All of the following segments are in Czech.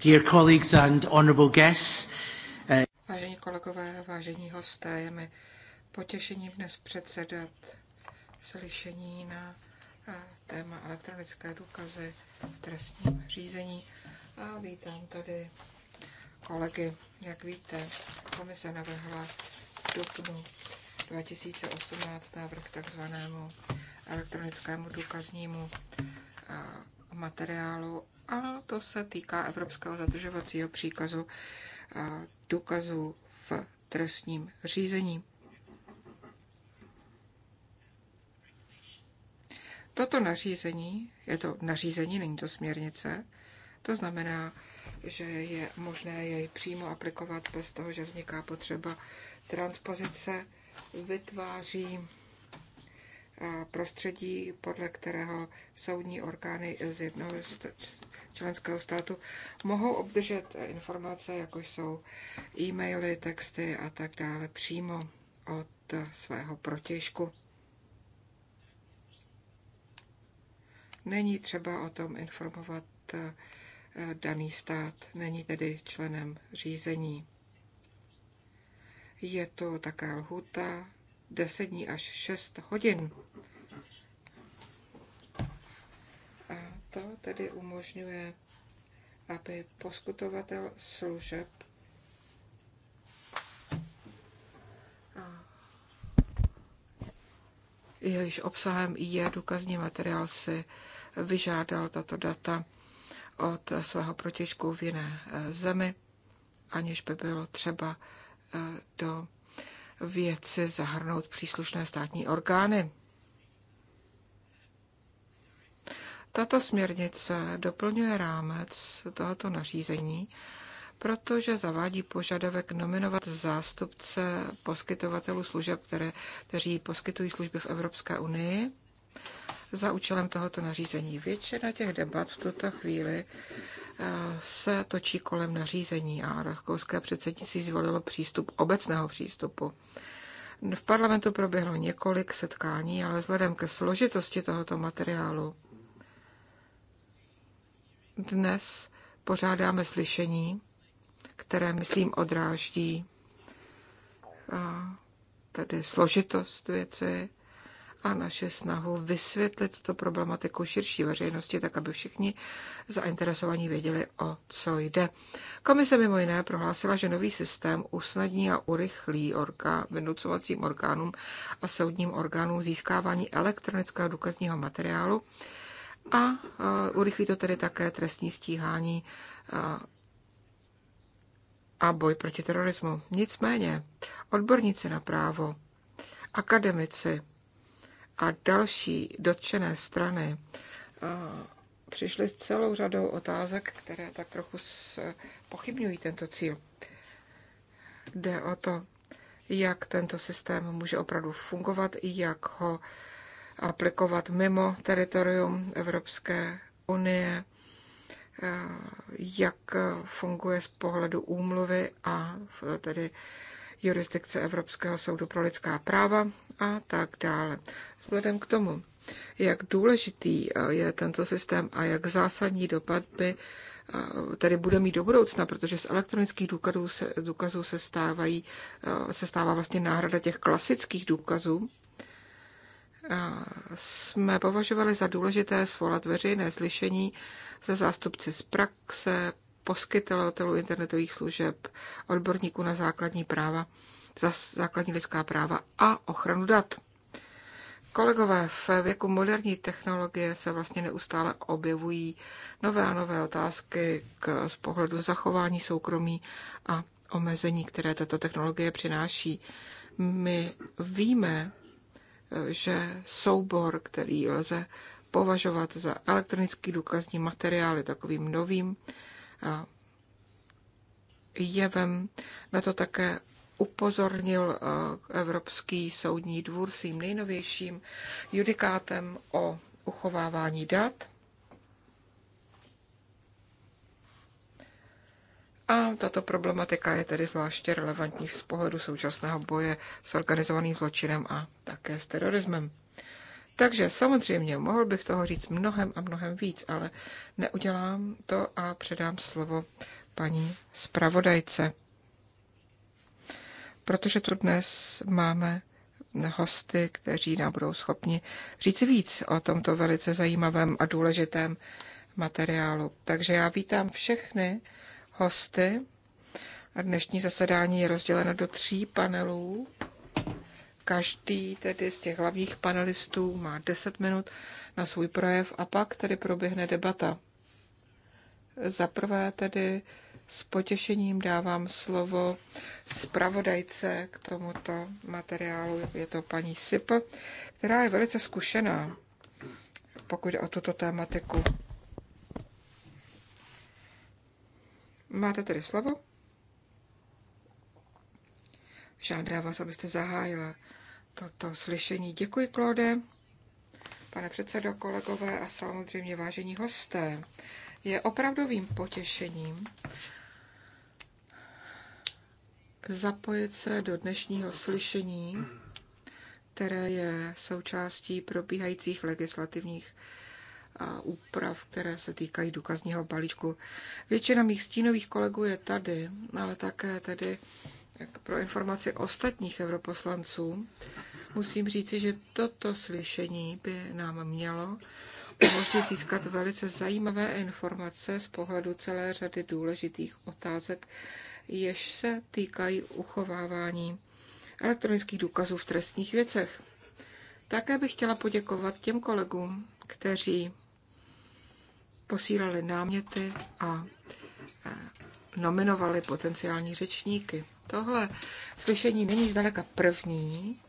Dear colleagues and honorable guests. Vážení kolegové, vážení hosté, je mi potěšením dnes předsedat slyšení na eh, téma elektronické důkazy v trestním řízení. A vítám tady kolegy. Jak víte, komise navrhla v dubnu 2018 návrh takzvanému elektronickému důkaznímu eh, materiálu a to se týká Evropského zadržovacího příkazu důkazu v trestním řízení. Toto nařízení, je to nařízení, není to směrnice, to znamená, že je možné jej přímo aplikovat bez toho, že vzniká potřeba transpozice, vytváří prostředí, podle kterého soudní orgány z jednoho členského státu mohou obdržet informace, jako jsou e-maily, texty a tak dále, přímo od svého protěžku. Není třeba o tom informovat eh, daný stát, není tedy členem řízení. Je to také lhuta 10 dní až 6 hodin. A to tedy umožňuje, aby poskytovatel služeb jejíž obsahem je důkazní materiál, si vyžádal tato data od svého protěžku v jiné eh, zemi, aniž by bylo třeba eh, do věci zahrnout příslušné státní orgány. Tato směrnice doplňuje rámec tohoto nařízení, protože zavádí požadavek nominovat zástupce poskytovatelů služeb, které, kteří poskytují služby v Evropské unii za účelem tohoto nařízení. Většina těch debat v tuto chvíli se točí kolem nařízení a rakouské předsednictví zvolilo přístup obecného přístupu. V parlamentu proběhlo několik setkání, ale vzhledem ke složitosti tohoto materiálu dnes pořádáme slyšení, které, myslím, odráždí tedy složitost věci a naše snahu vysvětlit tuto problematiku širší veřejnosti, tak aby všichni zainteresovaní věděli, o co jde. Komise mimo jiné prohlásila, že nový systém usnadní a urychlí orgán, vynucovacím orgánům a soudním orgánům získávání elektronického důkazního materiálu a e, urychlí to tedy také trestní stíhání e, a boj proti terorismu. Nicméně, odborníci na právo, akademici, a další dotčené strany eh, přišly s celou řadou otázek, které tak trochu pochybňují tento cíl. Jde o to, jak tento systém může opravdu fungovat, i jak ho aplikovat mimo teritorium Evropské unie, eh, jak funguje z pohledu úmluvy a tedy jurisdikce Evropského soudu pro lidská práva a tak dále. Vzhledem k tomu, jak důležitý eh, je tento systém a jak zásadní dopad by eh, tedy bude mít do budoucna, protože z elektronických důkazů se, důkazů se, stávají, eh, se stává vlastně náhrada těch klasických důkazů, jsme považovali za důležité svolat veřejné slyšení se zástupci z praxe, poskytovatelů internetových služeb, odborníků na základní práva za základní lidská práva a ochranu dat. Kolegové, v věku moderní technologie se vlastně neustále objevují nové a nové otázky k, z pohledu zachování soukromí a omezení, které tato technologie přináší. My víme, že soubor, který lze považovat za elektronický důkazní materiál, je takovým novým jevem. Na to také upozornil eh, Evropský soudní dvůr svým nejnovějším judikátem o uchovávání dat. A tato problematika je tedy zvláště relevantní z pohledu současného boje s organizovaným zločinem a také s terorismem. Takže samozřejmě mohl bych toho říct mnohem a mnohem víc, ale neudělám to a předám slovo paní zpravodajce protože tu dnes máme hosty, kteří nám budou schopni říct víc o tomto velice zajímavém a důležitém materiálu. Takže já vítám všechny hosty a dnešní zasedání je rozděleno do tří panelů. Každý tedy z těch hlavních panelistů má 10 minut na svůj projev a pak tedy proběhne debata. Za prvé tedy s potěšením dávám slovo zpravodajce k tomuto materiálu. Je to paní Sip, která je velice zkušená, pokud o tuto tématiku. Máte tedy slovo? Žádám vás, abyste zahájila toto slyšení. Děkuji, Klode, pane předsedo, kolegové a samozřejmě vážení hosté. Je opravdovým potěšením zapojit se do dnešního slyšení, které je součástí probíhajících legislativních úprav, které se týkají důkazního balíčku. Většina mých stínových kolegů je tady, ale také tedy pro informaci ostatních europoslanců musím říci, že toto slyšení by nám mělo umožnit získat velice zajímavé informace z pohledu celé řady důležitých otázek, jež se týkají uchovávání elektronických důkazů v trestních věcech. Také bych chtěla poděkovat těm kolegům, kteří posílali náměty a e, nominovali potenciální řečníky. Tohle slyšení není zdaleka první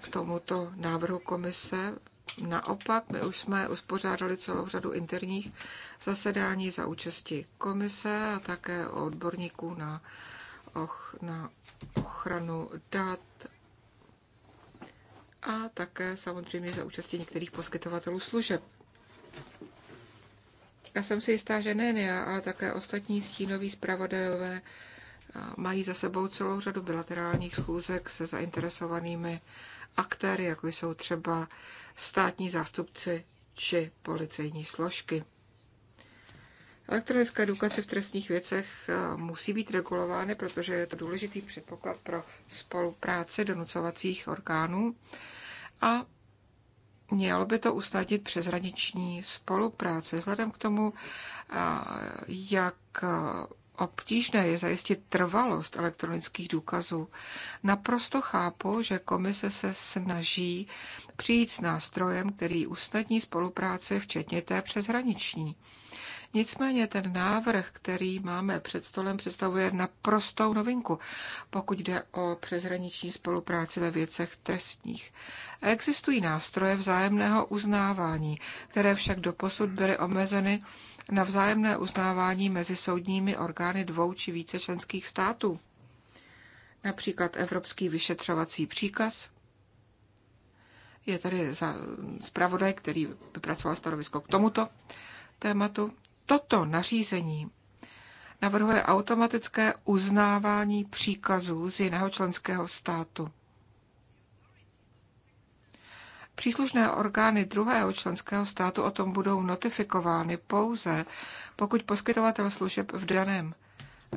k tomuto návrhu komise. Naopak, my už jsme uspořádali celou řadu interních zasedání za účasti komise a také odborníků na, och, na ochranu dat a také samozřejmě za účasti některých poskytovatelů služeb. Já jsem si jistá, že nejen já, ale také ostatní stínoví zpravodajové eh, mají za sebou celou řadu bilaterálních schůzek se zainteresovanými aktéry, jako jsou třeba státní zástupci či policejní složky. Elektronické důkazy v trestních věcech eh, musí být regulovány, protože je to důležitý předpoklad pro spolupráci donucovacích orgánů a mělo by to usnadnit přeshraniční spolupráce. Vzhledem k tomu, eh, jak eh, Obtížné je zajistit trvalost elektronických důkazů. Naprosto chápu, že komise se snaží přijít s nástrojem, který usnadní spolupráci, včetně té přeshraniční. Nicméně ten návrh, který máme před stolem, představuje naprostou novinku, pokud jde o přeshraniční spolupráci ve věcech trestních. Existují nástroje vzájemného uznávání, které však doposud byly omezeny na vzájemné uznávání mezi soudními orgány dvou či více členských států, například Evropský vyšetřovací příkaz. Je tady za zpravodaj, který vypracoval stanovisko k tomuto tématu. Toto nařízení navrhuje automatické uznávání příkazů z jiného členského státu. Příslušné orgány druhého členského státu o tom budou notifikovány pouze, pokud poskytovatel služeb v daném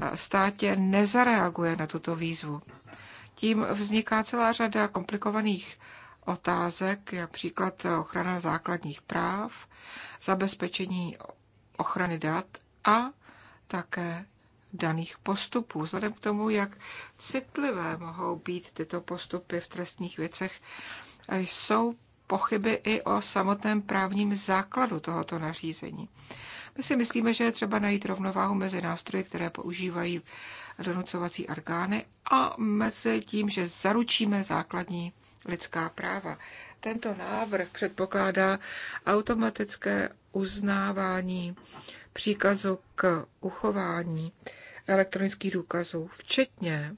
eh, státě nezareaguje na tuto výzvu. Tím vzniká celá řada komplikovaných otázek, například ochrana základních práv, zabezpečení ochrany dat a také daných postupů. Vzhledem k tomu, jak citlivé mohou být tyto postupy v trestních věcech, eh, jsou pochyby i o samotném právním základu tohoto nařízení. My si myslíme, že je třeba najít rovnováhu mezi nástroji, které používají donucovací orgány a mezi tím, že zaručíme základní lidská práva. Tento návrh předpokládá automatické uznávání příkazu k uchování elektronických důkazů, včetně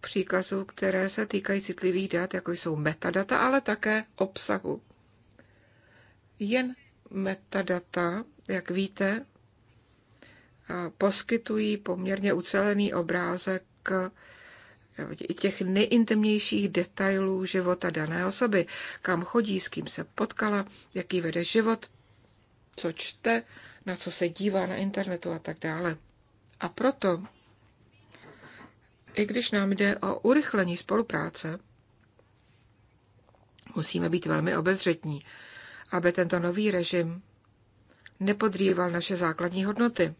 příkazů, které se týkají citlivých dat, jako jsou metadata, ale také obsahu. Jen metadata, jak víte, poskytují poměrně ucelený obrázek těch nejintimnějších detailů života dané osoby, kam chodí, s kým se potkala, jaký vede život, co čte, na co se dívá na internetu a tak dále. A proto i když nám jde o urychlení spolupráce, musíme být velmi obezřetní, aby tento nový režim nepodrýval naše základní hodnoty.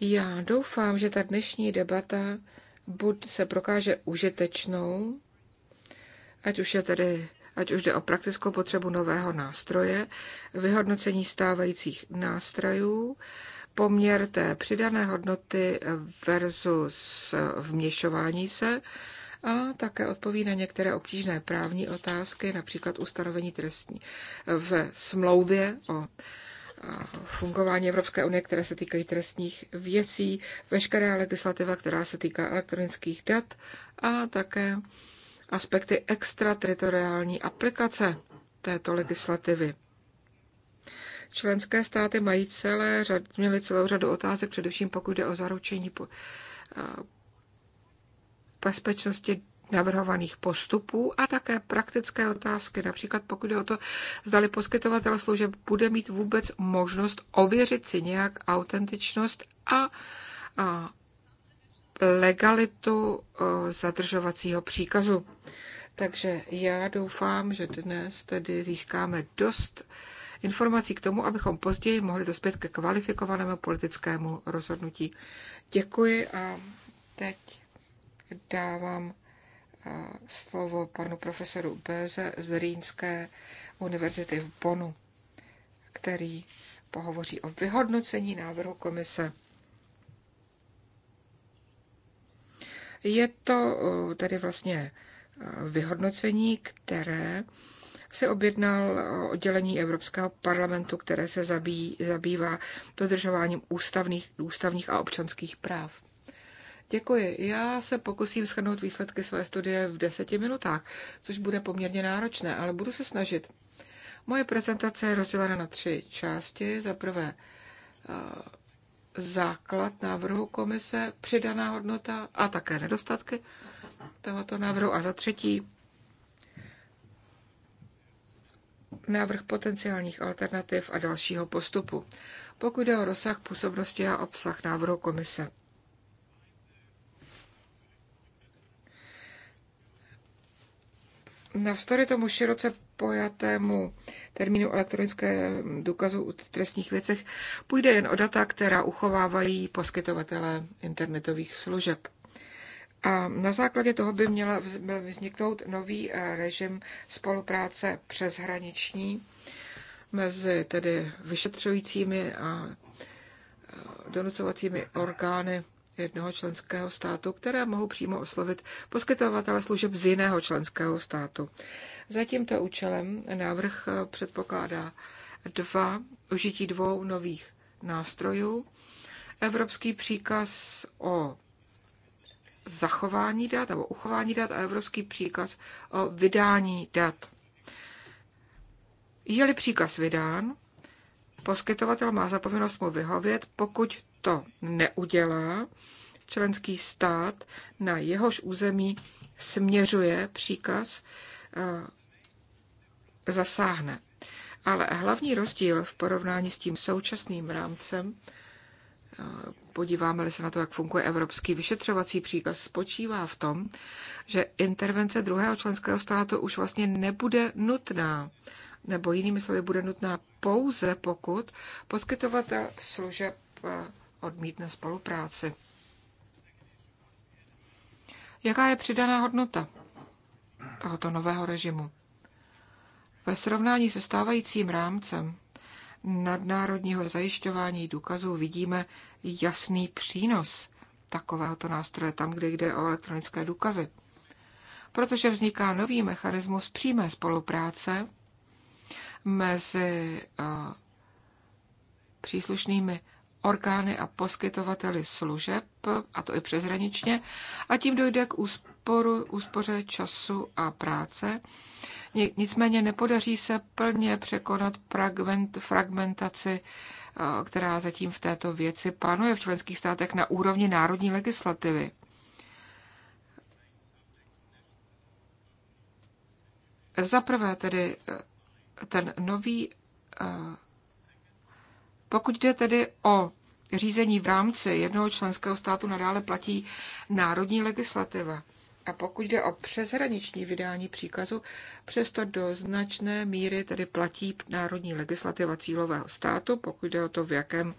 Já doufám, že ta dnešní debata buď se prokáže užitečnou, ať už je tedy ať už jde o praktickou potřebu nového nástroje, vyhodnocení stávajících nástrojů, poměr té přidané hodnoty versus vměšování se a také odpoví na některé obtížné právní otázky, například ustanovení trestní v smlouvě o fungování Evropské unie, které se týkají trestních věcí, veškerá legislativa, která se týká elektronických dat a také aspekty extrateritoriální aplikace této legislativy. Členské státy mají celé řad, měly celou řadu otázek, především pokud jde o zaručení po, bezpečnosti navrhovaných postupů a také praktické otázky, například pokud je o to, zdali poskytovatel služeb bude mít vůbec možnost ověřit si nějak autentičnost a, a legalitu zadržovacího příkazu. Takže já doufám, že dnes tedy získáme dost informací k tomu, abychom později mohli dospět ke kvalifikovanému politickému rozhodnutí. Děkuji a teď dávám eh, slovo panu profesoru Béze z Rýnské univerzity v Bonu, který pohovoří o vyhodnocení návrhu komise. Je to eh, tedy vlastně eh, vyhodnocení, které si objednal oddělení Evropského parlamentu, které se zabí, zabývá dodržováním ústavných, ústavních a občanských práv. Děkuji. Já se pokusím shrnout výsledky své studie v deseti minutách, což bude poměrně náročné, ale budu se snažit. Moje prezentace je rozdělena na tři části. Za prvé eh, základ návrhu komise, přidaná hodnota a také nedostatky tohoto návrhu. A za třetí návrh potenciálních alternativ a dalšího postupu, pokud jde o rozsah působnosti a obsah návrhu komise. Navzdory tomu široce pojatému termínu elektronické důkazu u trestních věcech půjde jen o data, která uchovávají poskytovatelé internetových služeb. A na základě toho by měl vzniknout nový eh, režim spolupráce přeshraniční mezi tedy vyšetřujícími a eh, donucovacími orgány jednoho členského státu, které mohou přímo oslovit poskytovatele služeb z jiného členského státu. Za tímto účelem návrh eh, předpokládá dva, užití dvou nových nástrojů. Evropský příkaz o zachování dat nebo uchování dat a evropský příkaz o vydání dat. Je-li příkaz vydán, poskytovatel má zapovinnost mu vyhovět, pokud to neudělá, členský stát, na jehož území směřuje příkaz, eh, zasáhne. Ale hlavní rozdíl v porovnání s tím současným rámcem podíváme-li se na to, jak funguje evropský vyšetřovací příkaz, spočívá v tom, že intervence druhého členského státu už vlastně nebude nutná, nebo jinými slovy bude nutná pouze, pokud poskytovatel služeb eh, odmítne spolupráci. Jaká je přidaná hodnota tohoto nového režimu? Ve srovnání se stávajícím rámcem nadnárodního zajišťování důkazů vidíme jasný přínos takovéhoto nástroje tam, kde jde o elektronické důkazy. Protože vzniká nový mechanismus přímé spolupráce mezi eh, příslušnými orgány a poskytovateli služeb, a to i přeshraničně, a tím dojde k úsporu, úspoře času a práce Nicméně nepodaří se plně překonat fragmentaci, eh, která zatím v této věci panuje v členských státech na úrovni národní legislativy. Za prvé tedy eh, ten nový, eh, pokud jde tedy o řízení v rámci jednoho členského státu, nadále platí národní legislativa. A pokud jde o přeshraniční vydání příkazu, přesto do značné míry tedy platí národní legislativa cílového státu, pokud jde o to, v jakém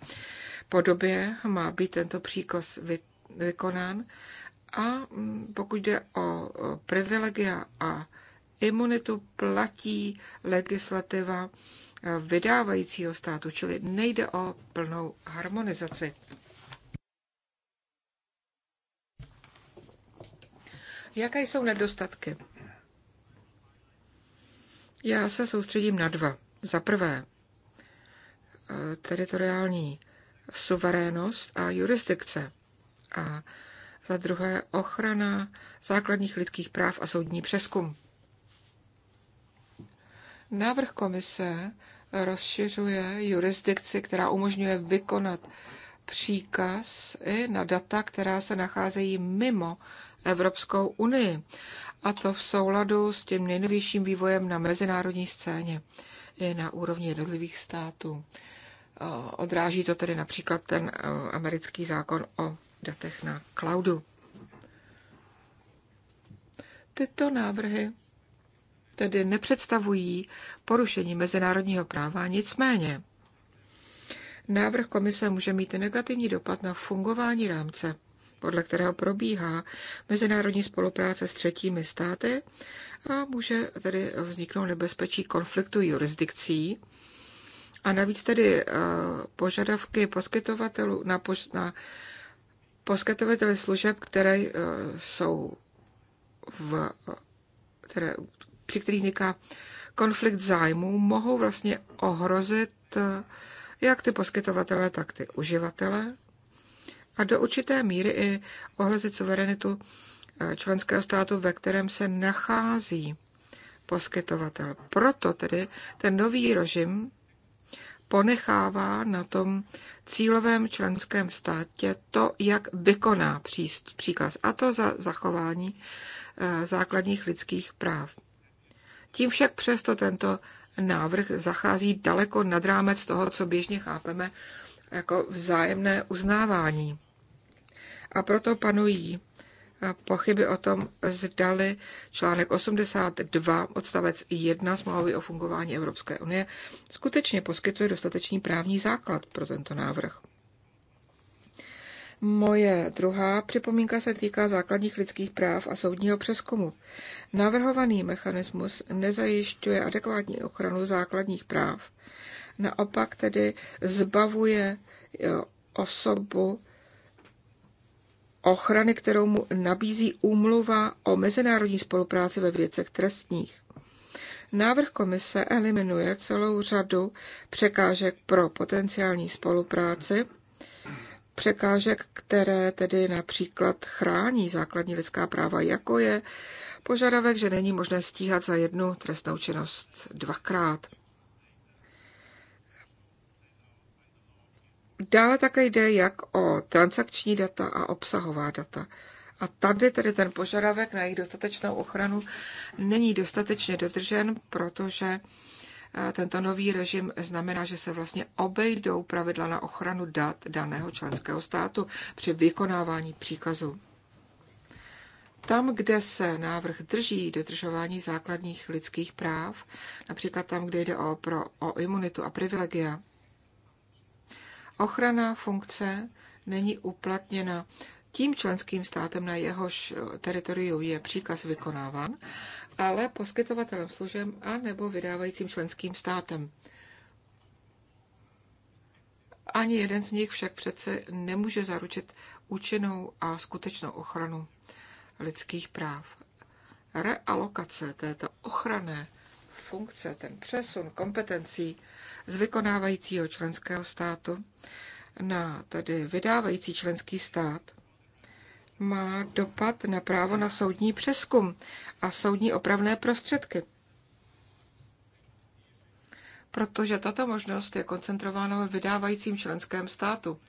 podobě má být tento příkaz vy, vykonán. A mm, pokud jde o privilegia a imunitu, platí legislativa e, vydávajícího státu, čili nejde o plnou harmonizaci. Jaké jsou nedostatky? Já se soustředím na dva. Za prvé, eh, teritoriální suverénost a jurisdikce. A za druhé, ochrana základních lidských práv a soudní přeskum. Návrh komise rozšiřuje jurisdikci, která umožňuje vykonat příkaz i na data, která se nacházejí mimo Evropskou unii. A to v souladu s tím nejnovějším vývojem na mezinárodní scéně i na úrovni jednotlivých států. Eh, odráží to tedy například ten eh, americký zákon o datech na cloudu. Tyto návrhy tedy nepředstavují porušení mezinárodního práva, nicméně návrh komise může mít negativní dopad na fungování rámce podle kterého probíhá mezinárodní spolupráce s třetími státy a může tedy vzniknout nebezpečí konfliktu jurisdikcí. A navíc tedy eh, požadavky poskytovatelů na, pož, na poskytovateli služeb, které eh, jsou v, které, při kterých vzniká konflikt zájmů, mohou vlastně ohrozit eh, jak ty poskytovatele, tak ty uživatele a do určité míry i ohrozit suverenitu eh, členského státu, ve kterém se nachází poskytovatel. Proto tedy ten nový režim ponechává na tom cílovém členském státě to, jak vykoná příkaz, a to za zachování eh, základních lidských práv. Tím však přesto tento návrh zachází daleko nad rámec toho, co běžně chápeme jako vzájemné uznávání a proto panují eh, pochyby o tom, zdali článek 82 odstavec 1 smlouvy o fungování Evropské unie skutečně poskytuje dostatečný právní základ pro tento návrh. Moje druhá připomínka se týká základních lidských práv a soudního přeskumu. Navrhovaný mechanismus nezajišťuje adekvátní ochranu základních práv. Naopak tedy zbavuje eh, osobu ochrany, kterou mu nabízí úmluva o mezinárodní spolupráci ve věcech trestních. Návrh komise eliminuje celou řadu překážek pro potenciální spolupráci, překážek, které tedy například chrání základní lidská práva, jako je požadavek, že není možné stíhat za jednu trestnou činnost dvakrát. Dále také jde jak o transakční data a obsahová data. A tady tedy ten požadavek na jejich dostatečnou ochranu není dostatečně dodržen, protože eh, tento nový režim znamená, že se vlastně obejdou pravidla na ochranu dat daného členského státu při vykonávání příkazu. Tam, kde se návrh drží dodržování základních lidských práv, například tam, kde jde o, pro, o imunitu a privilegia, ochranná funkce není uplatněna tím členským státem, na jehož teritoriu je příkaz vykonáván, ale poskytovatelem služeb a nebo vydávajícím členským státem. Ani jeden z nich však přece nemůže zaručit účinnou a skutečnou ochranu lidských práv. Realokace této ochranné funkce, ten přesun kompetencí z vykonávajícího členského státu na tedy vydávající členský stát má dopad na právo na soudní přeskum a soudní opravné prostředky. Protože tato možnost je koncentrována ve vydávajícím členském státu.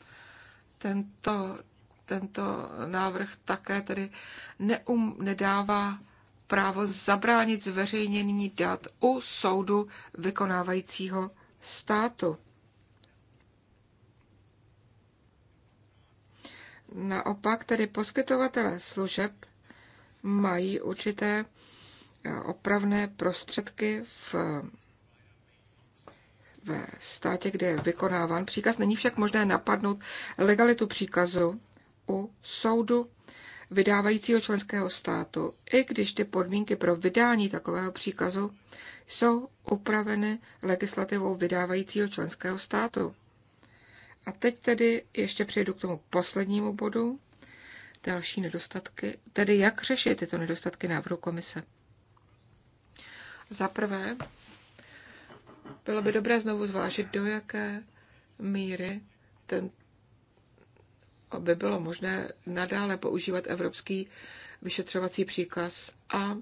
Tento, tento návrh také tedy neum, nedává právo zabránit zveřejnění dat u soudu vykonávajícího státu. Naopak tedy poskytovatele služeb mají určité eh, opravné prostředky v, ve státě, kde je vykonáván příkaz. Není však možné napadnout legalitu příkazu u soudu vydávajícího členského státu, i když ty podmínky pro vydání takového příkazu jsou upraveny legislativou vydávajícího členského státu. A teď tedy ještě přejdu k tomu poslednímu bodu, další nedostatky, tedy jak řešit tyto nedostatky návrhu komise. Za prvé, bylo by dobré znovu zvážit, do jaké míry ten, aby bylo možné nadále používat evropský vyšetřovací příkaz a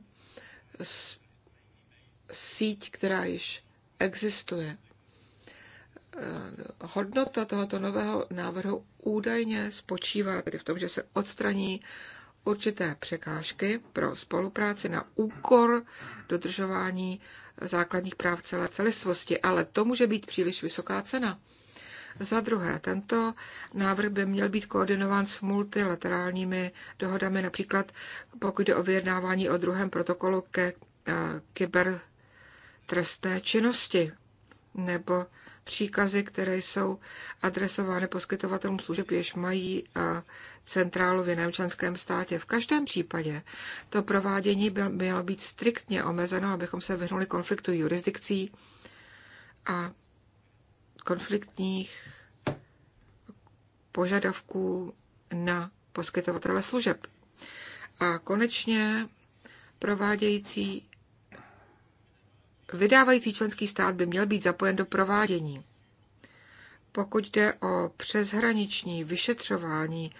síť, která již existuje. Eh, hodnota tohoto nového návrhu údajně spočívá tedy v tom, že se odstraní určité překážky pro spolupráci na úkor dodržování základních práv celé celistvosti, ale to může být příliš vysoká cena. Za druhé, tento návrh by měl být koordinován s multilaterálními dohodami, například pokud jde o vyjednávání o druhém protokolu ke eh, kybertrestné činnosti nebo příkazy, které jsou adresovány poskytovatelům služeb, jež mají eh, centrálu v jiném členském státě. V každém případě to provádění by mělo být striktně omezeno, abychom se vyhnuli konfliktu jurisdikcí a konfliktních požadavků na poskytovatele služeb. A konečně provádějící vydávající členský stát by měl být zapojen do provádění. Pokud jde o přeshraniční vyšetřování,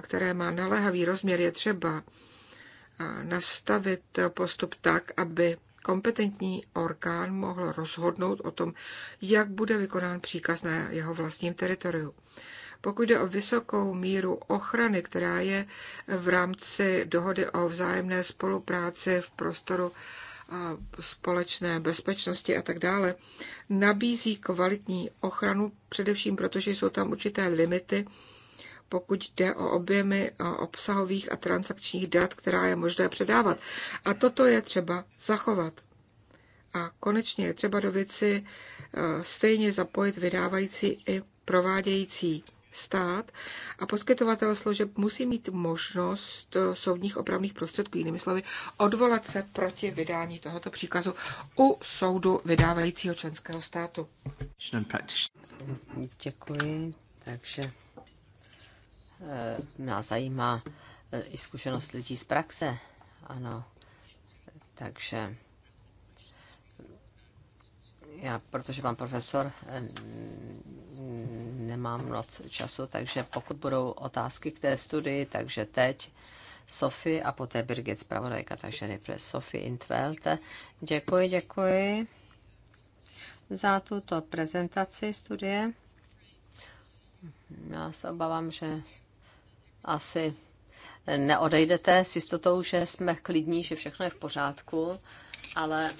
které má naléhavý rozměr, je třeba nastavit postup tak, aby kompetentní orgán mohl rozhodnout o tom, jak bude vykonán příkaz na jeho vlastním teritoriu. Pokud jde o vysokou míru ochrany, která je v rámci dohody o vzájemné spolupráci v prostoru společné bezpečnosti a tak dále, nabízí kvalitní ochranu, především protože jsou tam určité limity pokud jde o objemy obsahových a transakčních dat, která je možné předávat. A toto je třeba zachovat. A konečně je třeba do věci eh, stejně zapojit vydávající i provádějící stát a poskytovatel služeb musí mít možnost eh, soudních opravných prostředků, jinými slovy, odvolat se proti vydání tohoto příkazu u soudu vydávajícího členského státu. Děkuji, takže Eh, nás zajímá eh, i zkušenost lidí z praxe. Ano, takže já, protože pan profesor, eh, nemám moc času, takže pokud budou otázky k té studii, takže teď Sofie a poté Birgit Spravodajka, takže nejprve Sofie Intvelte. Děkuji, děkuji za tuto prezentaci studie. Já se obávám, že asi neodejdete s jistotou, že jsme klidní, že všechno je v pořádku, ale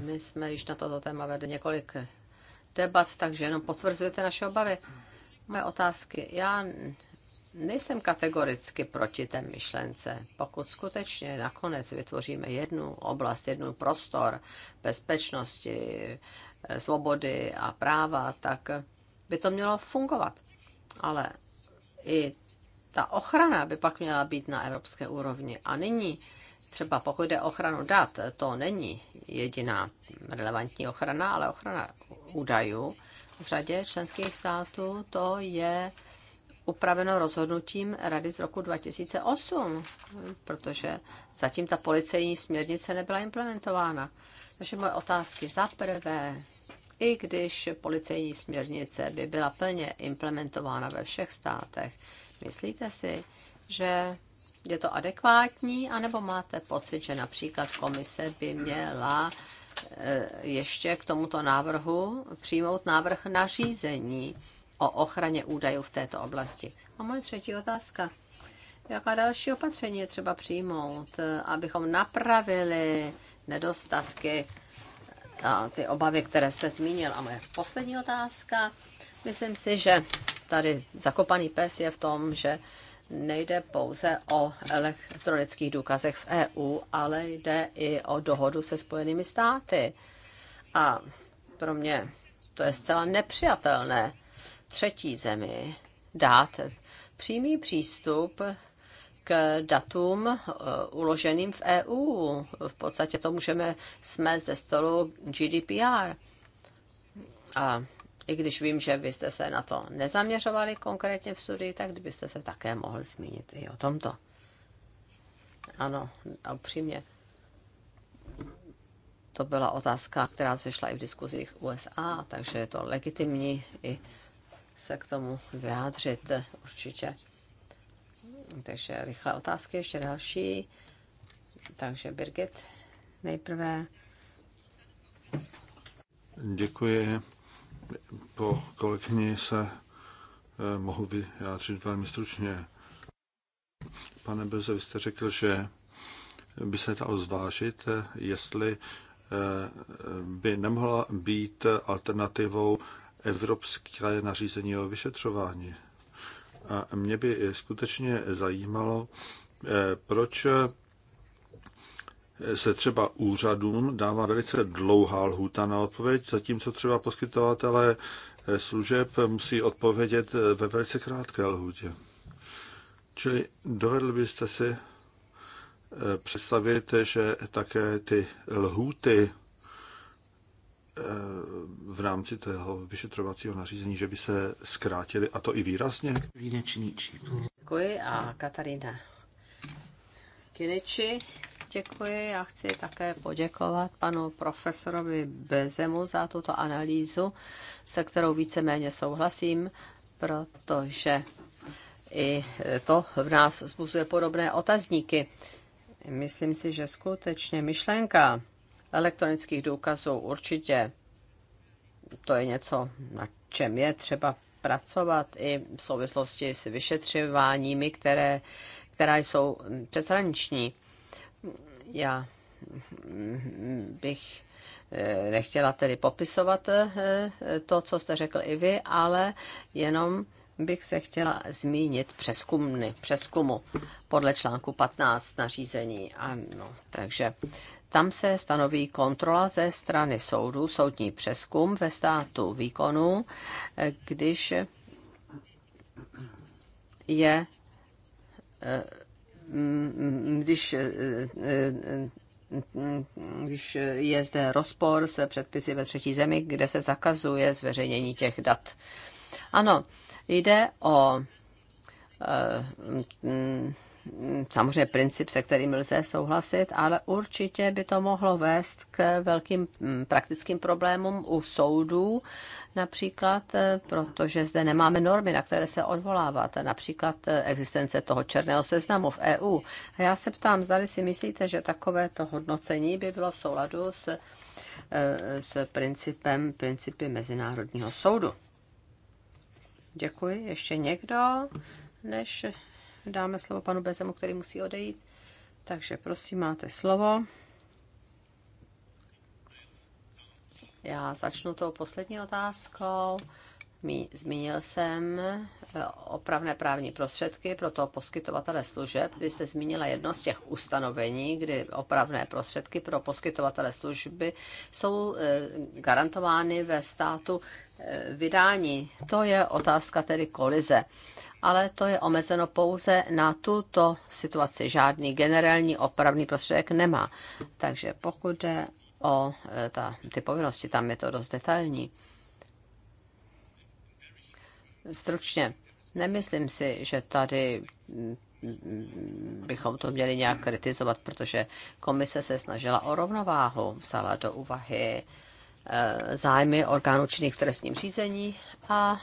my jsme již na toto téma vedli několik debat, takže jenom potvrzujete naše obavy. Moje otázky. Já nejsem kategoricky proti té myšlence. Pokud skutečně nakonec vytvoříme jednu oblast, jednu prostor bezpečnosti, svobody a práva, tak by to mělo fungovat. Ale i ta ochrana by pak měla být na evropské úrovni. A nyní třeba pokud jde ochranu dat, to není jediná relevantní ochrana, ale ochrana údajů v řadě členských států, to je upraveno rozhodnutím Rady z roku 2008, protože zatím ta policejní směrnice nebyla implementována. Takže moje otázky. Za prvé, i když policejní směrnice by byla plně implementována ve všech státech. Myslíte si, že je to adekvátní, anebo máte pocit, že například komise by měla eh, ještě k tomuto návrhu přijmout návrh na řízení o ochraně údajů v této oblasti? A moje třetí otázka. Jaká další opatření je třeba přijmout, eh, abychom napravili nedostatky a ty obavy, které jste zmínil. A moje poslední otázka. Myslím si, že tady zakopaný pes je v tom, že nejde pouze o elektronických důkazech v EU, ale jde i o dohodu se Spojenými státy. A pro mě to je zcela nepřijatelné třetí zemi dát přímý přístup k datům eh, uloženým v EU. V podstatě to můžeme smést ze stolu GDPR. A i když vím, že byste se na to nezaměřovali konkrétně v studii, tak byste se také mohli zmínit i o tomto. Ano, a upřímně. To byla otázka, která vzešla i v diskuzích USA, takže je to legitimní i se k tomu vyjádřit určitě. Takže rychlé otázky, ještě další. Takže Birgit nejprve. Děkuji. Po kolegyni se eh, mohu vyjádřit velmi stručně. Pane Beze, vy jste řekl, že by se dalo zvážit, eh, jestli eh, by nemohla být alternativou evropské nařízení o vyšetřování. A mě by skutečně zajímalo, eh, proč eh, se třeba úřadům dává velice dlouhá lhůta na odpověď, zatímco třeba poskytovatelé eh, služeb musí odpovědět ve velice krátké lhůtě. Čili dovedl byste si představit, že také ty lhůty v rámci toho vyšetřovacího nařízení, že by se zkrátili, a to i výrazně? Děkuji a Katarína Kineči, Děkuji, já chci také poděkovat panu profesorovi Bezemu za tuto analýzu, se kterou víceméně souhlasím, protože i to v nás způsobuje podobné otazníky. Myslím si, že skutečně myšlenka elektronických důkazů. Určitě to je něco, na čem je třeba pracovat i v souvislosti s vyšetřováními, které, která jsou přeshraniční. Já bych eh, nechtěla tedy popisovat eh, to, co jste řekl i vy, ale jenom bych se chtěla zmínit přeskumny, přeskumu podle článku 15 nařízení. Ano, takže tam se stanoví kontrola ze strany soudu, soudní přeskum ve státu výkonu, když je eh, když eh, eh, když je zde rozpor se předpisy ve třetí zemi, kde se zakazuje zveřejnění těch dat. Ano, jde o samozřejmě princip, se kterým lze souhlasit, ale určitě by to mohlo vést k velkým mm, praktickým problémům u soudů, například, eh, protože zde nemáme normy, na které se odvolávat, například eh, existence toho černého seznamu v EU. A já se ptám, zda si myslíte, že takovéto hodnocení by bylo v souladu s, eh, s principem, principy Mezinárodního soudu. Děkuji. Ještě někdo? než dáme slovo panu Bezemu, který musí odejít. Takže prosím, máte slovo. Já začnu tou poslední otázkou. Zmínil jsem eh, opravné právní prostředky pro toho poskytovatele služeb. Vy jste zmínila jedno z těch ustanovení, kdy opravné prostředky pro poskytovatele služby jsou eh, garantovány ve státu eh, vydání. To je otázka tedy kolize ale to je omezeno pouze na tuto situaci. Žádný generální opravný prostředek nemá. Takže pokud jde o e, ta, ty povinnosti, tam je to dost detailní. Stručně, nemyslím si, že tady mm, bychom to měli nějak kritizovat, protože komise se snažila o rovnováhu, vzala do úvahy e, zájmy orgánů činných v trestním řízení a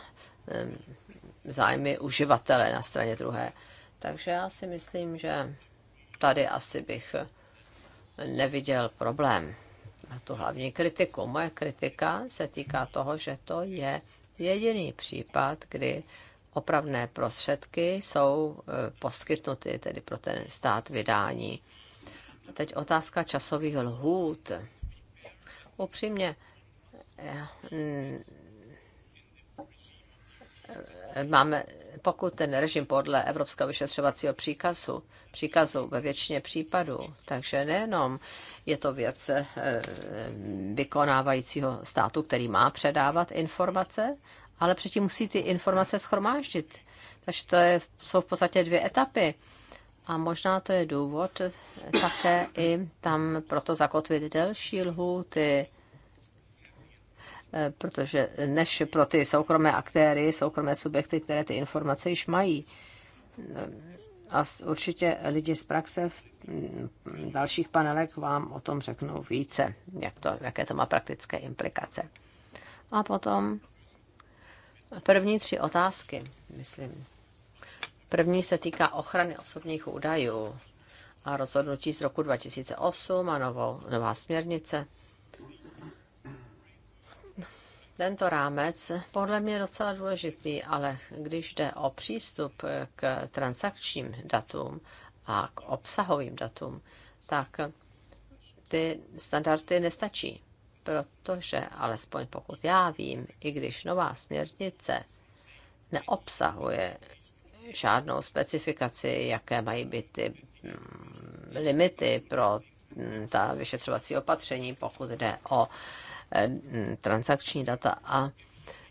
zájmy uživatele na straně druhé. Takže já si myslím, že tady asi bych neviděl problém. Na tu hlavní kritiku. Moje kritika se týká toho, že to je jediný případ, kdy opravné prostředky jsou e, poskytnuty tedy pro ten stát vydání. A teď otázka časových lhůt. Upřímně, mm, máme, pokud ten režim podle Evropského vyšetřovacího příkazu, příkazu ve většině případů, takže nejenom je to věc eh, vykonávajícího státu, který má předávat informace, ale předtím musí ty informace schromáždit. Takže to je, jsou v podstatě dvě etapy. A možná to je důvod také i tam proto zakotvit delší lhůty, Eh, protože než pro ty soukromé aktéry, soukromé subjekty, které ty informace již mají. Eh, a určitě lidi z praxe v hm, dalších panelech vám o tom řeknou více, jak to, jaké to má praktické implikace. A potom první tři otázky, myslím. První se týká ochrany osobních údajů a rozhodnutí z roku 2008 a novou, nová směrnice tento rámec podle mě je docela důležitý, ale když jde o přístup k transakčním datům a k obsahovým datům, tak ty standardy nestačí, protože alespoň pokud já vím, i když nová směrnice neobsahuje žádnou specifikaci, jaké mají být ty mm, limity pro mm, ta vyšetřovací opatření, pokud jde o Eh, transakční data a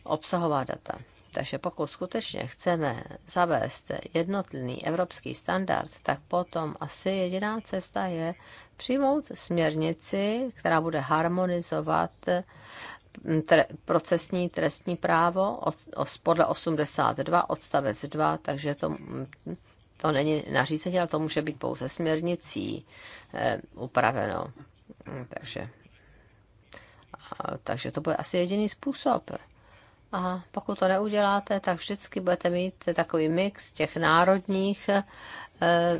obsahová data. Takže pokud skutečně chceme zavést jednotný evropský standard, tak potom asi jediná cesta je přijmout směrnici, která bude harmonizovat mm, tre, procesní trestní právo od, od, podle 82 odstavec 2, takže to, mm, to není nařízení, ale to může být pouze směrnicí e, upraveno. Mm, takže takže to bude asi jediný způsob. A pokud to neuděláte, tak vždycky budete mít takový mix těch národních eh,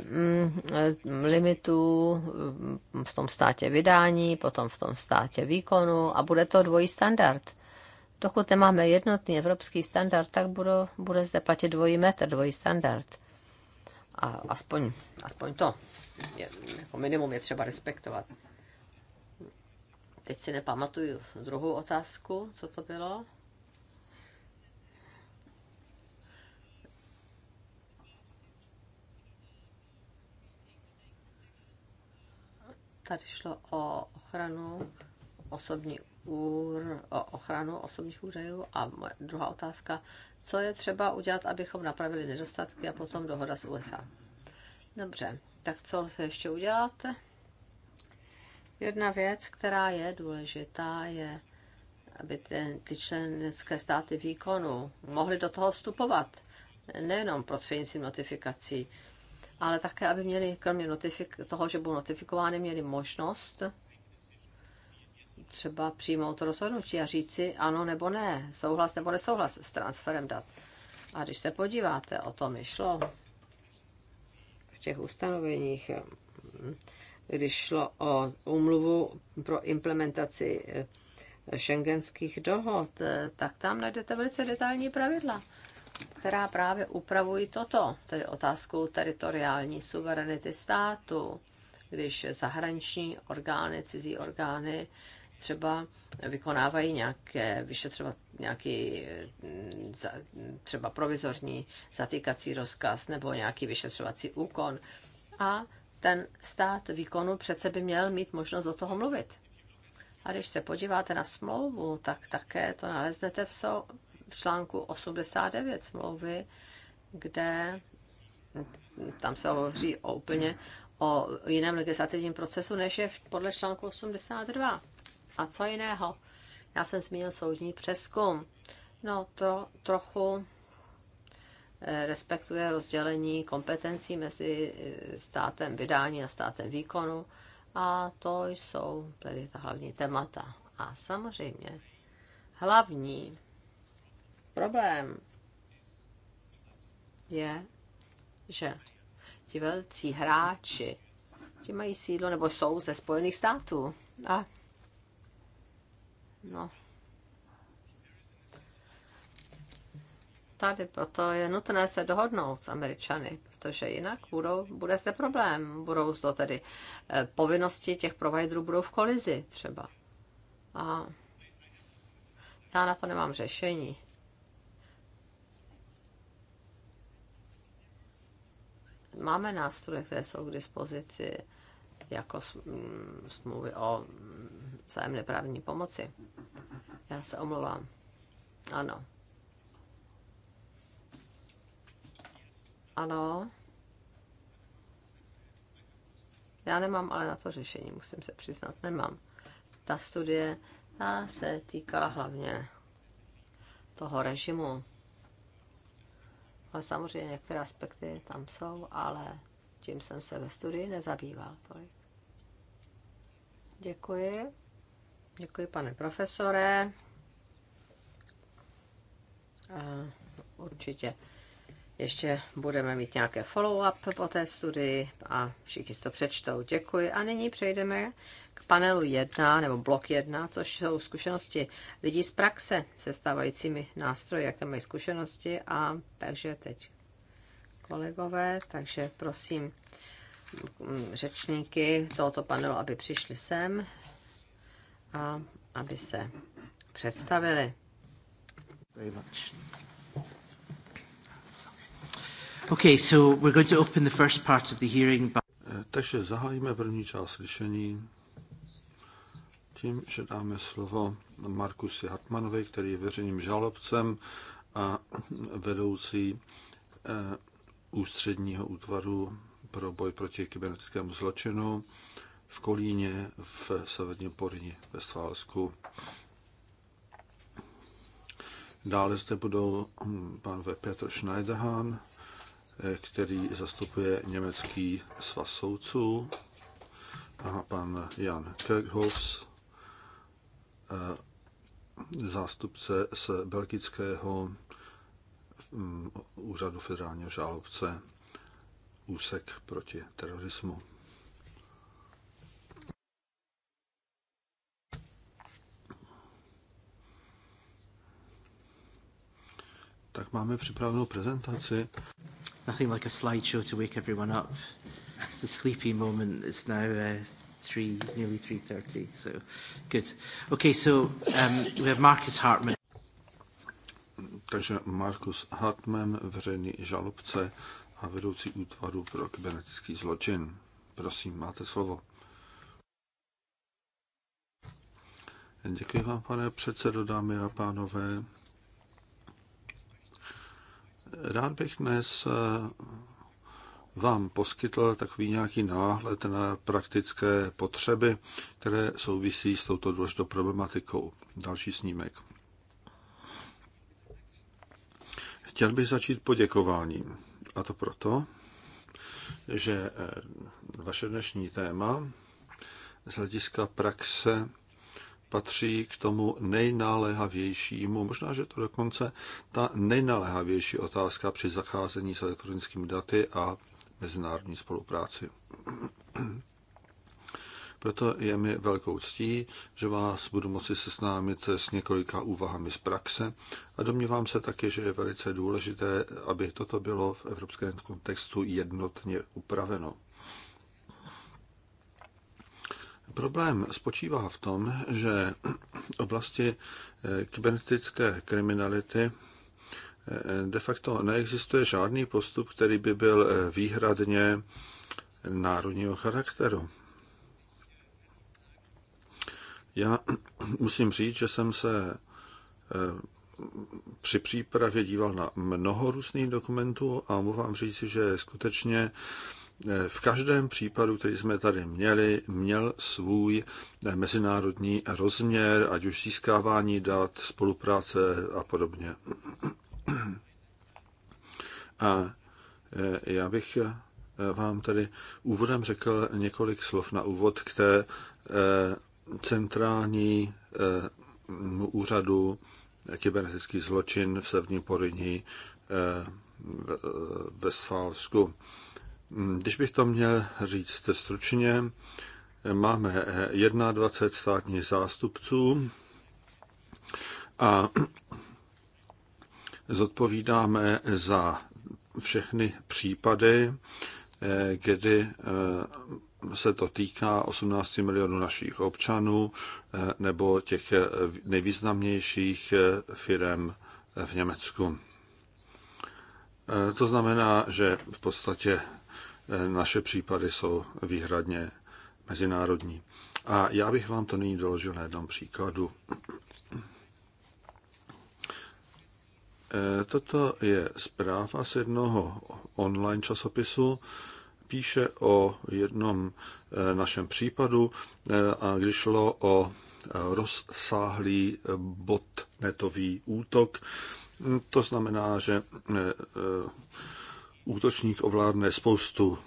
mm, eh, limitů mm, v tom státě vydání, potom v tom státě výkonu a bude to dvojí standard. Dokud nemáme jednotný evropský standard, tak bude, bude zde platit dvojí metr, dvojí standard. A aspoň, aspoň to je, jako minimum je třeba respektovat. Teď si nepamatuju druhou otázku, co to bylo. Tady šlo o ochranu osobní úr, o ochranu osobních údajů. A druhá otázka, co je třeba udělat, abychom napravili nedostatky a potom dohoda s USA. Dobře, tak co se ještě uděláte? Jedna věc, která je důležitá, je, aby ten, ty členské státy výkonu mohly do toho vstupovat. Nejenom prostřednictvím notifikací, ale také, aby měli, kromě notifik- toho, že budou notifikovány, měli možnost třeba přijmout rozhodnutí a si ano nebo ne, souhlas nebo nesouhlas s transferem dat. A když se podíváte, o tom šlo v těch ustanoveních, když šlo o úmluvu pro implementaci eh, šengenských dohod, eh, tak tam najdete velice detailní pravidla, která právě upravují toto, tedy otázku teritoriální suverenity státu, když zahraniční orgány, cizí orgány třeba vykonávají nějaké vyšetřovat nějaký mm, třeba provizorní zatýkací rozkaz nebo nějaký vyšetřovací úkon a ten stát výkonu přece by měl mít možnost do toho mluvit. A když se podíváte na smlouvu, tak také to naleznete v, so, v článku 89 smlouvy, kde tam se hovoří o úplně o jiném legislativním procesu, než je podle článku 82. A co jiného? Já jsem zmínil soudní přeskum. No, to trochu respektuje rozdělení kompetencí mezi státem vydání a státem výkonu. A to jsou tedy ta hlavní témata. A samozřejmě hlavní problém je, že ti velcí hráči, ti mají sídlo nebo jsou ze Spojených států. A no, tady proto je nutné se dohodnout s Američany, protože jinak budou, bude se problém. Budou to tedy eh, povinnosti těch providerů budou v kolizi třeba. A já na to nemám řešení. Máme nástroje, které jsou k dispozici jako smluvy o vzájemné právní pomoci. Já se omlouvám. Ano. Ano. Já nemám ale na to řešení, musím se přiznat, nemám. Ta studie ta se týkala hlavně toho režimu. Ale samozřejmě některé aspekty tam jsou, ale tím jsem se ve studii nezabýval tolik. Děkuji. Děkuji, pane profesore. A určitě ještě budeme mít nějaké follow-up po té studii a všichni si to přečtou. Děkuji. A nyní přejdeme k panelu 1 nebo blok 1, což jsou zkušenosti lidí z praxe se stávajícími nástroji, jaké mají zkušenosti. A takže teď kolegové, takže prosím mm, řečníky tohoto panelu, aby přišli sem a aby se představili. Very much. Okay, so we're going to open the first part of the hearing. Eh, takže zahájíme první část slyšení tím, že dáme slovo Markusi Hartmanovi, který je veřejným žalobcem a vedoucí eh, ústředního útvaru pro boj proti kybernetickému zločinu v Kolíně v severním Porni ve Stválsku. Dále zde budou hm, pan Petr Schneiderhan, který zastupuje německý svaz soudců, a pan Jan Kerkhoffs, eh, zástupce z belgického mm, úřadu federálního žálobce úsek proti terorismu. Tak máme připravenou prezentaci. Nothing like a slideshow to wake everyone up. It's a sleepy moment. It's now uh, three, nearly 3.30, so good. Okay, so um, we have Marcus Hartman. Takže Markus Hartman, veřejný žalobce a vedoucí útvaru pro kybernetický zločin. Prosím, máte slovo. Děkuji vám, pane předsedo, dámy a pánové. Rád bych dnes eh, vám poskytl takový nějaký náhled na praktické potřeby, které souvisí s touto důležitou problematikou. Další snímek. Chtěl bych začít poděkováním. A to proto, že eh, vaše dnešní téma z hlediska praxe patří k tomu nejnáléhavějšímu, možná, že to dokonce ta nejnáléhavější otázka při zacházení s elektronickými daty a mezinárodní spolupráci. Proto je mi velkou ctí, že vás budu moci seznámit s několika úvahami z praxe a domnívám se také, že je velice důležité, aby toto bylo v evropském kontextu jednotně upraveno. Problém spočívá v tom, že oblasti eh, kybernetické kriminality eh, de facto neexistuje žádný postup, který by byl eh, výhradně národního charakteru. Já musím říct, že jsem se při přípravě díval na mnoho různých dokumentů a mohu vám říct, že skutečně v každém případu, který jsme tady měli, měl svůj mezinárodní rozměr, ať už získávání dat, spolupráce a podobně. A e, já bych e, vám tady úvodem řekl několik slov na úvod k té e, centrální úřadu kybernetický zločin v Severní Poryni ve Sfálsku. Mm, když bych to měl říct stručně, máme 21 eh, státních zástupců a zodpovídáme za všechny případy, eh, kdy eh, se to týká 18 milionů našich občanů nebo těch nejvýznamnějších firm v Německu. To znamená, že v podstatě naše případy jsou výhradně mezinárodní. A já bych vám to nyní doložil na jednom příkladu. Eh, toto je zpráva z jednoho online časopisu. Píše o jednom eh, našem případu, eh, a když šlo o rozsáhlý botnetový útok, hm, to znamená, že útočník ovládne spoustu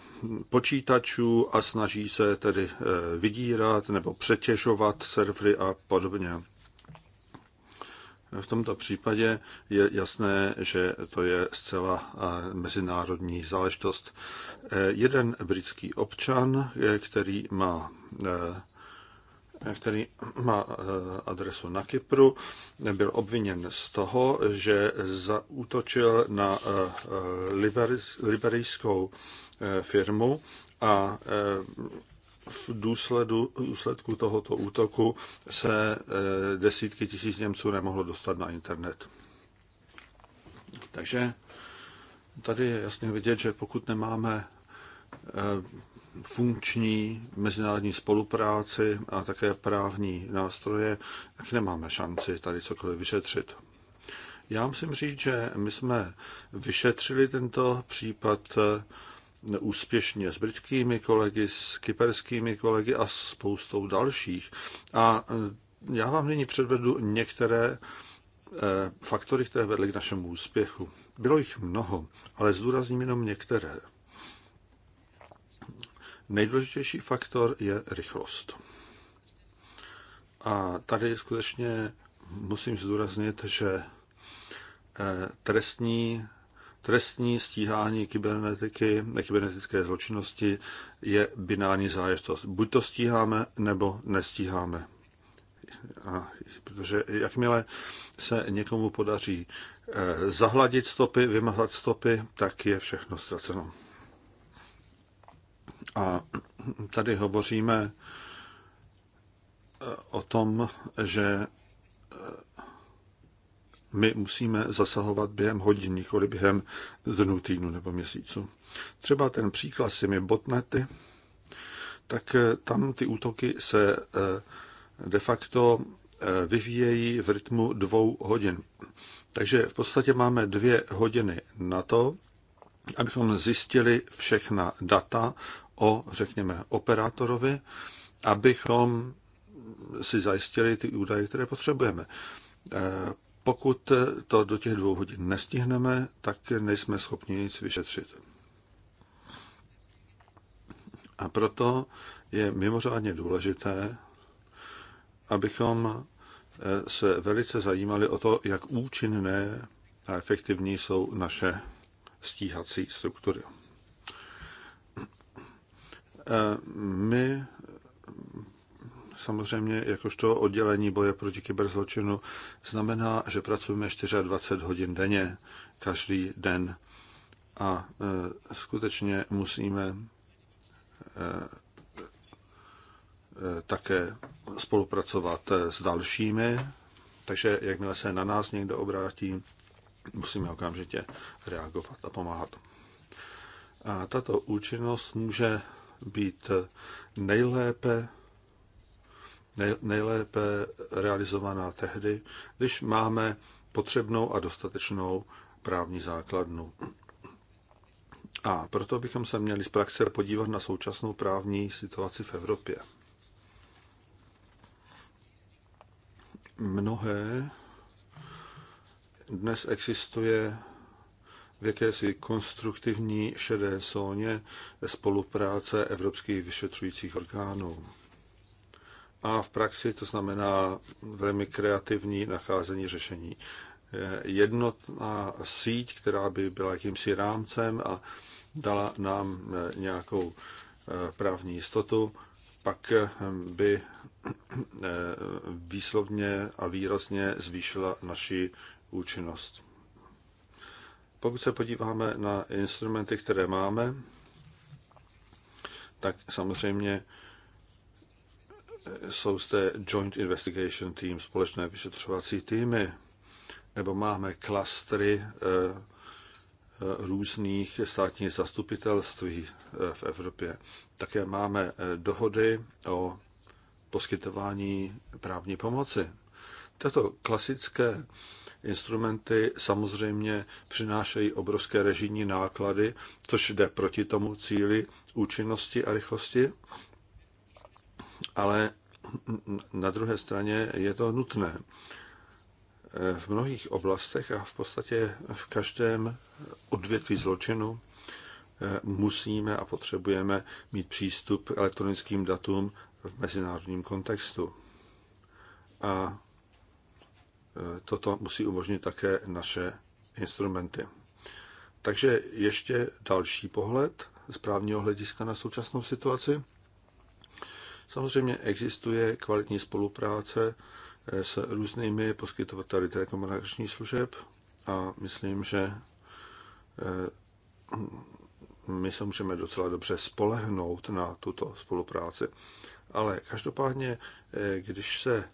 počítačů a snaží se tedy eh, vydírat nebo přetěžovat servery a podobně. V tomto případě je jasné, že to je zcela eh, mezinárodní záležitost. Eh, jeden britský občan, který má který má eh, adresu na Kypru, byl obviněn z toho, že zaútočil na eh, eh, liberijskou firmu a v důsledu, důsledku tohoto útoku se desítky tisíc Němců nemohlo dostat na internet. Takže tady je jasně vidět, že pokud nemáme funkční mezinárodní spolupráci a také právní nástroje, tak nemáme šanci tady cokoliv vyšetřit. Já musím říct, že my jsme vyšetřili tento případ eh, úspěšně s britskými kolegy, s kyperskými kolegy a s spoustou dalších. A eh, já vám nyní předvedu některé eh, faktory, které vedly k našemu úspěchu. Bylo jich mnoho, ale zdůrazním jenom některé. Nejdůležitější faktor je rychlost. A tady skutečně musím zdůraznit, že eh, trestní, trestní stíhání kybernetiky, kybernetické zločinnosti je binární záležitost. Buď to stíháme, nebo nestíháme. A, protože jakmile se někomu podaří eh, zahladit stopy, vymazat stopy, tak je všechno ztraceno. A tady hovoříme eh, o tom, že eh, my musíme zasahovat během hodin, nikoli během dnů, týdnu nebo měsíců. Třeba ten příklad s těmi botnety, tak eh, tam ty útoky se de facto vyvíjejí v rytmu dvou hodin. Takže v podstatě máme dvě hodiny na to, abychom zjistili všechna data o, řekněme, operátorovi, abychom si zajistili ty údaje, které potřebujeme. E, pokud to do těch dvou hodin nestihneme, tak nejsme schopni nic vyšetřit. A proto je mimořádně důležité, abychom e, se velice zajímali o to, jak účinné a efektivní jsou naše stíhací struktury. E, my samozřejmě, jakožto oddělení boje proti kyberzločinu, znamená, že pracujeme 24 hodin denně, každý den. A e, skutečně musíme e, také spolupracovat s dalšími, takže jakmile se na nás někdo obrátí, musíme okamžitě reagovat a pomáhat. A tato účinnost může být nejlépe, nej, nejlépe realizovaná tehdy, když máme potřebnou a dostatečnou právní základnu. A proto bychom se měli z praxe podívat na současnou právní situaci v Evropě. Mnohé dnes existuje v jakési konstruktivní šedé zóně spolupráce evropských vyšetřujících orgánů. A v praxi to znamená velmi kreativní nacházení řešení. Jednotná síť, která by byla jakýmsi rámcem a dala nám nějakou eh, právní jistotu, pak ehm, by eh, výslovně a výrazně zvýšila naši účinnost. Pokud se podíváme na instrumenty, které máme, tak samozřejmě jsou zde Joint Investigation Team, společné vyšetřovací týmy, nebo máme klastry eh, eh, různých státních zastupitelství eh, v Evropě. Také máme dohody o poskytování právní pomoci. Tato klasické instrumenty samozřejmě přinášejí obrovské režijní náklady, což jde proti tomu cíli účinnosti a rychlosti, ale na druhé straně je to nutné. V mnohých oblastech a v podstatě v každém odvětví zločinu eh, musíme a potřebujeme mít přístup k elektronickým datům v mezinárodním kontextu. A toto musí umožnit také naše instrumenty. Takže ještě další pohled z právního hlediska na současnou situaci. Samozřejmě existuje kvalitní spolupráce eh, s různými poskytovateli telekomunikačních služeb a myslím, že eh, my se můžeme docela dobře spolehnout na tuto spolupráci. Ale každopádně, eh, když se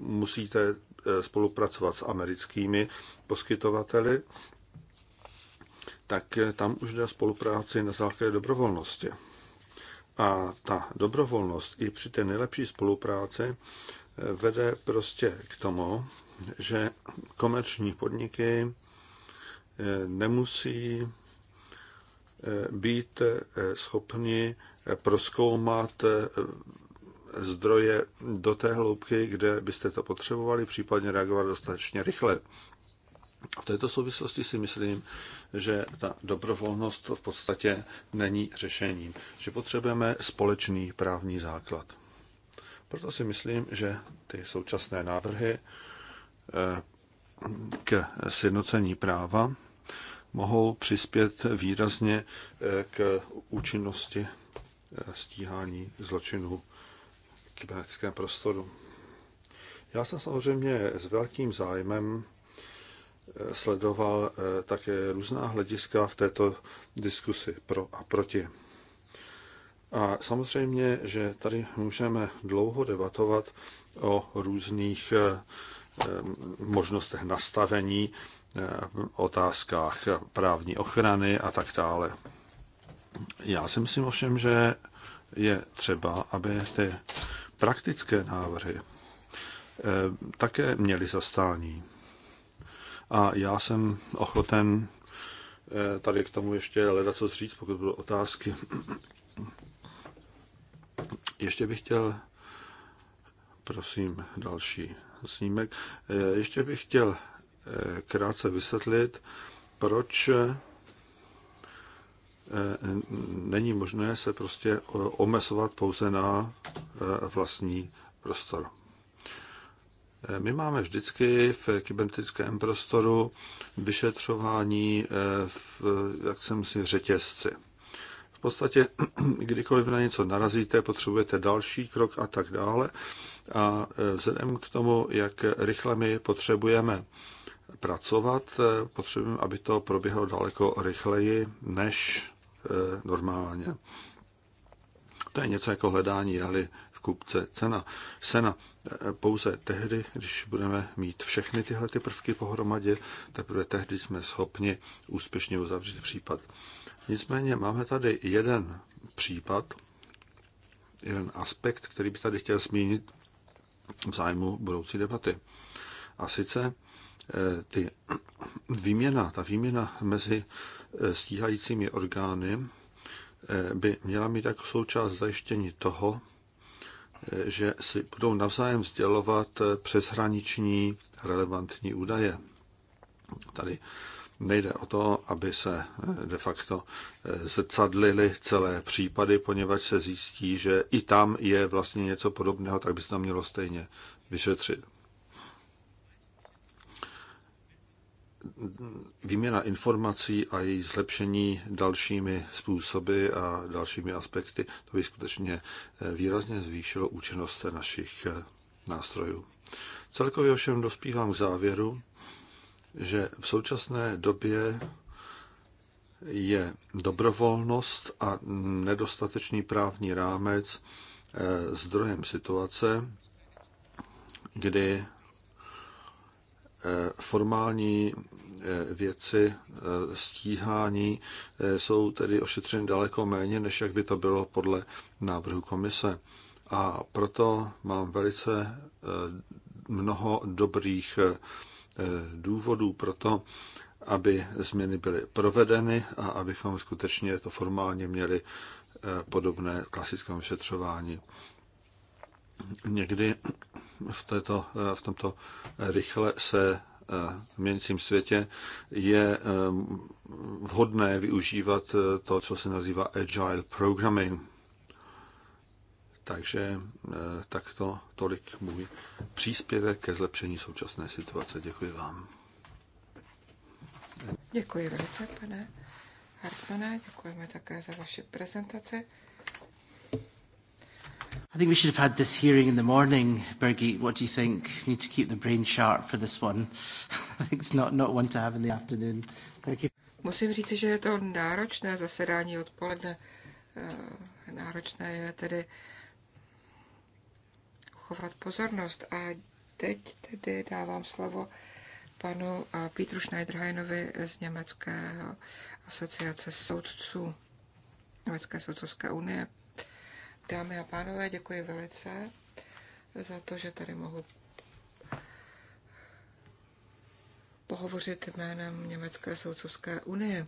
musíte eh, spolupracovat s americkými poskytovateli, tak eh, tam už jde spolupráci na základě dobrovolnosti. A ta dobrovolnost i při té nejlepší spolupráci eh, vede prostě k tomu, že komerční podniky nemusí být schopni proskoumat zdroje do té hloubky, kde byste to potřebovali, případně reagovat dostatečně rychle. V této souvislosti si myslím, že ta dobrovolnost v podstatě není řešením, že potřebujeme společný právní základ. Proto si myslím, že ty současné návrhy eh, k sjednocení práva mohou přispět výrazně eh, k účinnosti eh, stíhání zločinů kybernetickém prostoru. Já jsem samozřejmě s velkým zájmem eh, sledoval eh, také různá hlediska v této diskusi pro a proti. A samozřejmě, že tady můžeme dlouho debatovat o různých eh, možnostech nastavení, otázkách právní ochrany a tak dále. Já si myslím ovšem, že je třeba, aby ty praktické návrhy eh, také měly zastání. A já jsem ochoten eh, tady k tomu ještě hledat co říct, pokud budou otázky. Ještě bych chtěl, prosím, další snímek. Eh, ještě bych chtěl krátce vysvětlit, proč Eh, není možné se prostě eh, omezovat pouze na eh, vlastní prostor. My máme vždycky v kybernetickém prostoru vyšetřování, v, jak jsem si, řetězci. V podstatě, kdykoliv na něco narazíte, potřebujete další krok a tak dále. A vzhledem k tomu, jak rychle my potřebujeme pracovat, potřebujeme, aby to proběhlo daleko rychleji, než Eh, normálně. To je něco jako hledání jahly v kupce cena. Sena eh, pouze tehdy, když budeme mít všechny tyhle ty prvky pohromadě, teprve tehdy jsme schopni úspěšně uzavřít případ. Nicméně máme tady jeden případ, jeden aspekt, který by tady chtěl zmínit v zájmu budoucí debaty. A sice eh, ty výměna, ta výměna mezi Eh, stíhajícími orgány eh, by měla mít jako součást zajištění toho, eh, že si budou navzájem sdělovat přeshraniční relevantní údaje. Tady nejde o to, aby se de facto zrcadlily celé případy, poněvadž se zjistí, že i tam je vlastně něco podobného, tak by se tam mělo stejně vyšetřit. výměna informací a její zlepšení dalšími způsoby a dalšími aspekty, to by skutečně eh, výrazně zvýšilo účinnost našich eh, nástrojů. Celkově ovšem dospívám k závěru, že v současné době je dobrovolnost a nedostatečný právní rámec eh, zdrojem situace, kdy formální eh, věci eh, stíhání eh, jsou tedy ošetřeny daleko méně, než jak by to bylo podle návrhu komise. A proto mám velice mnoho dobrých důvodů pro to, aby změny byly provedeny a abychom skutečně to formálně měli podobné klasickému vyšetřování. Někdy v, této, eh, v tomto eh, rychle se eh, měnícím světě je vhodné využívat to, co se nazývá agile programming. Takže takto tolik můj příspěvek ke zlepšení současné situace. Děkuji vám. Děkuji velice, pane Hartmane. Děkujeme také za vaši prezentaci. I think we should have had this hearing in the morning, Birgit. What do you think? We need to keep the brain sharp for this one. I think it's not, not one to have in the afternoon. Thank you. Musím říci, že je to náročné zasedání odpoledne. Eh, náročné je tedy uchovat pozornost. A teď tedy dávám slovo panu eh, Petru Schneiderheinovi z Německé asociace soudců, Německé soudcovské unie. Dámy a pánové, děkuji velice za to, že tady mohu pohovořit jménem Německé soudcovské unie.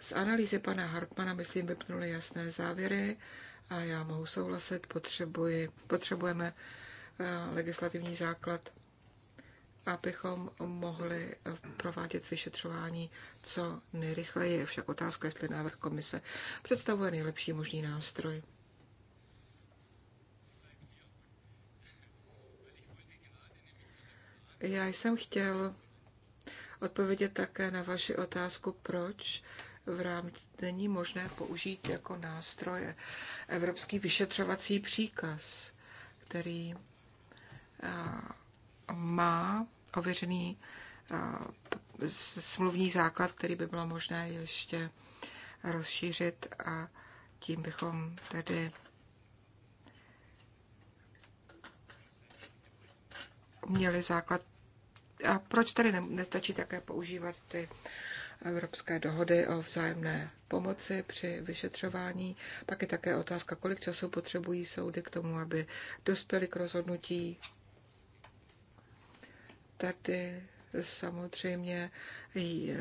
Z analýzy pana Hartmana, myslím, vypnuli jasné závěry a já mohu souhlasit, potřebuji, potřebujeme eh, legislativní základ abychom mohli eh, provádět vyšetřování co nejrychleji. Je však otázka, jestli návrh komise představuje nejlepší možný nástroj. Já jsem chtěl odpovědět také na vaši otázku, proč v rámci není možné použít jako nástroj evropský vyšetřovací příkaz, který eh, má ověřený eh, smluvní základ, který by bylo možné ještě rozšířit a tím bychom tedy měli základ. A proč tady nestačí také používat ty evropské dohody o vzájemné pomoci při vyšetřování? Pak je také otázka, kolik času potřebují soudy k tomu, aby dospěli k rozhodnutí tady samozřejmě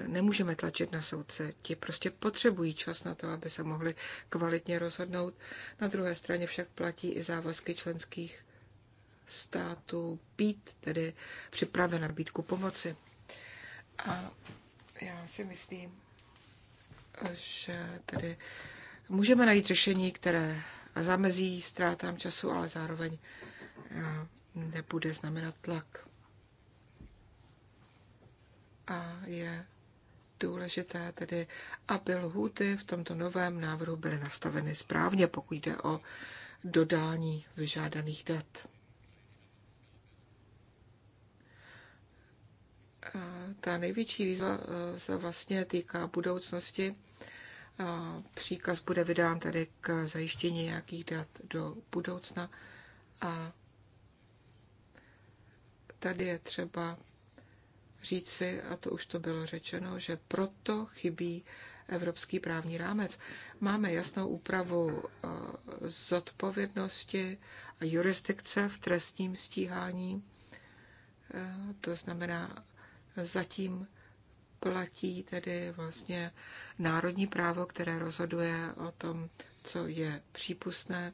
nemůžeme tlačit na soudce. Ti prostě potřebují čas na to, aby se mohli kvalitně rozhodnout. Na druhé straně však platí i závazky členských států být tedy připravena být ku pomoci. A já si myslím, že tedy můžeme najít řešení, které zamezí ztrátám času, ale zároveň eh, nebude znamenat tlak a je důležité tedy, aby lhuty v tomto novém návrhu byly nastaveny správně, pokud jde o dodání vyžádaných dat. A ta největší výzva e, se vlastně týká budoucnosti. A příkaz bude vydán tedy k zajištění nějakých dat do budoucna a tady je třeba říci, a to už to bylo řečeno, že proto chybí evropský právní rámec. Máme jasnou úpravu eh, zodpovědnosti a jurisdikce v trestním stíhání. Eh, to znamená, zatím platí tedy vlastně národní právo, které rozhoduje o tom, co je přípustné.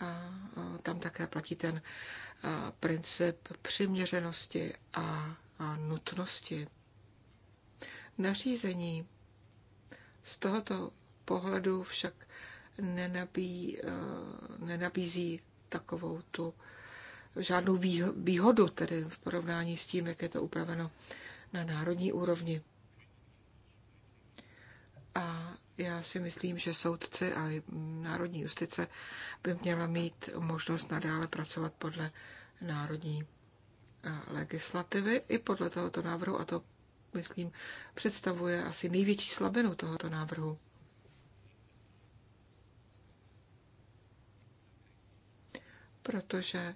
A eh, tam také platí ten princip přiměřenosti a a nutnosti. Nařízení z tohoto pohledu však nenabí, eh, nenabízí takovou tu žádnou výhodu, tedy v porovnání s tím, jak je to upraveno na národní úrovni. A já si myslím, že soudci a národní justice by měla mít možnost nadále pracovat podle národní legislativy i podle tohoto návrhu a to, myslím, představuje asi největší slabinu tohoto návrhu. Protože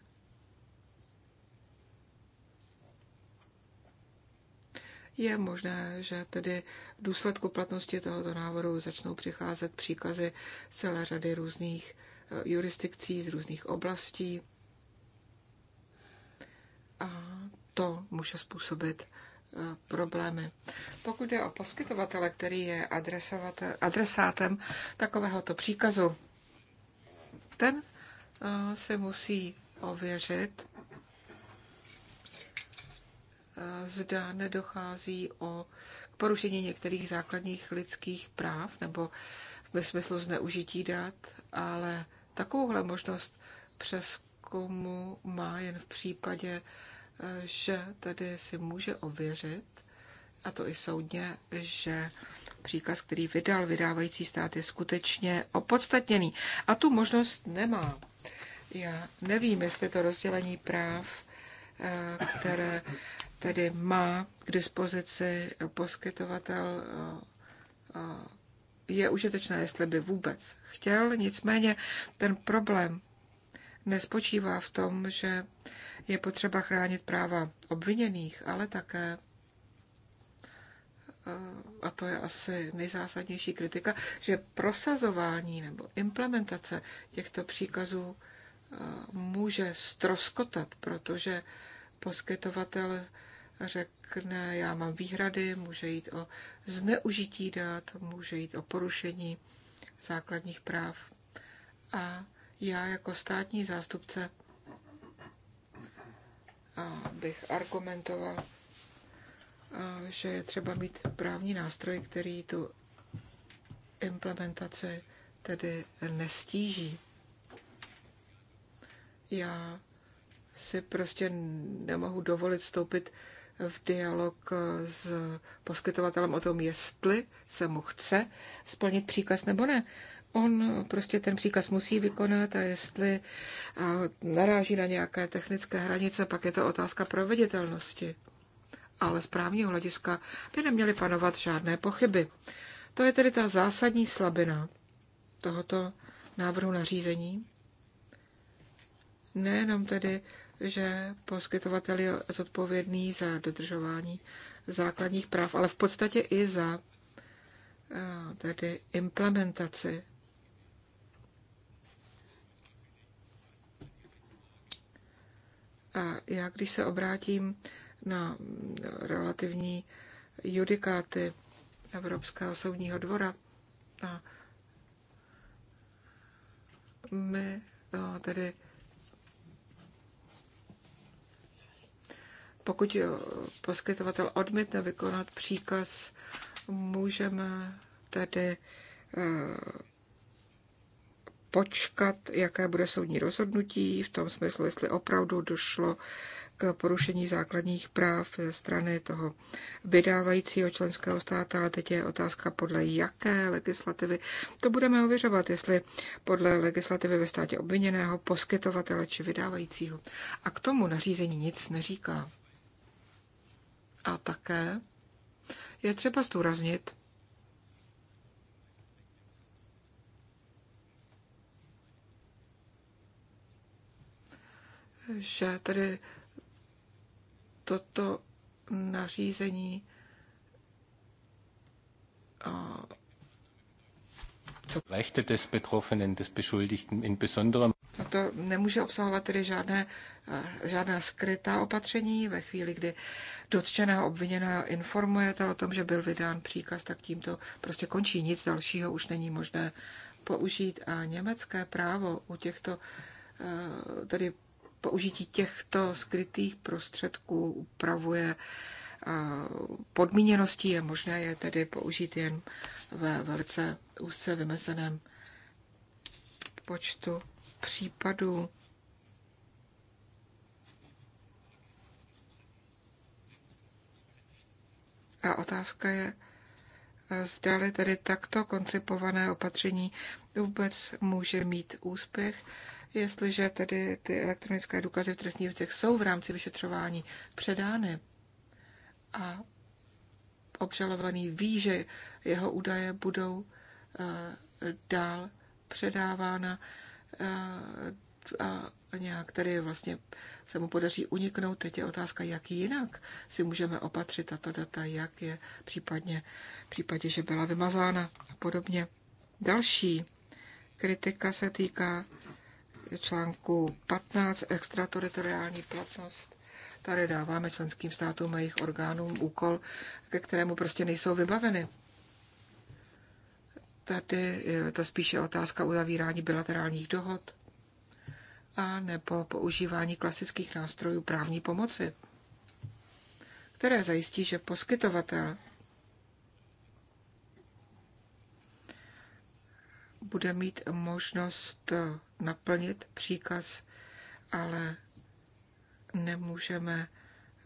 je možné, že tedy v důsledku platnosti tohoto návrhu začnou přicházet příkazy celé řady různých eh, jurisdikcí, z různých oblastí a to může způsobit e, problémy. Pokud je o poskytovatele, který je adresátem takovéhoto příkazu, ten se musí ověřit, e, zda nedochází o k porušení některých základních lidských práv nebo ve smyslu zneužití dat, ale takovouhle možnost přes komu má jen v případě, eh, že tedy si může ověřit, a to i soudně, že příkaz, který vydal vydávající stát, je skutečně opodstatněný. A tu možnost nemá. Já nevím, jestli to rozdělení práv, eh, které tedy má k dispozici poskytovatel, eh, je užitečné, jestli by vůbec chtěl. Nicméně ten problém nespočívá v tom, že je potřeba chránit práva obviněných, ale také, eh, a to je asi nejzásadnější kritika, že prosazování nebo implementace těchto příkazů eh, může stroskotat, protože poskytovatel řekne, já mám výhrady, může jít o zneužití dat, může jít o porušení základních práv a já jako státní zástupce bych argumentoval, že je třeba mít právní nástroj, který tu implementaci tedy nestíží. Já si prostě nemohu dovolit vstoupit v dialog s poskytovatelem o tom, jestli se mu chce splnit příkaz nebo ne on prostě ten příkaz musí vykonat a jestli naráží na nějaké technické hranice, pak je to otázka proveditelnosti. Ale z právního hlediska by neměly panovat žádné pochyby. To je tedy ta zásadní slabina tohoto návrhu nařízení. Nejenom tedy, že poskytovatel je zodpovědný za dodržování základních práv, ale v podstatě i za eh, tedy implementaci A já, když se obrátím na relativní judikáty Evropského soudního dvora, a my tedy pokud poskytovatel odmítne vykonat příkaz, můžeme tedy počkat, jaké bude soudní rozhodnutí, v tom smyslu, jestli opravdu došlo k porušení základních práv ze strany toho vydávajícího členského státu, ale teď je otázka, podle jaké legislativy to budeme ověřovat, jestli podle legislativy ve státě obviněného, poskytovatele či vydávajícího. A k tomu nařízení nic neříká. A také je třeba zdůraznit, že tedy toto nařízení Rechte des Betroffenen, des Beschuldigten in besonderem. No to nemůže obsahovat tedy žádné, eh, žádná skrytá opatření. Ve chvíli, kdy dotčeného obviněného informujete o tom, že byl vydán příkaz, tak tím to prostě končí. Nic dalšího už není možné použít. A německé právo u těchto eh, tedy použití těchto skrytých prostředků upravuje eh, podmíněností, je možné je tedy použít jen ve velice úzce vymezeném počtu případů. A otázka je, zdali tedy takto koncipované opatření vůbec může mít úspěch jestliže tedy ty elektronické důkazy v trestních věcech jsou v rámci vyšetřování předány a obžalovaný ví, že jeho údaje budou eh, dál předávána eh, a nějak tady vlastně se mu podaří uniknout. Teď je otázka, jak jinak si můžeme opatřit tato data, jak je případně v případě, že byla vymazána a podobně. Další kritika se týká článku 15 extrateritoriální platnost. Tady dáváme členským státům a jejich orgánům úkol, ke kterému prostě nejsou vybaveny. Tady je to spíše otázka uzavírání bilaterálních dohod a nebo používání klasických nástrojů právní pomoci, které zajistí, že poskytovatel bude mít možnost eh, naplnit příkaz, ale nemůžeme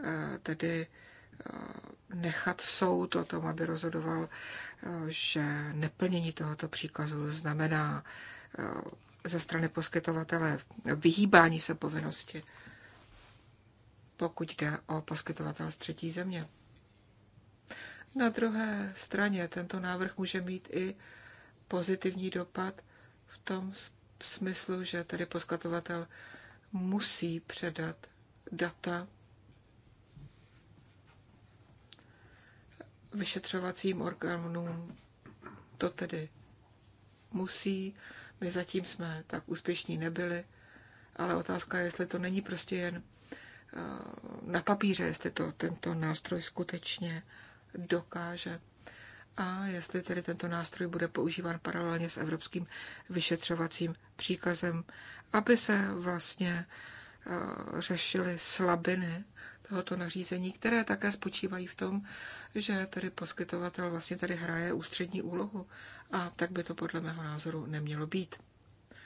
eh, tedy eh, nechat soud o tom, aby rozhodoval, že neplnění tohoto příkazu znamená ze strany poskytovatele vyhýbání se povinnosti, pokud jde o poskytovatele z třetí země. Na druhé straně tento návrh může mít i pozitivní dopad v tom smyslu, že tedy poskytovatel musí předat data vyšetřovacím orgánům. To tedy musí. My zatím jsme tak úspěšní nebyli, ale otázka je, jestli to není prostě jen eh, na papíře, jestli to tento nástroj skutečně dokáže a jestli tedy tento nástroj bude používán paralelně s evropským vyšetřovacím příkazem, aby se vlastně eh, řešily slabiny tohoto nařízení, které také spočívají v tom, že tedy poskytovatel vlastně tady hraje ústřední úlohu a tak by to podle mého názoru nemělo být.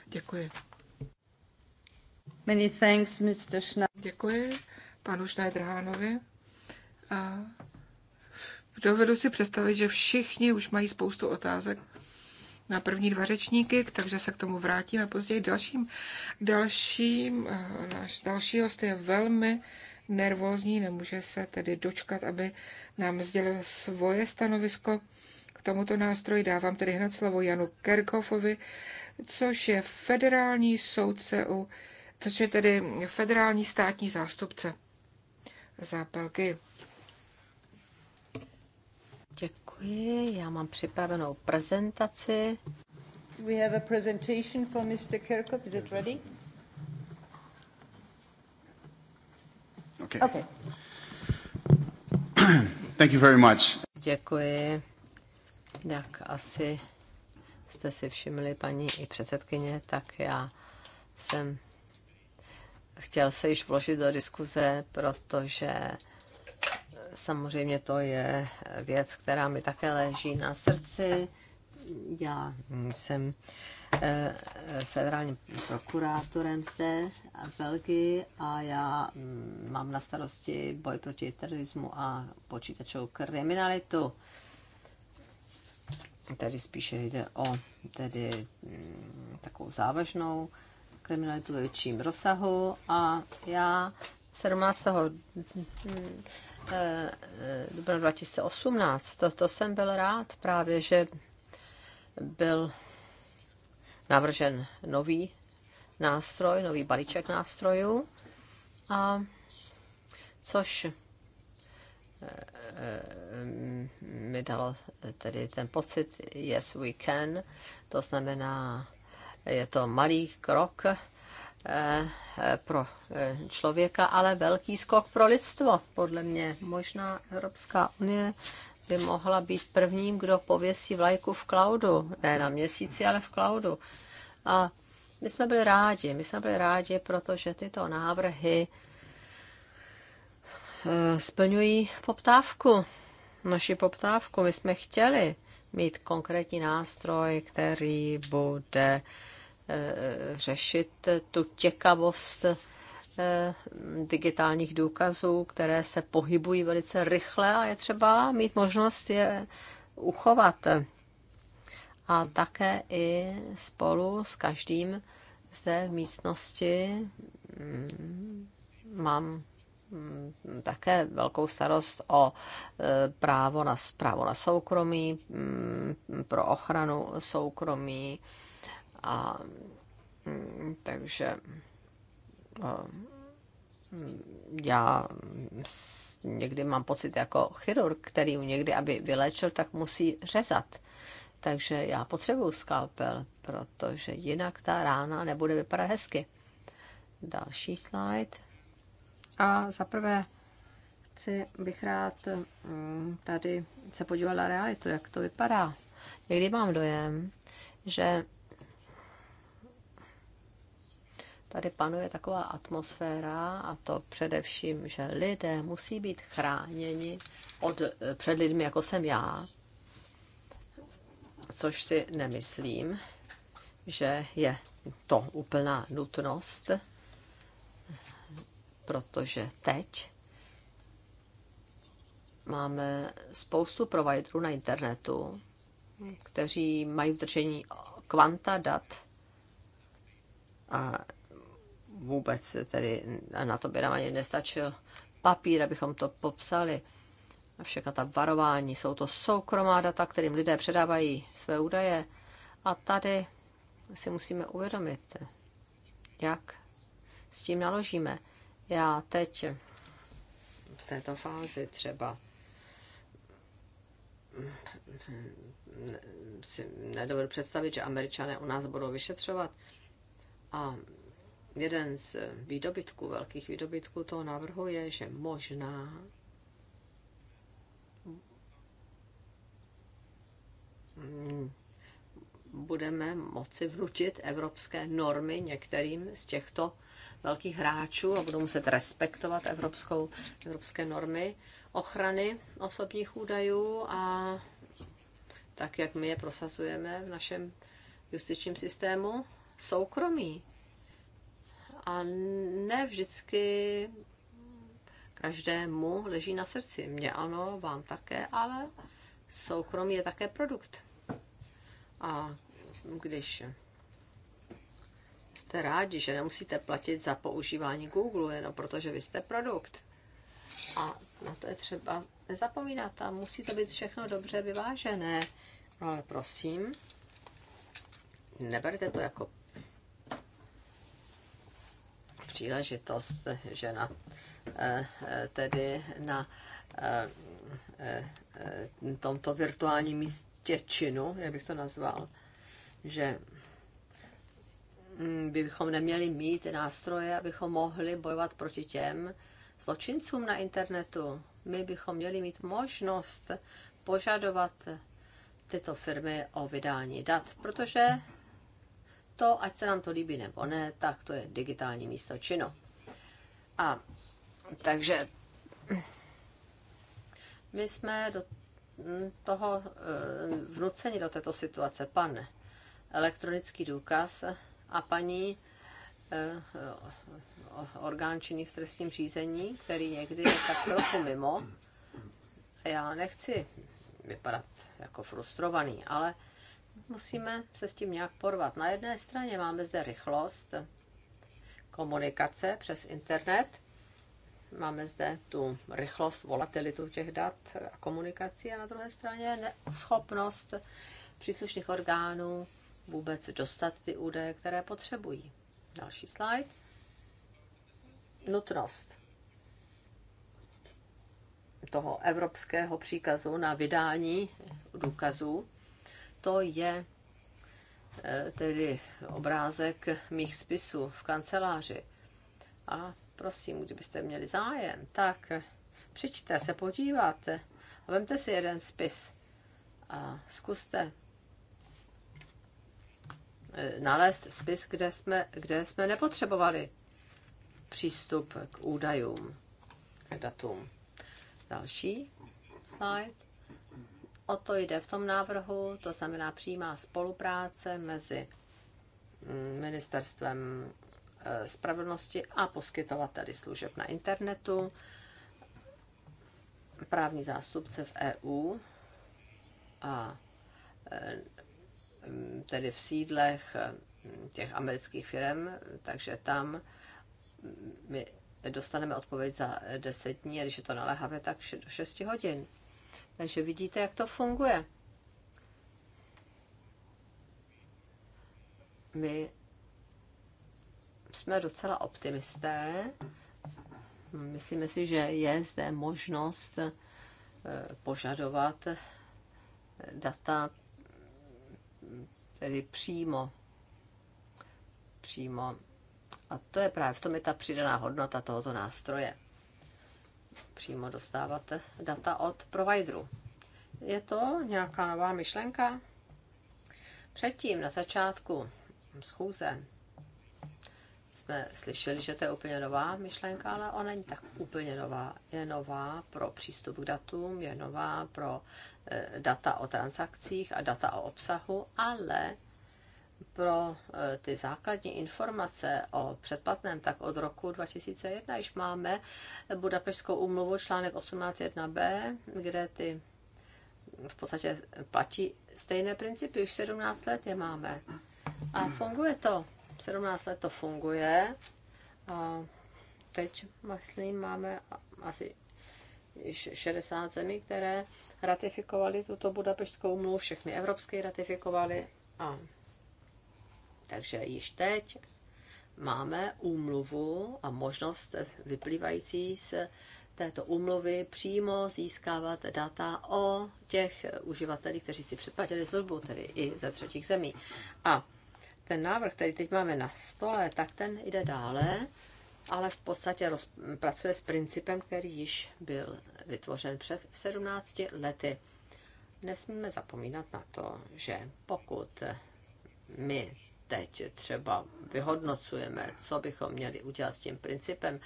Děkuji. Many thanks, Mr. Schneider. Děkuji panu Schneiderhánovi. A Dovedu si představit, že všichni už mají spoustu otázek na první dva řečníky, takže se k tomu vrátíme později. Dalším, dalším, eh, náš další host je velmi nervózní, nemůže se tedy dočkat, aby nám sdělil svoje stanovisko k tomuto nástroji. Dávám tedy hned slovo Janu Kerkhoffovi, což je federální soudce u, což je tedy federální státní zástupce za Belgii. Děkuji. Já mám připravenou prezentaci. We have a presentation for Mr. Kirkhope. Is it ready? Okay. okay. Thank you very much. Děkuji. Jak asi jste si všimli, paní i předsedkyně, tak já jsem chtěl se již vložit do diskuze, protože Samozřejmě to je věc, která mi také leží na srdci. Já jsem eh, federálním prokurátorem zde v Belgii a já mm, mám na starosti boj proti terorismu a počítačovou kriminalitu. Tady spíše jde o tedy mm, takovou závažnou kriminalitu ve větším rozsahu a já 17. Eh, eh, dubna 2018, to, to jsem byl rád právě, že byl navržen nový nástroj, nový balíček nástrojů, a což eh, mi dalo tedy ten pocit yes we can, to znamená, je to malý krok pro eh, člověka, ale velký skok pro lidstvo, podle mě. Možná Evropská unie by mohla být prvním, kdo pověsí vlajku v cloudu. Ne na měsíci, ale v cloudu. A my jsme byli rádi, my jsme byli rádi, protože tyto návrhy eh, splňují poptávku, naši poptávku. My jsme chtěli mít konkrétní nástroj, který bude uh, Eh, řešit tu těkavost eh, digitálních důkazů, které se pohybují velice rychle a je třeba mít možnost je uchovat. A také i spolu s každým zde v místnosti mm, mám mm, také velkou starost o eh, právo na, právo na soukromí, mm, pro ochranu soukromí a mm, takže já někdy mám pocit jako chirurg, který někdy, aby vylečil, tak musí řezat. Takže já potřebuju skalpel, protože jinak ta rána nebude vypadat hezky. Další slide. A za prvé chci, bych rád mm, tady se podívala na realitu, jak to vypadá. Někdy mám dojem, že Tady panuje taková atmosféra a to především, že lidé musí být chráněni od, eh, před lidmi, jako jsem já, což si nemyslím, že je to úplná nutnost, protože teď máme spoustu providerů na internetu, kteří mají v držení kvanta dat a vůbec tedy na to by nám ani nestačil papír, abychom to popsali. A všechna ta varování, jsou to soukromá data, kterým lidé předávají své údaje. A tady si musíme uvědomit, jak s tím naložíme. Já teď v této fázi třeba si nedovedu představit, že američané u nás budou vyšetřovat. A jeden z výdobytků, velkých výdobytků toho návrhu je, že možná budeme moci vnutit evropské normy některým z těchto velkých hráčů a budou muset respektovat evropskou, evropské normy ochrany osobních údajů a tak, jak my je prosazujeme v našem justičním systému, soukromí a ne vždycky každému leží na srdci. Mně ano, vám také, ale soukromí je také produkt. A když jste rádi, že nemusíte platit za používání Google, jenom protože vy jste produkt. A na to je třeba nezapomínat a musí to být všechno dobře vyvážené. Ale prosím, neberte to jako příležitost, že na, eh, eh, tedy na eh, tomto virtuálním místě činu, jak bych to nazval, že mm, bychom neměli mít nástroje, abychom mohli bojovat proti těm zločincům na internetu. My bychom měli mít možnost požadovat tyto firmy o vydání dat, protože to, ať se nám to líbí nebo ne, tak to je digitální místo činu. A takže my jsme do toho eh, vnuceni do této situace. pane elektronický důkaz a paní eh, orgán činný v trestním řízení, který někdy je tak trochu mimo. Já nechci vypadat jako frustrovaný, ale musíme se s tím nějak porvat. Na jedné straně máme zde rychlost komunikace přes internet, máme zde tu rychlost, volatilitu těch dat a komunikací a na druhé straně schopnost příslušných orgánů vůbec dostat ty údaje, které potřebují. Další slide. Nutnost toho evropského příkazu na vydání důkazů to je eh, tedy obrázek mých spisů v kanceláři. A prosím, kdybyste měli zájem, tak přičte se podíváte a vemte si jeden spis a zkuste eh, nalézt spis, kde jsme, kde jsme nepotřebovali přístup k údajům, k datům. Další slide. O to jde v tom návrhu, to znamená přímá spolupráce mezi mm, ministerstvem eh, spravedlnosti a poskytovateli služeb na internetu, právní zástupce v EU a eh, mm, tedy v sídlech eh, mm, těch amerických firm, takže tam my dostaneme odpověď za 10 dní, a když je to naléhavé, tak do 6 hodin. Takže vidíte, jak to funguje. My jsme docela optimisté. Myslíme si, že je zde možnost eh, požadovat eh, data tedy přímo. Přímo. A to je právě v tom je ta přidaná hodnota tohoto nástroje přímo dostávat data od providerů. Je to nějaká nová myšlenka? Předtím, na začátku schůze, jsme slyšeli, že to je úplně nová myšlenka, ale ona není tak úplně nová. Je nová pro přístup k datům, je nová pro eh, data o transakcích a data o obsahu, ale pro e, ty základní informace o předplatném, tak od roku 2001 již máme Budapešskou úmluvu článek 18.1b, kde ty v podstatě platí stejné principy. Už 17 let je máme. A funguje to. 17 let to funguje. A teď, myslím, vlastně máme asi 60 zemí, které ratifikovali tuto Budapešskou umluvu, všechny evropské ratifikovali a takže již teď máme úmluvu a možnost vyplývající z této úmluvy přímo získávat data o těch uživatelích, kteří si předplatili službu, tedy i ze třetích zemí. A ten návrh, který teď máme na stole, tak ten jde dále, ale v podstatě roz, pracuje s principem, který již byl vytvořen před 17 lety. Nesmíme zapomínat na to, že pokud my teď třeba vyhodnocujeme, co bychom měli udělat s tím principem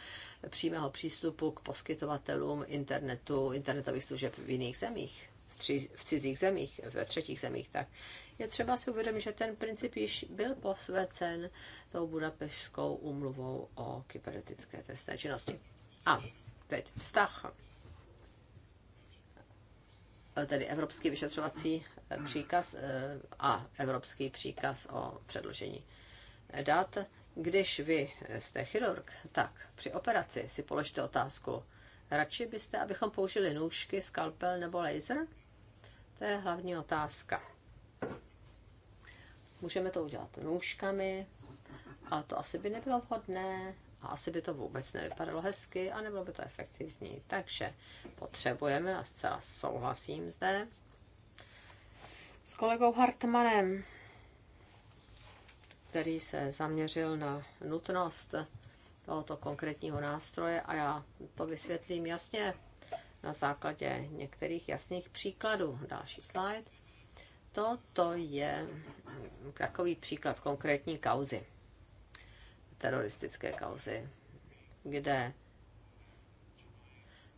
přímého přístupu k poskytovatelům internetu, internetových služeb v jiných zemích, v cizích zemích, ve třetích zemích, tak je třeba si uvědomit, že ten princip již byl posvěcen tou budapešskou umluvou o kybernetické trestné činnosti. A teď vztah tedy Evropský vyšetřovací příkaz eh, a evropský příkaz o předložení dat. Když vy jste chirurg, tak při operaci si položte otázku, radši byste, abychom použili nůžky, skalpel nebo laser? To je hlavní otázka. Můžeme to udělat nůžkami, a to asi by nebylo vhodné, a asi by to vůbec nevypadalo hezky a nebylo by to efektivní. Takže potřebujeme, a zcela souhlasím zde, s kolegou Hartmanem, který se zaměřil na nutnost tohoto konkrétního nástroje a já to vysvětlím jasně na základě některých jasných příkladů. Další slide. Toto je takový příklad konkrétní kauzy, teroristické kauzy, kde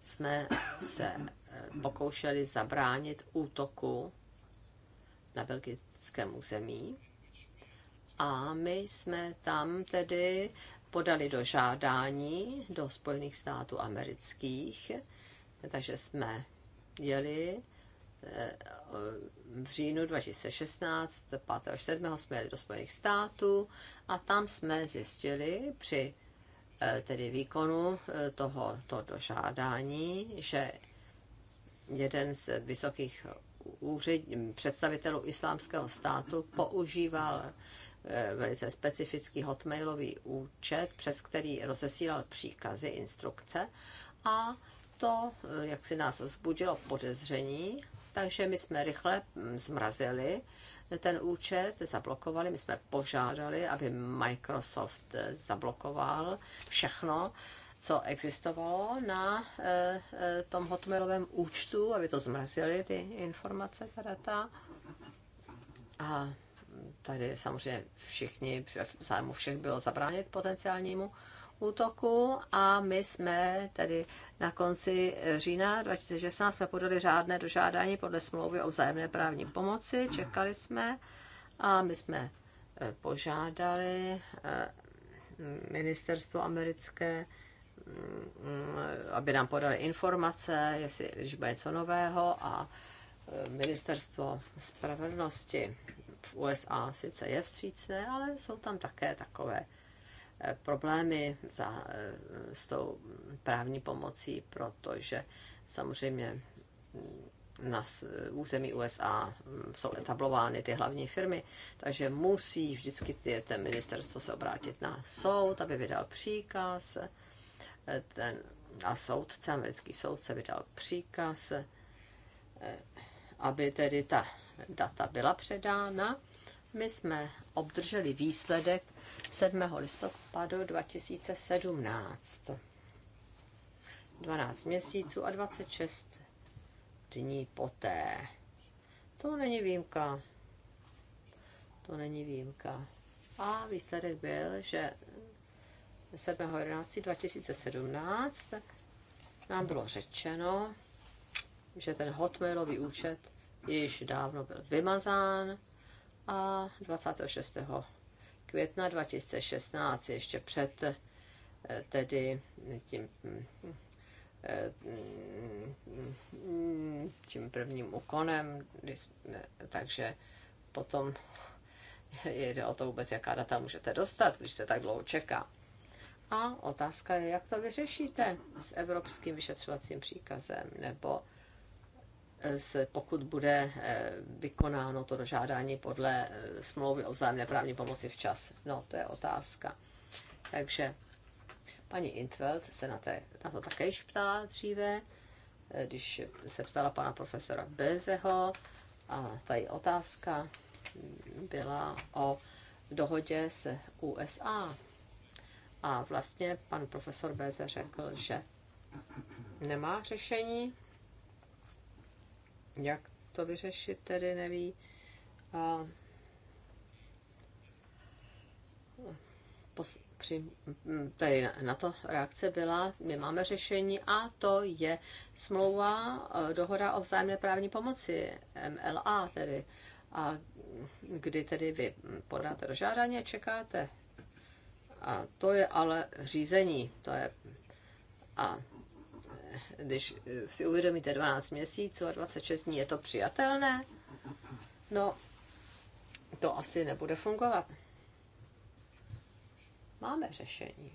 jsme se pokoušeli zabránit útoku na belgickém území. A my jsme tam tedy podali do žádání do Spojených států amerických, takže jsme jeli eh, v říjnu 2016, 5. až 7. jsme jeli do Spojených států a tam jsme zjistili při eh, tedy výkonu eh, toho, dožádání, že jeden z vysokých úřed, představitelů islámského státu používal eh, velice specifický hotmailový účet, přes který rozesílal příkazy, instrukce a to, eh, jak si nás vzbudilo podezření, takže my jsme rychle hm, zmrazili ten účet, zablokovali, my jsme požádali, aby Microsoft eh, zablokoval všechno, co existovalo na eh, eh, tom hotmailovém účtu, aby to zmrazili ty informace, ta data. A tady samozřejmě všichni, v zájmu všech bylo zabránit potenciálnímu útoku a my jsme tedy na konci října 2016 jsme podali řádné dožádání podle smlouvy o vzájemné právní pomoci, čekali jsme a my jsme eh, požádali ministerstvo americké Eh, aby nám podali informace, jestli když bude něco nového a eh, ministerstvo spravedlnosti v USA sice je vstřícné, ale jsou tam také takové eh, problémy za, s tou právní pomocí, protože samozřejmě hm, na území USA hm, jsou etablovány ty hlavní firmy, takže musí vždycky ty, ten ministerstvo se obrátit na soud, aby vydal příkaz ten, a soudce, americký soudce vydal příkaz, eh, aby tedy ta data byla předána. My jsme obdrželi výsledek 7. listopadu 2017. 12 měsíců a 26 dní poté. To není výjimka. To není výjimka. A výsledek byl, že 7.11.2017 nám bylo řečeno, že ten hotmailový účet již dávno byl vymazán a 26. května 2016, ještě před eh, tedy tím, eh, tím prvním úkonem, takže potom jde o to vůbec, jaká data můžete dostat, když se tak dlouho čeká. A otázka je, jak to vyřešíte s evropským vyšetřovacím příkazem nebo eh, s, pokud bude eh, vykonáno to dožádání podle eh, smlouvy o vzájemné právní pomoci včas. No, to je otázka. Takže paní Intveld se na, té, na to také již ptala dříve, když se ptala pana profesora Bezeho a tady otázka byla o dohodě s USA a vlastně pan profesor Beze řekl, že nemá řešení, jak to vyřešit, tedy neví. A pos, při, tady na, na to reakce byla, my máme řešení a to je smlouva, e, dohoda o vzájemné právní pomoci, MLA tedy, a kdy tedy vy podáte dožádání a čekáte a to je ale řízení. To je, a když si uvědomíte 12 měsíců a 26 dní, je to přijatelné? No, to asi nebude fungovat. Máme řešení.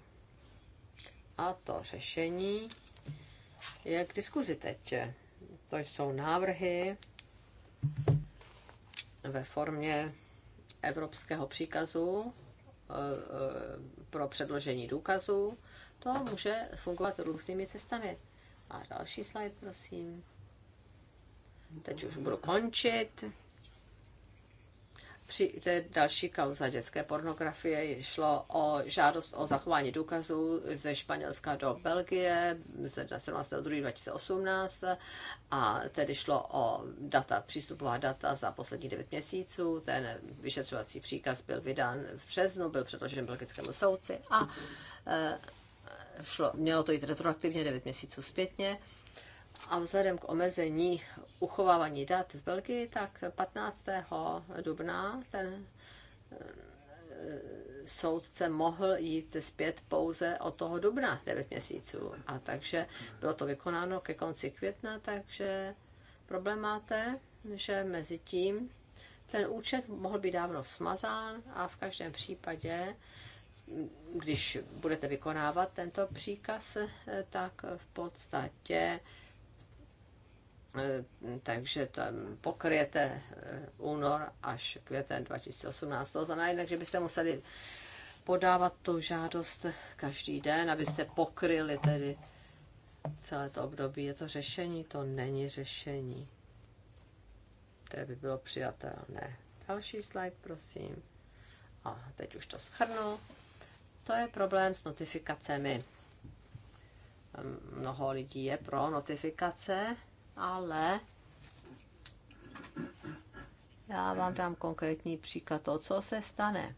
A to řešení je k diskuzi teď. To jsou návrhy ve formě evropského příkazu eh, eh, pro předložení důkazů, to může fungovat různými cestami. A další slide, prosím. Teď už budu končit. Při té další kauza dětské pornografie šlo o žádost o zachování důkazů ze Španělska do Belgie ze 17.2.2018 a tedy šlo o data, přístupová data za poslední 9 měsíců. Ten vyšetřovací příkaz byl vydán v březnu, byl předložen belgickému soudci a eh, šlo, mělo to jít retroaktivně 9 měsíců zpětně. A vzhledem k omezení uchovávání dat v Belgii, tak 15. dubna ten eh, soudce mohl jít zpět pouze od toho dubna 9 měsíců. A takže bylo to vykonáno ke konci května, takže problém máte, že mezi tím ten účet mohl být dávno smazán a v každém případě, když budete vykonávat tento příkaz, eh, tak v podstatě Eh, takže to pokryjete eh, únor až květen 2018. To znamená jednak, že byste museli podávat tu žádost každý den, abyste pokryli tedy celé to období. Je to řešení? To není řešení, které by bylo přijatelné. Další slide, prosím. A teď už to schrnu. To je problém s notifikacemi. Ehm, mnoho lidí je pro notifikace, ale já vám dám konkrétní příklad toho, co se stane.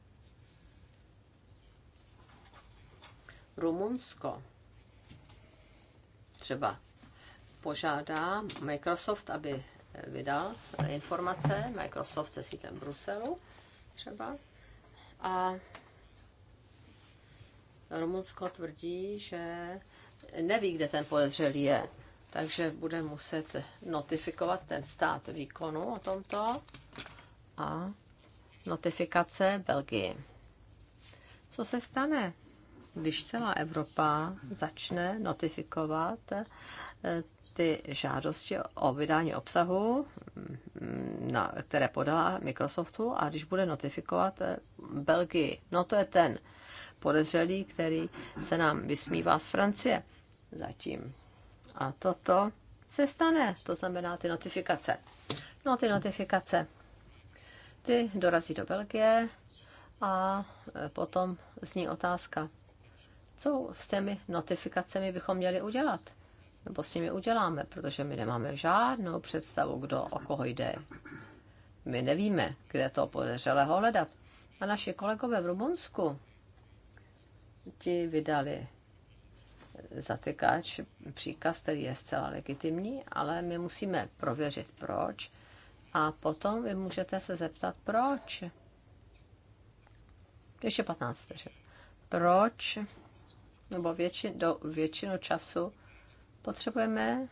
Rumunsko třeba požádá Microsoft, aby vydal informace, Microsoft se sídlem v Bruselu třeba. A Rumunsko tvrdí, že neví, kde ten podezřelý je takže bude muset notifikovat ten stát výkonu o tomto a notifikace Belgii. Co se stane, když celá Evropa začne notifikovat eh, ty žádosti o vydání obsahu, mm, na, které podala Microsoftu, a když bude notifikovat eh, Belgii. No to je ten podezřelý, který se nám vysmívá z Francie zatím. A toto se stane, to znamená ty notifikace. No ty notifikace, ty dorazí do Belgie a e, potom zní otázka, co s těmi notifikacemi bychom měli udělat? Nebo s nimi uděláme, protože my nemáme žádnou představu, kdo o koho jde. My nevíme, kde to podezřelého hledat. A naši kolegové v Rumunsku ti vydali zatykač, příkaz, který je zcela legitimní, ale my musíme prověřit proč a potom vy můžete se zeptat proč. Ještě 15 vteřin. Proč, nebo většin, do, většinu času potřebujeme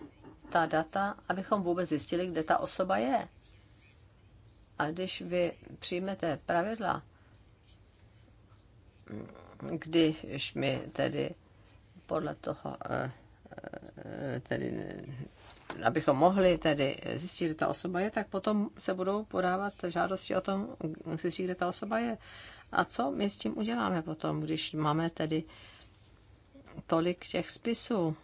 ta data, abychom vůbec zjistili, kde ta osoba je. A když vy přijmete pravidla, když my tedy podle toho, eh, eh, tedy, abychom mohli tedy zjistit, kde ta osoba je, tak potom se budou podávat žádosti o tom, zjistit, kde ta osoba je. A co my s tím uděláme potom, když máme tedy tolik těch spisů,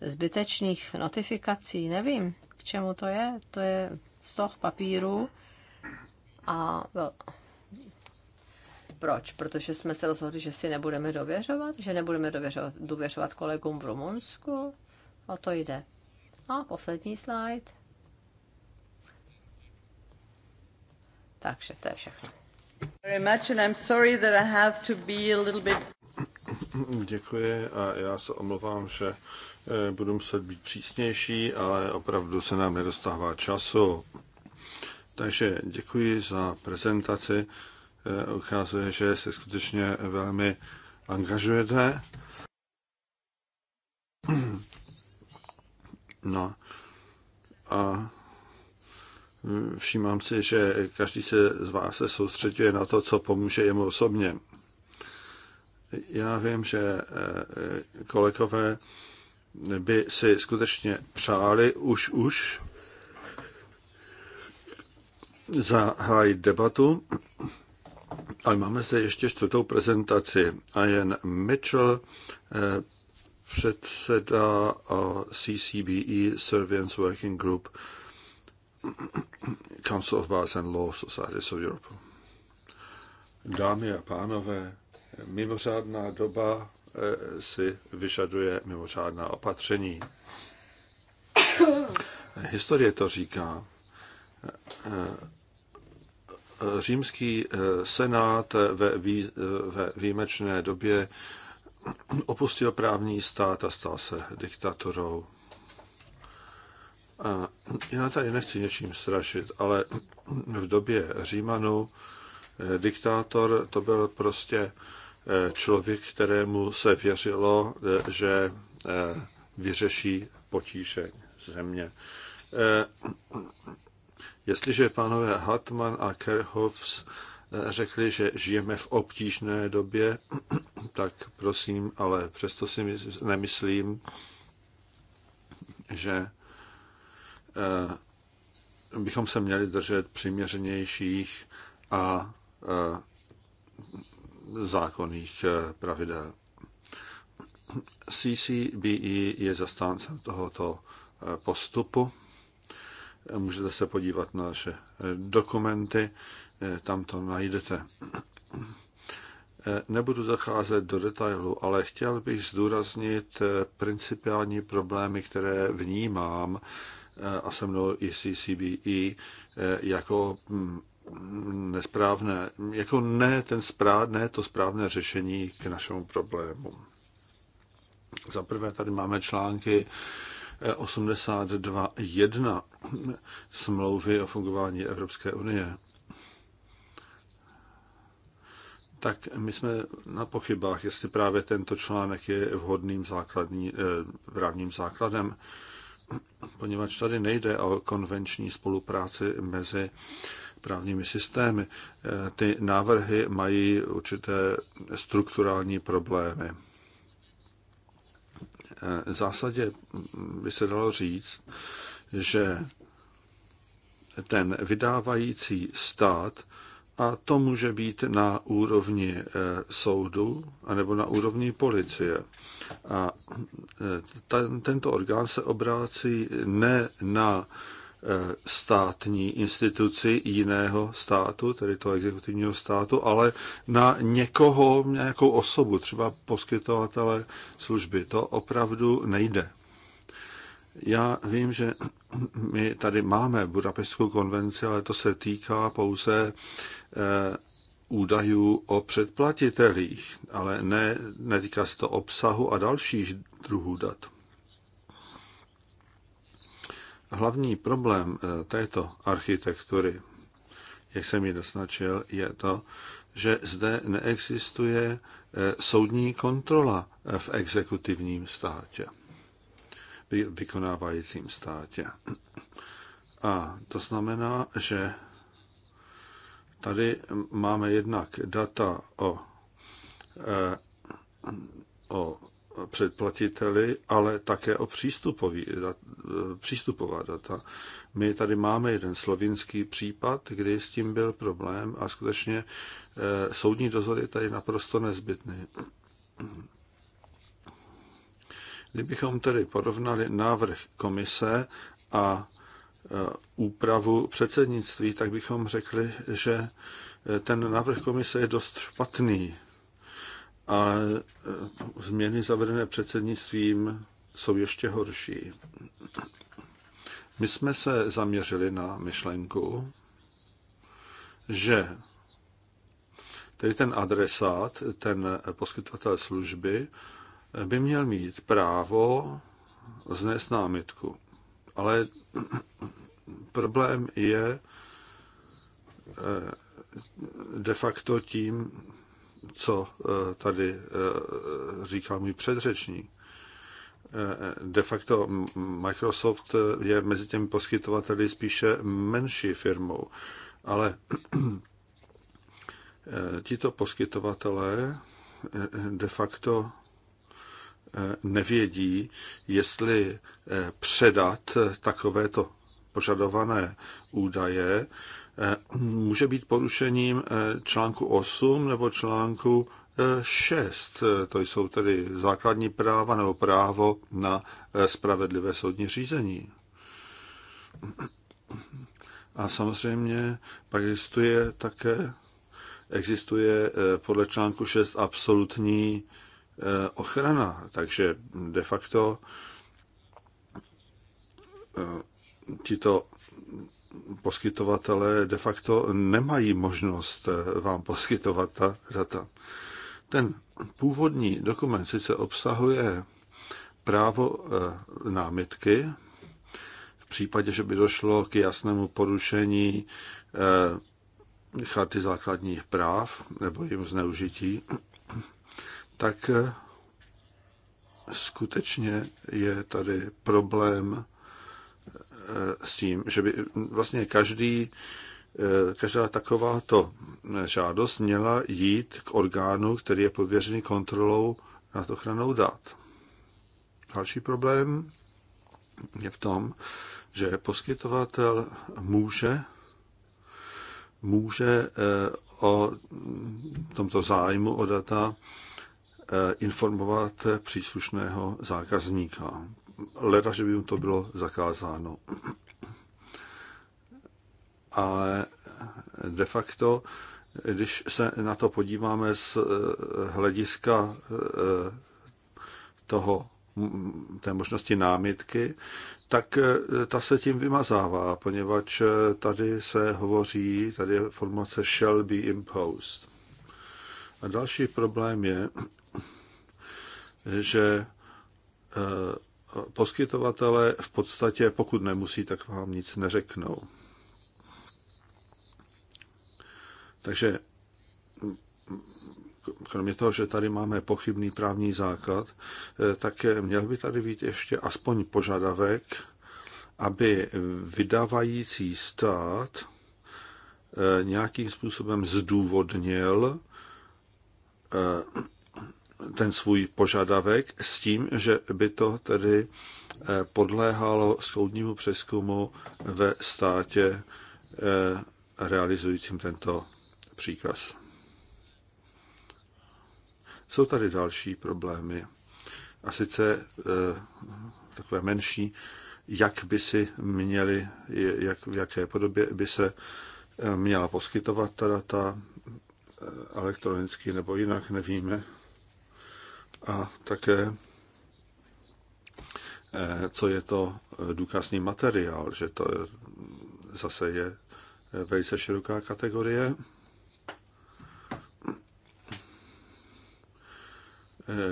zbytečných notifikací, nevím, k čemu to je. To je toho papíru a proč? Protože jsme se rozhodli, že si nebudeme dověřovat, že nebudeme dověřovat, dověřovat kolegům v Rumunsku. O to jde. A poslední slide. Takže to je všechno. Děkuji a já se omlouvám, že eh, budu muset být přísnější, ale opravdu se nám nedostává času. Takže děkuji za prezentaci. Eh, ukazuje, že se skutečně velmi angažujete. No a všímám si, že každý se z vás se soustředuje na to, co pomůže jemu osobně. Já vím, že eh, kolegové by si skutečně přáli už už zahájit debatu a máme se ještě čtvrtou prezentaci. Ian Mitchell, eh, předseda eh, CCBE Servians Working Group Council of Bars and Law Societies of Europe. Dámy a pánové, mimořádná doba eh, si vyžaduje mimořádná opatření. Historie to říká římský eh, senát eh, ve, vý, eh, ve výjimečné době opustil právní stát a stal se diktatorou. A já tady nechci něčím strašit, ale v době Římanů diktátor to byl prostě člověk, kterému se věřilo, že vyřeší potíže země. Jestliže pánové Hartmann a Kerhoffs eh, řekli, že žijeme v obtížné době, tak prosím, ale přesto si nemyslím, že eh, bychom se měli držet přiměřenějších a eh, zákonných pravidel. CCBE je zastáncem tohoto postupu Můžete se podívat na naše eh, dokumenty, eh, tam to najdete. Eh, nebudu zacházet do detailu, ale chtěl bych zdůraznit principiální problémy, které vnímám a se mnou i CCBI e, jako hm, nesprávné, jako ne, ten správ, ne to správné řešení k našemu problému. Za prvé tady máme články 82.1 e, smlouvy o fungování Evropské unie, tak my jsme na pochybách, jestli právě tento článek je vhodným základní, e, právním základem, poněvadž tady nejde o konvenční spolupráci mezi právními systémy. E, ty návrhy mají určité strukturální problémy v zásadě by se dalo říct, že ten vydávající stát, a to může být na úrovni eh, soudu anebo na úrovni policie. A eh, ten, tento orgán se obrácí ne na Eh, státní instituci jiného státu, tedy toho exekutivního státu, ale na někoho, nějakou osobu, třeba poskytovatele služby. To opravdu nejde. Já vím, že my tady máme Budapestskou konvenci, ale to se týká pouze eh, údajů o předplatitelích, ale ne, netýká se to obsahu a dalších druhů dat hlavní problém eh, této architektury, jak jsem ji doznačil, je to, že zde neexistuje eh, soudní kontrola eh, v exekutivním státě, vykonávajícím státě. A to znamená, že tady máme jednak data o, o předplatiteli, ale také o přístupový, e, přístupová data. My tady máme jeden slovinský případ, kdy s tím byl problém a skutečně e, soudní dozor je tady naprosto nezbytný. Kdybychom tedy porovnali návrh komise a e, úpravu předsednictví, tak bychom řekli, že ten návrh komise je dost špatný a e, změny zavedené předsednictvím jsou ještě horší. My jsme se zaměřili na myšlenku, že tedy ten adresát, ten poskytovatel služby, by měl mít právo znést námitku. Ale problém je e, de facto tím, co eh, tady eh, říká můj předřečník. Eh, de facto Microsoft je mezi těmi poskytovateli spíše menší firmou, ale tito poskytovatelé de facto nevědí, jestli předat takovéto požadované údaje Eh, může být porušením eh, článku 8 nebo článku 6. Eh, to jsou tedy základní práva nebo právo na spravedlivé soudní řízení. A samozřejmě pak existuje také existuje podle článku 6 absolutní ochrana, takže de facto tito poskytovatelé de facto nemají možnost eh, vám poskytovat ta data. Ten původní dokument sice obsahuje právo eh, námitky v případě, že by došlo k jasnému porušení eh, charty základních práv nebo jim zneužití, tak skutečně je tady problém s tím, že by vlastně každý, eh, každá takováto žádost měla jít k orgánu, který je pověřený kontrolou nad ochranou dát. Další problém je v tom, že poskytovatel může, může eh, o tomto zájmu o data eh, informovat příslušného zákazníka leda, že by mu to bylo zakázáno. Ale de facto, když se na to podíváme z eh, hlediska eh, toho, mm, té možnosti námitky, tak eh, ta se tím vymazává, poněvadž tady se hovoří, tady je formace shall be imposed. A další problém je, že poskytovatele v podstatě, pokud nemusí, tak vám nic neřeknou. Takže kromě toho, že tady máme pochybný právní základ, tak měl by tady být ještě aspoň požadavek, aby vydávající stát nějakým způsobem zdůvodnil ten svůj požadavek s tím, že by to tedy eh, podléhalo soudnímu přeskumu ve státě eh, realizujícím tento příkaz. Jsou tady další problémy, a sice eh, takové menší, jak by si měli, jak, v jaké podobě by se měla poskytovat ta data elektronicky nebo jinak, nevíme a také eh, co je to eh, důkazní materiál, že to zase je eh, velice široká kategorie.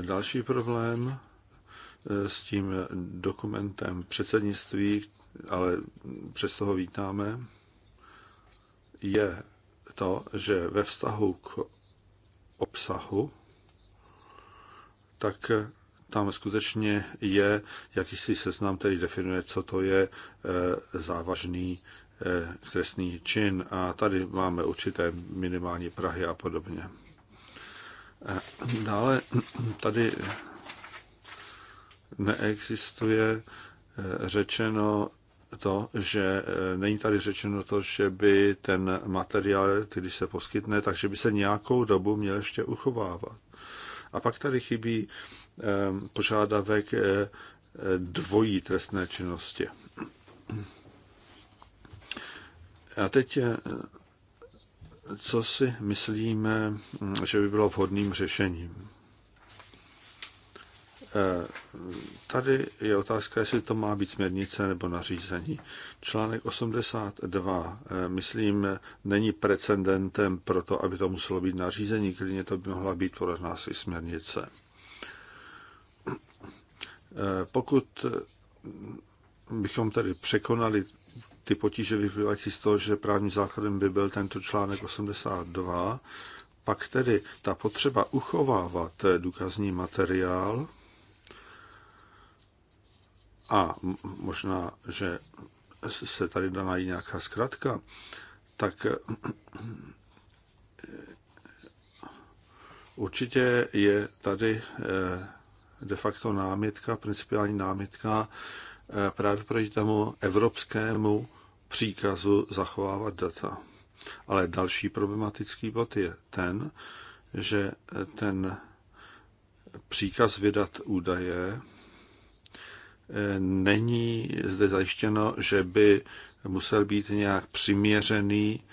Další problém s tím dokumentem předsednictví, ale přes toho vítáme, je to, že ve vztahu k obsahu tak eh, tam skutečně je jakýsi seznam, který definuje, co to je eh, závažný eh, trestný čin. A tady máme určité minimální prahy a podobně. Dále tady neexistuje řečeno to, že není tady řečeno to, že by ten materiál, který se poskytne, takže by se nějakou dobu měl ještě uchovávat. A pak tady chybí ehm, požádavek eh, eh, dvojí trestné činnosti. A teď, eh, co si myslíme, že by bylo vhodným řešením? Eh, tady je otázka, jestli to má být směrnice nebo nařízení. Článek 82, eh, myslím, není precedentem pro to, aby to muselo být nařízení, klidně to by mohla být podle nás i směrnice. Eh, pokud bychom tedy překonali ty potíže vyplývající z toho, že právním základem by byl tento článek 82, pak tedy ta potřeba uchovávat důkazní materiál, a možná, že se tady dá najít nějaká zkratka, tak eh, určitě je tady eh, de facto námitka, principiální námitka eh, právě proti tomu evropskému příkazu zachovávat data. Ale další problematický bod je ten, že ten příkaz vydat údaje Eh, není zde zajištěno, že by musel být nějak přiměřený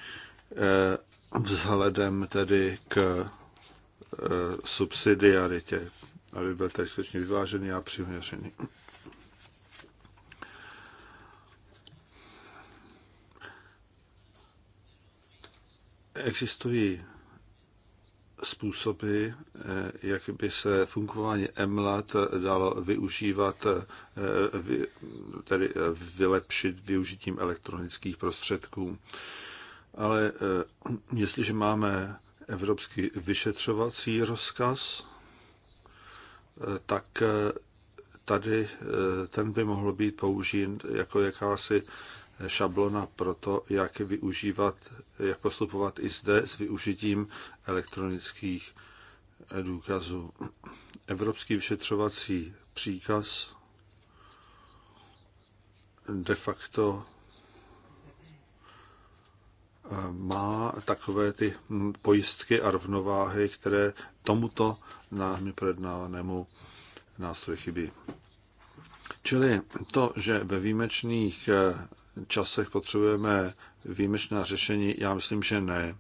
eh, vzhledem tedy k eh, subsidiaritě, aby byl tedy skutečně vyvážený a přiměřený. Existují způsoby, eh, jak by se fungování EMLAT dalo využívat, eh, tedy eh, vylepšit využitím elektronických prostředků. Ale jestliže máme evropský vyšetřovací rozkaz, tak tady ten by mohl být použit jako jakási šablona pro to, jak využívat, jak postupovat i zde s využitím elektronických důkazů. Evropský vyšetřovací příkaz de facto eh, má takové ty pojistky a rovnováhy, které tomuto námi projednávanému nástroji chybí. Čili to, že ve výjimečných eh, časech potřebujeme výjimečná řešení? Já myslím, že ne.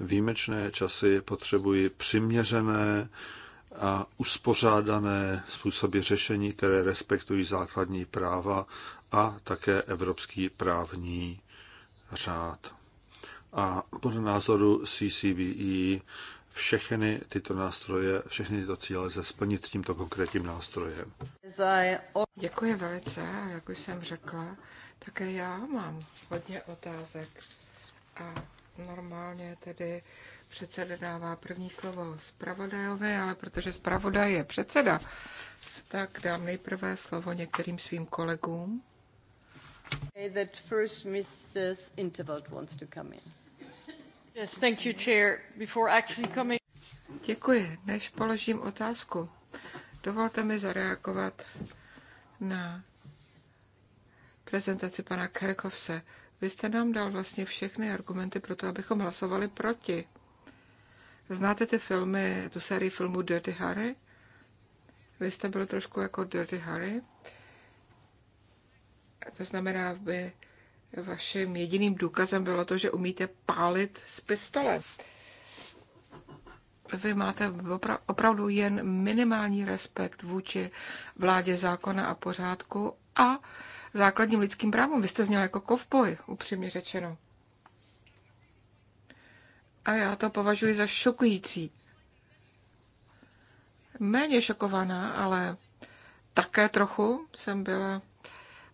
Výjimečné časy potřebují přiměřené a uspořádané způsoby řešení, které respektují základní práva a také evropský právní řád. A podle názoru CCBE všechny tyto nástroje, všechny tyto cíle lze splnit tímto konkrétním nástrojem. Děkuji velice, jak už jsem řekla, také já mám hodně otázek a normálně tedy předseda dává první slovo zpravodajové, ale protože zpravodaj je předseda, tak dám nejprve slovo některým svým kolegům. That first Mrs. wants to come in. Yes, thank you, Chair. Before actually coming... Děkuji. Než položím otázku, dovolte mi zareagovat na prezentaci pana Kerkovse. Vy jste nám dal vlastně všechny argumenty pro to, abychom hlasovali proti. Znáte ty filmy, tu sérii filmů Dirty Harry? Vy jste byl trošku jako Dirty Harry. To znamená, aby vaším jediným důkazem bylo to, že umíte pálit z pistole. Vy máte opravdu jen minimální respekt vůči vládě zákona a pořádku a základním lidským právům. Vy jste zněl jako kovboj, upřímně řečeno. A já to považuji za šokující. Méně šokovaná, ale také trochu jsem byla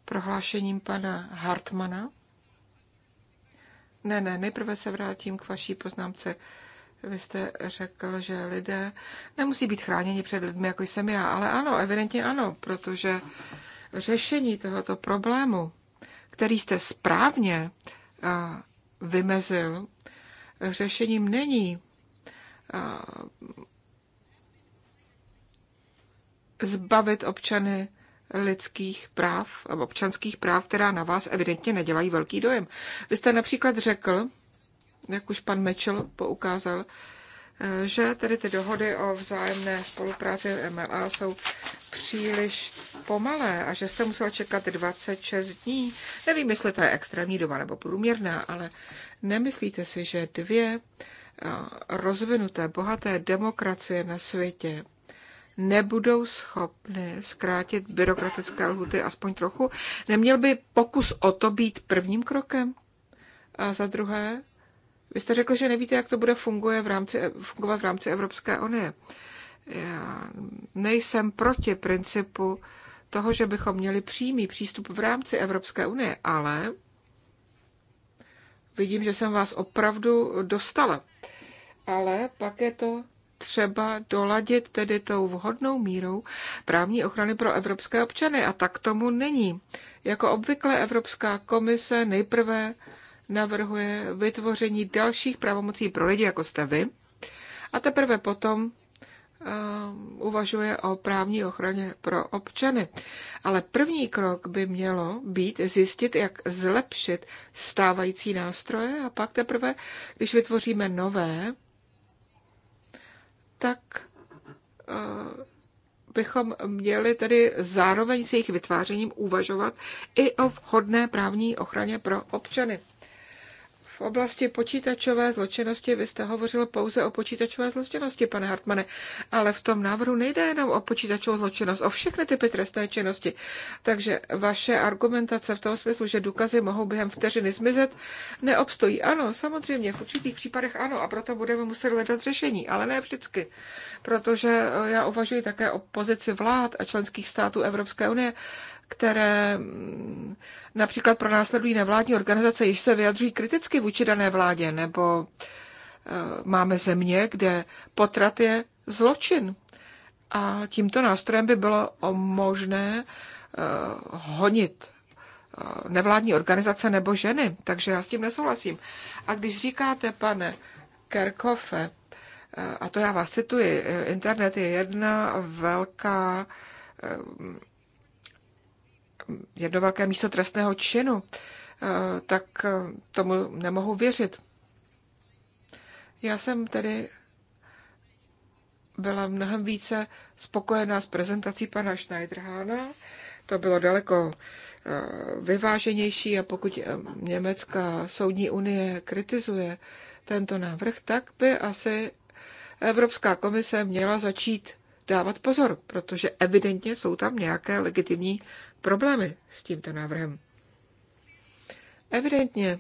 prohlášením pana Hartmana. Ne, ne, nejprve se vrátím k vaší poznámce. Vy jste řekl, že lidé nemusí být chráněni před lidmi, jako jsem já, ale ano, evidentně ano, protože řešení tohoto problému, který jste správně eh, vymezil, řešením není eh, zbavit občany lidských práv, občanských práv, která na vás evidentně nedělají velký dojem. Vy jste například řekl, jak už pan Mitchell poukázal, Eh, že tedy ty dohody o vzájemné spolupráci v MLA jsou příliš pomalé a že jste musel čekat 26 dní. Nevím, jestli to je extrémní doba nebo průměrná, ale nemyslíte si, že dvě eh, rozvinuté, bohaté demokracie na světě nebudou schopny zkrátit byrokratické lhuty aspoň trochu? Neměl by pokus o to být prvním krokem? A za druhé, vy jste řekl, že nevíte, jak to bude funguje v rámci, e- fungovat v rámci Evropské unie. Já nejsem proti principu toho, že bychom měli přímý přístup v rámci Evropské unie, ale vidím, že jsem vás opravdu dostala. Ale pak je to třeba doladit tedy tou vhodnou mírou právní ochrany pro evropské občany. A tak tomu není. Jako obvykle Evropská komise nejprve navrhuje vytvoření dalších pravomocí pro lidi, jako jste vy, a teprve potom eh, uvažuje o právní ochraně pro občany. Ale první krok by mělo být zjistit, jak zlepšit stávající nástroje a pak teprve, když vytvoříme nové, tak eh, bychom měli tedy zároveň s jejich vytvářením uvažovat i o vhodné právní ochraně pro občany v oblasti počítačové zločinnosti vy jste hovořil pouze o počítačové zločinnosti, pane Hartmane, ale v tom návrhu nejde jenom o počítačovou zločinnost, o všechny typy trestné činnosti. Takže vaše argumentace v tom smyslu, že důkazy mohou během vteřiny zmizet, neobstojí. Ano, samozřejmě, v určitých případech ano, a proto budeme muset hledat řešení, ale ne vždycky. Protože já uvažuji také o pozici vlád a členských států Evropské unie, které mm, například pro následují nevládní organizace, již se vyjadřují kriticky vůči dané vládě, nebo eh, máme země, kde potrat je zločin. A tímto nástrojem by bylo možné eh, honit eh, nevládní organizace nebo ženy. Takže já s tím nesouhlasím. A když říkáte, pane Kerkofe, a to já vás cituji, internet je jedna velká jedno velké místo trestného činu, eh, tak eh, tomu nemohu věřit. Já jsem tedy byla mnohem více spokojená s prezentací pana Schneiderhána. To bylo daleko eh, vyváženější a pokud Německá soudní unie kritizuje tento návrh, tak by asi Evropská komise měla začít dávat pozor, protože evidentně jsou tam nějaké legitimní problémy s tímto návrhem. Evidentně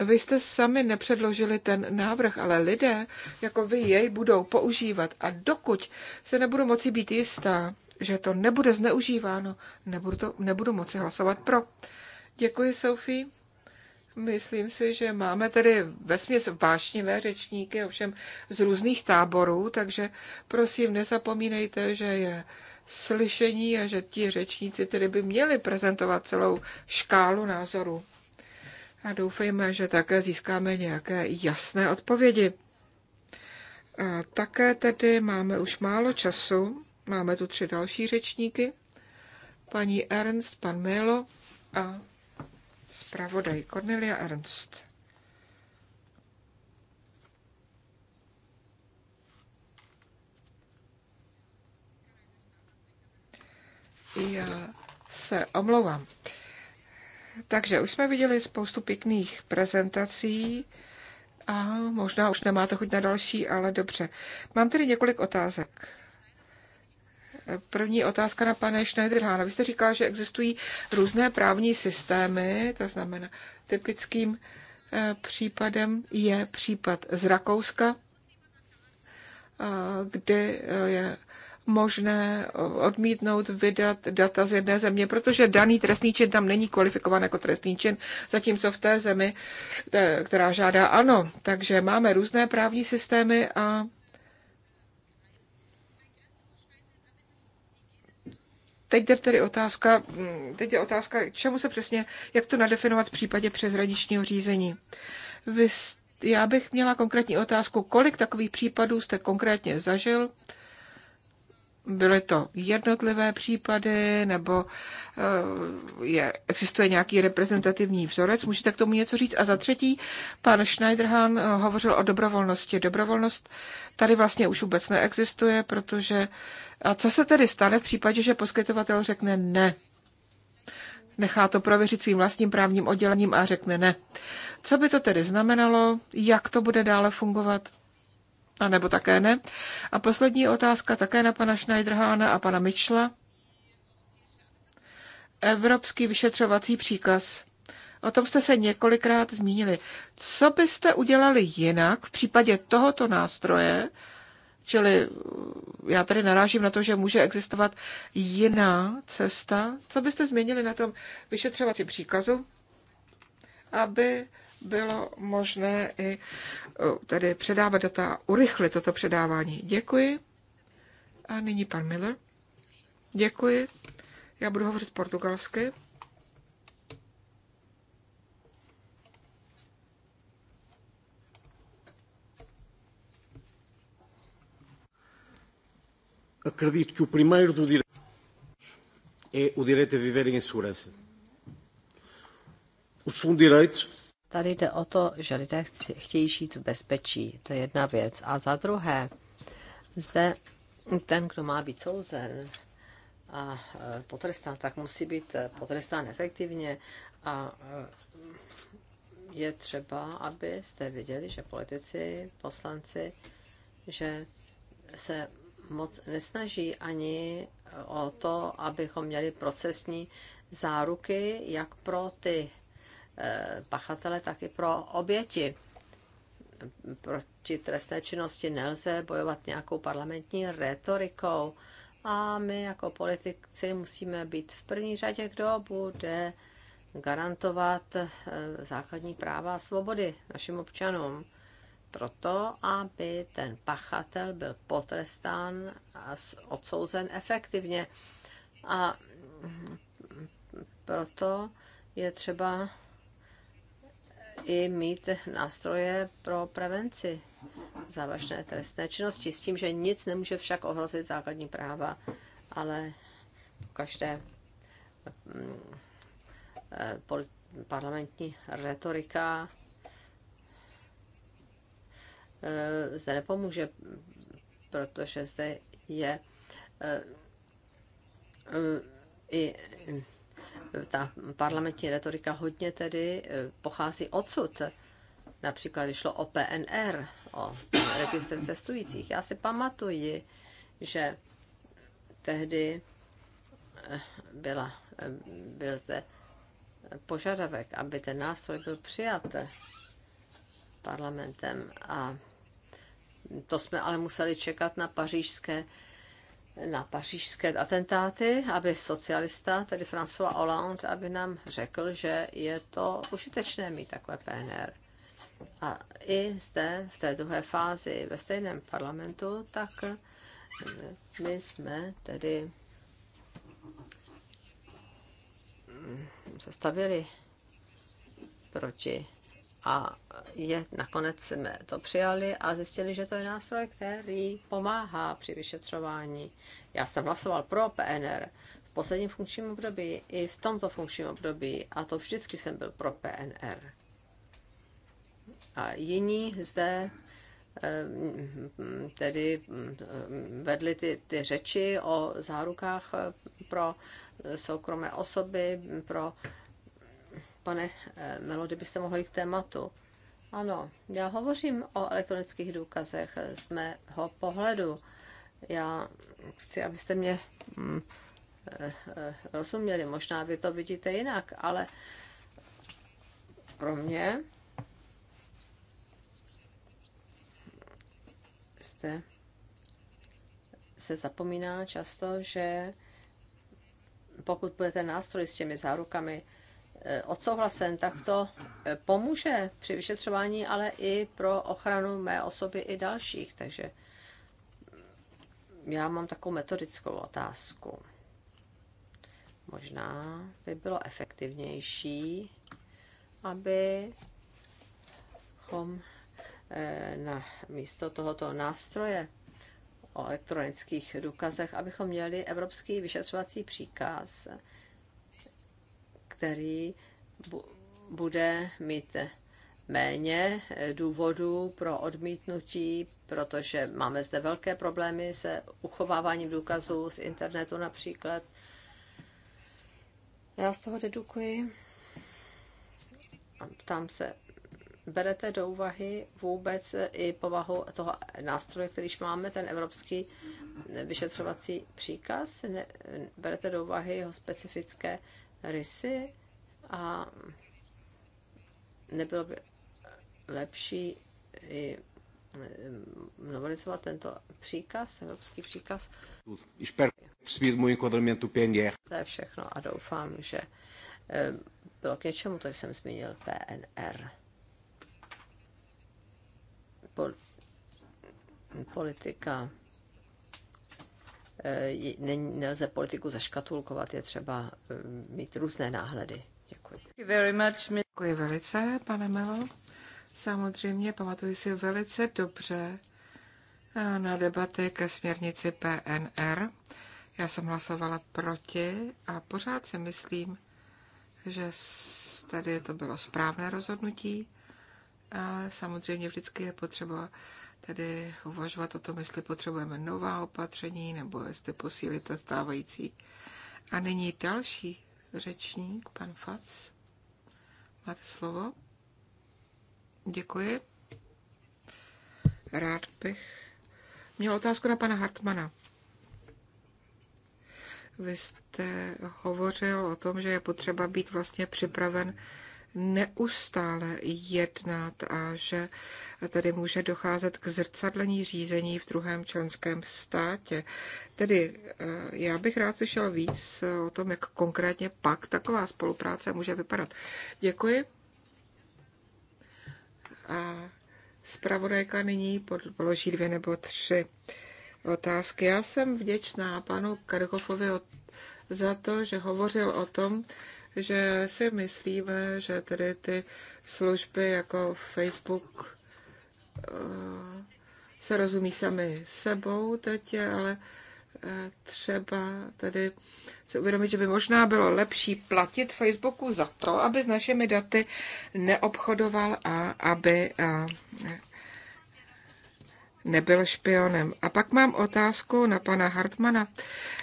vy jste sami nepředložili ten návrh, ale lidé jako vy jej budou používat a dokud se nebudu moci být jistá, že to nebude zneužíváno, nebudu, to, nebudu moci hlasovat pro. Děkuji, Sophie. Myslím si, že máme tedy vesměs vášnivé řečníky, ovšem z různých táborů, takže prosím, nezapomínejte, že je slyšení a že ti řečníci tedy by měli prezentovat celou škálu názorů. A doufejme, že také získáme nějaké jasné odpovědi. A také tedy máme už málo času. Máme tu tři další řečníky. Paní Ernst, pan Melo a zpravodaj Cornelia Ernst. Já se omlouvám. Takže už jsme viděli spoustu pěkných prezentací a možná už nemáte chuť na další, ale dobře. Mám tedy několik otázek. První otázka na pane Schneiderhána. Vy jste říkal, že existují různé právní systémy, to znamená typickým eh, případem je případ z Rakouska, eh, kde eh, je možné odmítnout vydat data z jedné země, protože daný trestný čin tam není kvalifikován jako trestný čin, zatímco v té zemi, která žádá ano. Takže máme různé právní systémy a Teď je tedy otázka, teď je otázka, čemu se přesně, jak to nadefinovat v případě přeshraničního řízení. Vy, já bych měla konkrétní otázku, kolik takových případů jste konkrétně zažil, byly to jednotlivé případy, nebo eh, je, existuje nějaký reprezentativní vzorec, můžete k tomu něco říct. A za třetí, pan Schneiderhan eh, hovořil o dobrovolnosti. Dobrovolnost tady vlastně už vůbec neexistuje, protože a co se tedy stane v případě, že poskytovatel řekne ne? Nechá to prověřit svým vlastním právním oddělením a řekne ne. Co by to tedy znamenalo? Jak to bude dále fungovat? a nebo také ne. A poslední otázka také na pana Schneiderhána a pana Mitchella. Evropský vyšetřovací příkaz. O tom jste se několikrát zmínili. Co byste udělali jinak v případě tohoto nástroje, čili eh, já tady narážím na to, že může existovat jiná cesta, co byste změnili na tom vyšetřovacím příkazu, aby bylo možné i eh, tedy předávat data, urychlit toto předávání. Děkuji. A nyní pan Miller. Děkuji. Já budu hovořit portugalsky. Acredito que o primeiro do direito é o direito a viver em segurança. O segundo direito Tady jde o to, že lidé chtějí žít v bezpečí. To je jedna věc. A za druhé, zde ten, kdo má být souzen a e, potrestán, tak musí být e, potrestán efektivně a e, je třeba, abyste viděli, že politici, poslanci, že se moc nesnaží ani o to, abychom měli procesní záruky, jak pro ty Eh, pachatele, tak i pro oběti. Proti trestné činnosti nelze bojovat nějakou parlamentní retorikou a my jako politici musíme být v první řadě, kdo bude garantovat eh, základní práva a svobody našim občanům. Proto, aby ten pachatel byl potrestán a odsouzen efektivně. A proto je třeba i mít nástroje pro prevenci závažné trestné činnosti, s tím, že nic nemůže však ohrozit základní práva, ale každé mm, eh, parlamentní retorika eh, zde nepomůže, protože zde je eh, i ta parlamentní retorika hodně tedy eh, pochází odsud. Například když šlo o PNR, o registr cestujících. Já si pamatuji, že tehdy eh, byla, eh, byl zde požadavek, aby ten nástroj byl přijat parlamentem a to jsme ale museli čekat na pařížské na pařížské atentáty, aby socialista, tedy François Hollande, aby nám řekl, že je to užitečné mít takové PNR. A i zde, v té druhé fázi, ve stejném parlamentu, tak my jsme tedy se proti a je, nakonec jsme to přijali a zjistili, že to je nástroj, který pomáhá při vyšetřování. Já jsem hlasoval pro PNR v posledním funkčním období i v tomto funkčním období a to vždycky jsem byl pro PNR. A jiní zde ehm, tedy ehm, vedli ty, ty řeči o zárukách eh, pro soukromé osoby, pro pane eh, Melo, kdybyste mohli k tématu. Ano, já hovořím o elektronických důkazech z mého pohledu. Já chci, abyste mě mm, eh, rozuměli, možná vy to vidíte jinak, ale pro mě jste, se zapomíná často, že pokud budete nástroj s těmi zárukami, Eh, odsouhlasen, tak to eh, pomůže při vyšetřování, ale i pro ochranu mé osoby i dalších. Takže já mám takovou metodickou otázku. Možná by bylo efektivnější, abychom eh, na místo tohoto nástroje o elektronických důkazech, abychom měli evropský vyšetřovací příkaz, který bude mít méně eh, důvodů pro odmítnutí, protože máme zde velké problémy se uchováváním důkazů z internetu například. Já z toho dedukuji a se, berete do úvahy vůbec i povahu toho nástroje, kterýž máme, ten evropský eh, vyšetřovací příkaz? berete do úvahy jeho specifické rysy a nebylo by lepší i eh, novelizovat tento příkaz, evropský příkaz. To je všechno a doufám, že eh, bylo k něčemu, to jsem zmínil PNR. Pol- politika Eh, nelze politiku zaškatulkovat, je třeba eh, mít různé náhledy. Děkuji. Děkuji velice, pane Melo. Samozřejmě pamatuji si velice dobře eh, na debaty ke směrnici PNR. Já jsem hlasovala proti a pořád si myslím, že tady to bylo správné rozhodnutí, ale samozřejmě vždycky je potřeba tedy uvažovat o tom, jestli potřebujeme nová opatření nebo jestli posílit ta stávající. A nyní další řečník, pan Fac. Máte slovo? Děkuji. Rád bych měl otázku na pana Hartmana. Vy jste hovořil o tom, že je potřeba být vlastně připraven neustále jednat a že tedy může docházet k zrcadlení řízení v druhém členském státě. Tedy eh, já bych rád slyšel víc o tom, jak konkrétně pak taková spolupráce může vypadat. Děkuji. A zpravodajka nyní položí dvě nebo tři otázky. Já jsem vděčná panu Karkofovi za to, že hovořil o tom, že si myslíme, že tedy ty služby jako Facebook eh, se rozumí sami sebou teď, ale eh, třeba tady si uvědomit, že by možná bylo lepší platit Facebooku za to, aby s našimi daty neobchodoval a aby eh, nebyl špionem. A pak mám otázku na pana Hartmana.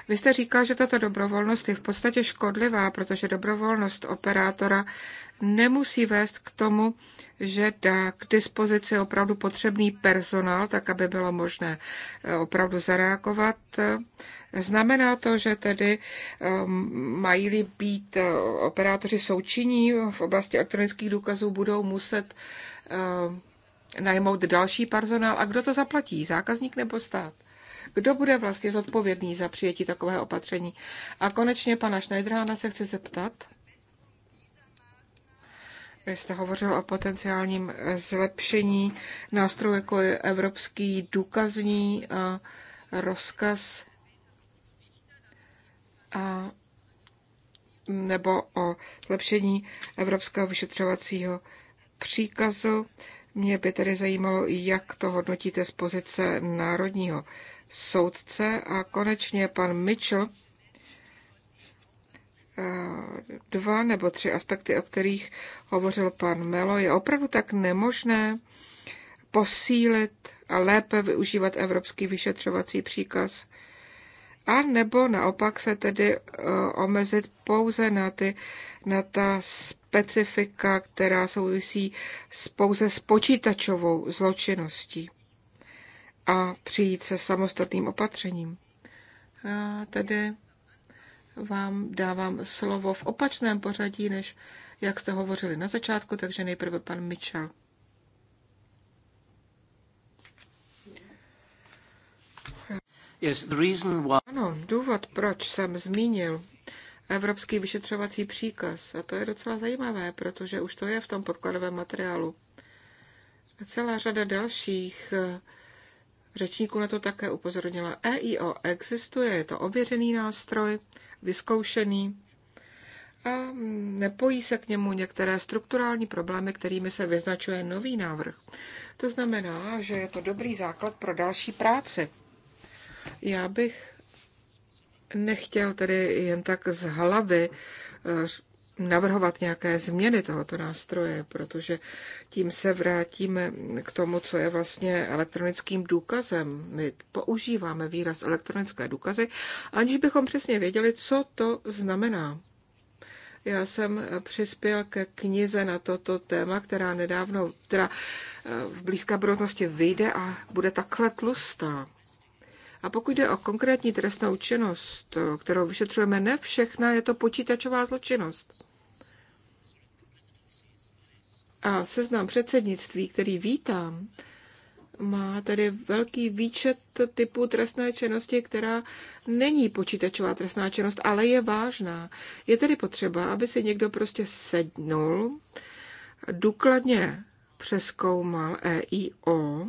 Vy jste říkal, že tato dobrovolnost je v podstatě škodlivá, protože dobrovolnost operátora nemusí vést k tomu, že dá k dispozici opravdu potřebný personál, tak aby bylo možné eh, opravdu zareagovat. Znamená to, že tedy ehm, mají-li být eh, operátoři součinní v oblasti elektronických důkazů, budou muset ehm, najmout další personál a kdo to zaplatí, zákazník nebo stát? Kdo bude vlastně zodpovědný za přijetí takového opatření? A konečně pana Schneiderhána se chce zeptat. Vy jste hovořil o potenciálním zlepšení nástrojů, jako je evropský důkazní a rozkaz a nebo o zlepšení evropského vyšetřovacího příkazu. Mě by tedy zajímalo, jak to hodnotíte z pozice národního soudce. A konečně pan Mitchell eh, dva nebo tři aspekty, o kterých hovořil pan Melo, je opravdu tak nemožné posílit a lépe využívat evropský vyšetřovací příkaz, a nebo naopak se tedy eh, omezit pouze na, ty, na ta specifika, která souvisí s pouze s počítačovou zločinností a přijít se samostatným opatřením. A tady vám dávám slovo v opačném pořadí, než jak jste hovořili na začátku, takže nejprve pan Mitchell. Yes, the reason why... Ano, důvod, proč jsem zmínil evropský vyšetřovací příkaz. A to je docela zajímavé, protože už to je v tom podkladovém materiálu. A celá řada dalších eh, řečníků na to také upozornila. EIO existuje, je to ověřený nástroj, vyzkoušený a nepojí se k němu některé strukturální problémy, kterými se vyznačuje nový návrh. To znamená, že je to dobrý základ pro další práci. Já bych nechtěl tedy jen tak z hlavy eh, navrhovat nějaké změny tohoto nástroje, protože tím se vrátíme k tomu, co je vlastně elektronickým důkazem. My používáme výraz elektronické důkazy, aniž bychom přesně věděli, co to znamená. Já jsem přispěl ke knize na toto téma, která nedávno, která eh, v blízké budoucnosti vyjde a bude takhle tlustá. A pokud jde o konkrétní trestnou činnost, kterou vyšetřujeme, ne všechna je to počítačová zločinnost. A seznam předsednictví, který vítám, má tedy velký výčet typů trestné činnosti, která není počítačová trestná činnost, ale je vážná. Je tedy potřeba, aby si někdo prostě sednul, důkladně přeskoumal EIO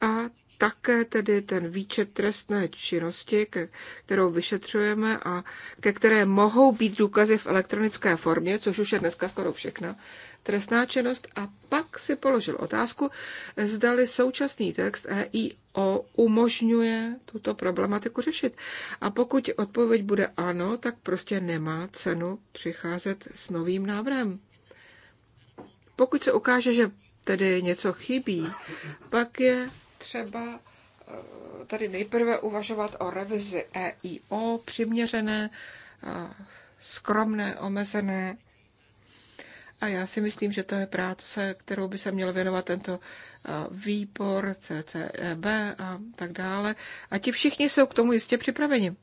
a také tedy ten výčet trestné činnosti, ke, kterou vyšetřujeme a ke které mohou být důkazy v elektronické formě, což už je dneska skoro všechna trestná činnost. A pak si položil otázku, zdali současný text EIO umožňuje tuto problematiku řešit. A pokud odpověď bude ano, tak prostě nemá cenu přicházet s novým návrhem. Pokud se ukáže, že tedy něco chybí, pak je třeba eh, tady nejprve uvažovat o revizi EIO, přiměřené, eh, skromné, omezené. A já si myslím, že to je práce, kterou by se měl věnovat tento eh, výbor, CCEB a tak dále. A ti všichni jsou k tomu jistě připraveni.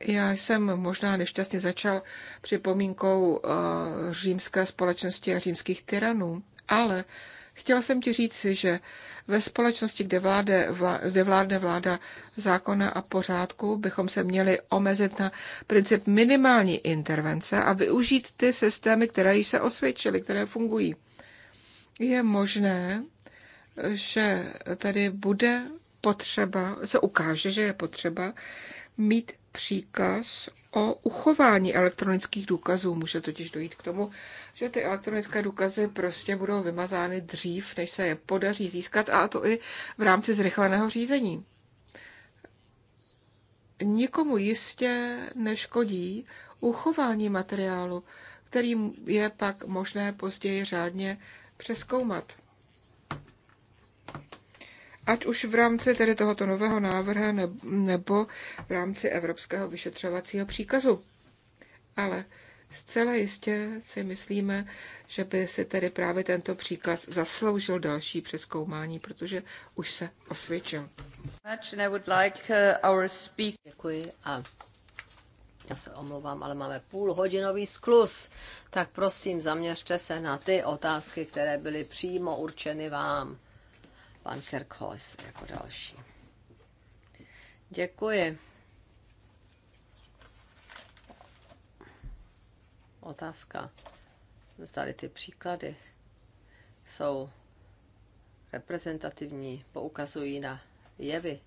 Já jsem možná nešťastně začal připomínkou eh, římské společnosti a římských tyranů, ale chtěla jsem ti říct, že ve společnosti, kde, vláde, vlá, kde vládne vláda zákona a pořádku, bychom se měli omezit na princip minimální intervence a využít ty systémy, které již se osvědčily, které fungují. Je možné, že tady bude potřeba, se ukáže, že je potřeba mít příkaz o uchování elektronických důkazů. Může totiž dojít k tomu, že ty elektronické důkazy prostě budou vymazány dřív, než se je podaří získat, a to i v rámci zrychleného řízení. Nikomu jistě neškodí uchování materiálu, který je pak možné později řádně přeskoumat ať už v rámci tedy tohoto nového návrhu nebo v rámci evropského vyšetřovacího příkazu. Ale zcela jistě si myslíme, že by si tedy právě tento příkaz zasloužil další přeskoumání, protože už se osvědčil. Uh, Děkuji a já se omlouvám, ale máme půlhodinový sklus, tak prosím zaměřte se na ty otázky, které byly přímo určeny vám. Pan Kerkhoes jako další. Děkuji. Otázka. Zdali ty příklady jsou reprezentativní, poukazují na jevy.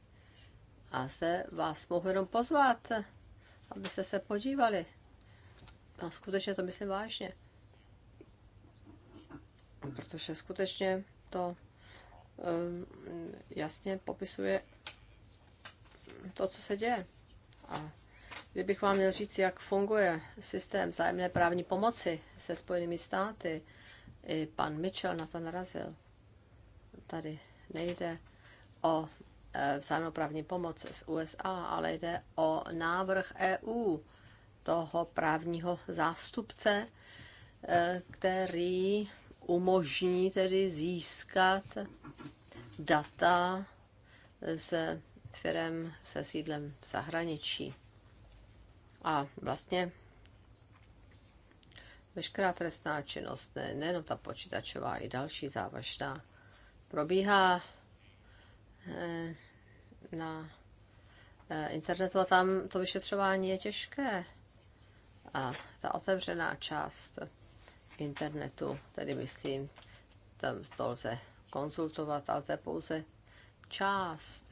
A zde vás mohu jenom pozvat, abyste se podívali. A skutečně to myslím vážně. Protože skutečně to Ehm, jasně popisuje to, co se děje. A kdybych vám měl říct, jak funguje systém vzájemné právní pomoci se Spojenými státy, i pan Mitchell na to narazil. Tady nejde o e, vzájemnou právní pomoc z USA, ale jde o návrh EU, toho právního zástupce, e, který umožní tedy získat data z firm se sídlem v zahraničí. A vlastně veškerá trestná činnost, ne, nejenom ta počítačová, i další závažná, probíhá eh, na eh, internetu a tam to vyšetřování je těžké. A ta otevřená část internetu, tedy myslím, tam to lze konzultovat, ale to je pouze část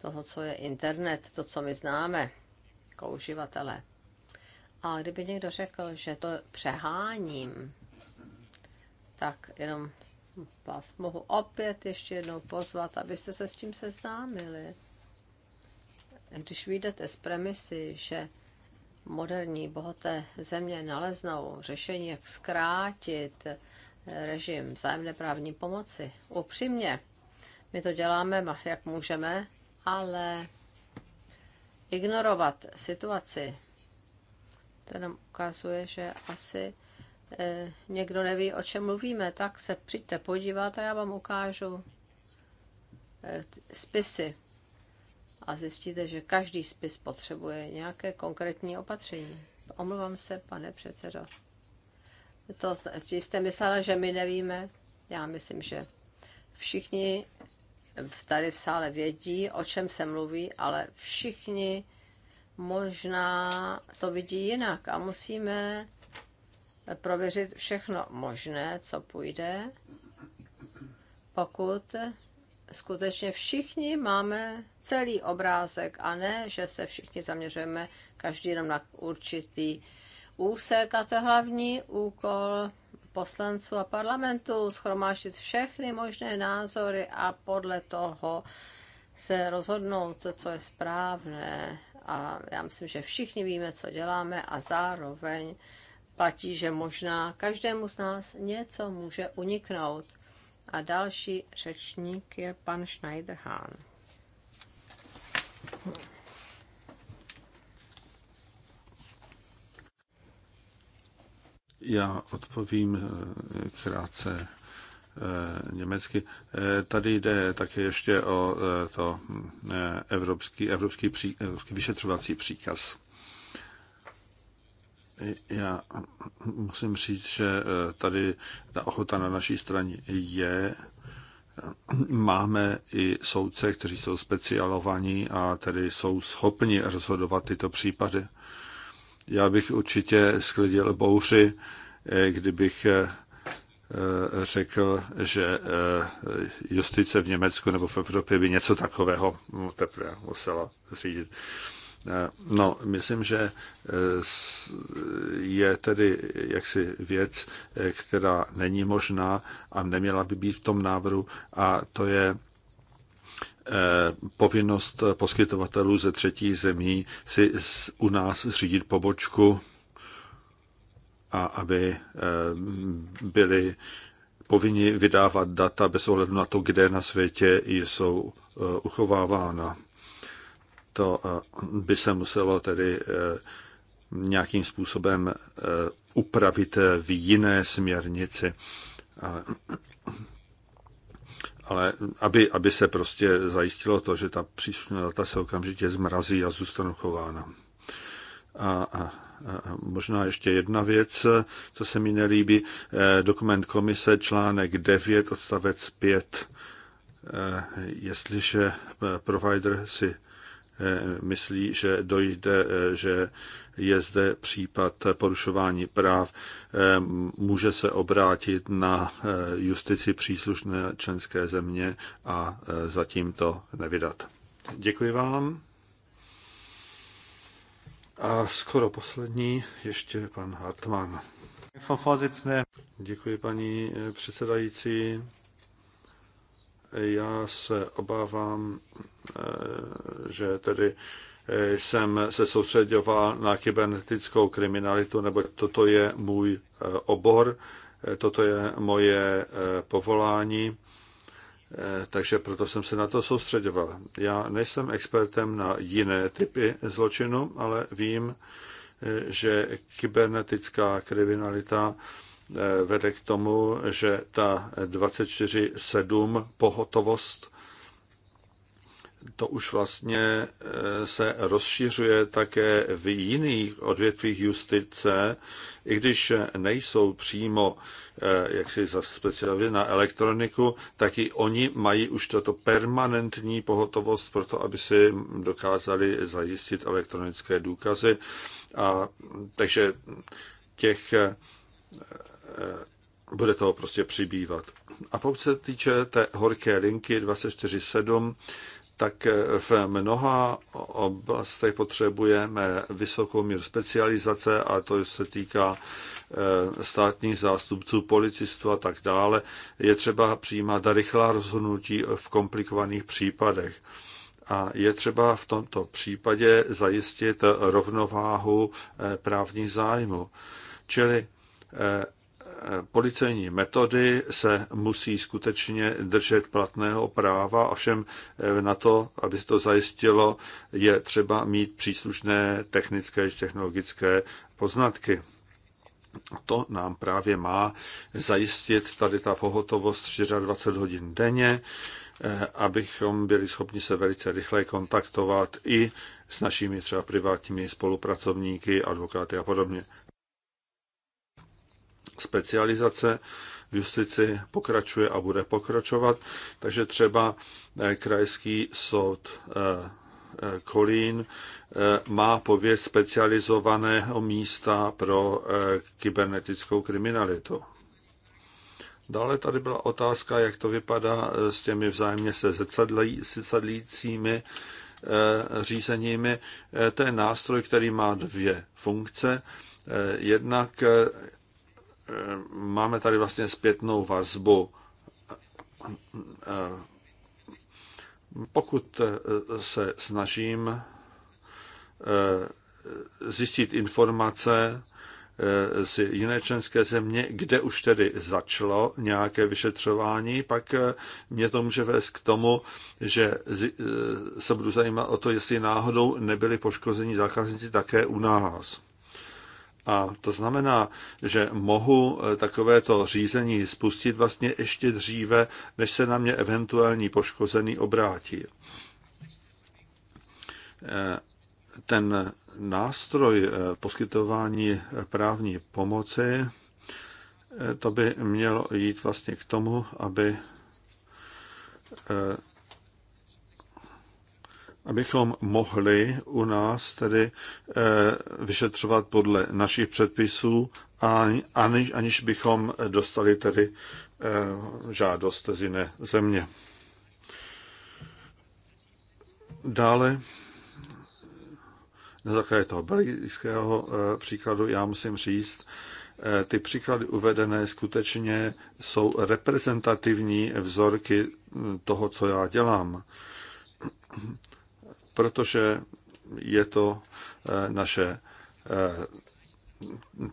toho, co je internet, to, co my známe jako uživatelé. A kdyby někdo řekl, že to přeháním, tak jenom vás mohu opět ještě jednou pozvat, abyste se s tím seznámili. Když vyjdete z premisy, že moderní, bohaté země naleznou řešení, jak zkrátit eh, režim vzájemné právní pomoci. Upřímně, my to děláme, jak můžeme, ale ignorovat situaci, to nám ukazuje, že asi eh, někdo neví, o čem mluvíme, tak se přijďte podívat a já vám ukážu eh, spisy a zjistíte, že každý spis potřebuje nějaké konkrétní opatření. Omlouvám se, pane předsedo. To jste myslela, že my nevíme? Já myslím, že všichni tady v sále vědí, o čem se mluví, ale všichni možná to vidí jinak a musíme prověřit všechno možné, co půjde, pokud skutečně všichni máme celý obrázek a ne, že se všichni zaměřujeme každý jenom na určitý úsek a to hlavní úkol poslanců a parlamentu schromáždit všechny možné názory a podle toho se rozhodnout, co je správné. A já myslím, že všichni víme, co děláme a zároveň platí, že možná každému z nás něco může uniknout. A další řečník je pan Schneiderhahn. Já odpovím eh, krátce eh, německy. Eh, tady jde také ještě o to hm, evropský, evropský, pří, evropský vyšetřovací příkaz. Já musím říct, že eh, tady ta ochota na naší straně je. Máme i soudce, kteří jsou specializovaní a tedy jsou schopni rozhodovat tyto případy. Já bych určitě sklidil bouři, eh, kdybych eh, řekl, že justice v Německu nebo v Evropě by něco takového no, teprve musela řídit. Eh, no, myslím, že eh, je tedy jaksi věc, eh, která není možná a neměla by být v tom návrhu a to je povinnost poskytovatelů ze třetí zemí si u nás zřídit pobočku a aby byli povinni vydávat data bez ohledu na to, kde na světě jsou uchovávána to by se muselo tedy e, nějakým způsobem e, upravit v jiné směrnici. Ale, ale aby, aby se prostě zajistilo to, že ta příslušná data se okamžitě zmrazí a zůstanou chována. A, a, a možná ještě jedna věc, co se mi nelíbí. E, dokument komise, článek 9, odstavec 5. Jestliže provider si myslí, že dojde, že je zde případ porušování práv, může se obrátit na justici příslušné členské země a zatím to nevydat. Děkuji vám. A skoro poslední ještě pan Hartmann. Děkuji paní předsedající. Já se obávám, eh, že tedy eh, jsem se soustředoval na kybernetickou kriminalitu, nebo toto je můj eh, obor, toto je moje povolání, takže proto jsem se na to soustředoval. Já nejsem expertem na jiné typy zločinu, ale vím, že kybernetická kriminalita Eh, vede k tomu, že ta 24-7 pohotovost to už vlastně eh, se rozšiřuje také v jiných odvětvích justice, i když nejsou přímo eh, jak si speciálně na elektroniku, tak i oni mají už tato permanentní pohotovost pro to, aby si dokázali zajistit elektronické důkazy. A, takže těch Eh, bude toho prostě přibývat. A pokud se týče té horké linky 247, tak eh, v mnoha oblastech potřebujeme vysokou míru specializace a to se týká eh, státních zástupců, policistů a tak dále. Je třeba přijímat rychlá rozhodnutí v komplikovaných případech. A je třeba v tomto případě zajistit rovnováhu právních zájmů. Čili policejní metody se musí skutečně držet platného práva, ovšem eh, na to, aby se to zajistilo, je třeba mít příslušné technické i technologické poznatky. To nám právě má zajistit tady ta pohotovost 24 hodin denně, eh, abychom byli schopni se velice rychle kontaktovat i s našimi třeba privátními spolupracovníky, advokáty a podobně specializace v justici pokračuje a bude pokračovat, takže třeba eh, krajský soud eh, eh, Kolín má pověst specializovaného místa pro kybernetickou kriminalitu. Dále tady byla otázka, jak to vypadá s těmi vzájemně se zrcadlícími řízeními. To je nástroj, který má dvě funkce. Jednak Eh, máme tady vlastně zpětnou vazbu. Eh, pokud eh, se snažím zjistit informace z jiné členské země, kde už tedy začalo nějaké vyšetřování, pak mě to může vést k tomu, že se budu zajímat o to, jestli náhodou nebyli poškození zákazníci také u nás. A to znamená, že mohu eh, takovéto řízení spustit vlastně ještě dříve, než se na mě eventuální poškozený obrátí. Eh, ten nástroj eh, poskytování právní pomoci, to by mělo jít vlastně k tomu, aby abychom mohli u nás tedy eh, vyšetřovat podle našich předpisů, ani, aniž bychom dostali tedy eh, žádost z jiné země. Dále na základě toho belgického eh, příkladu já musím říct, ty příklady uvedené skutečně jsou reprezentativní vzorky hm, toho, co já dělám protože je to eh, naše eh,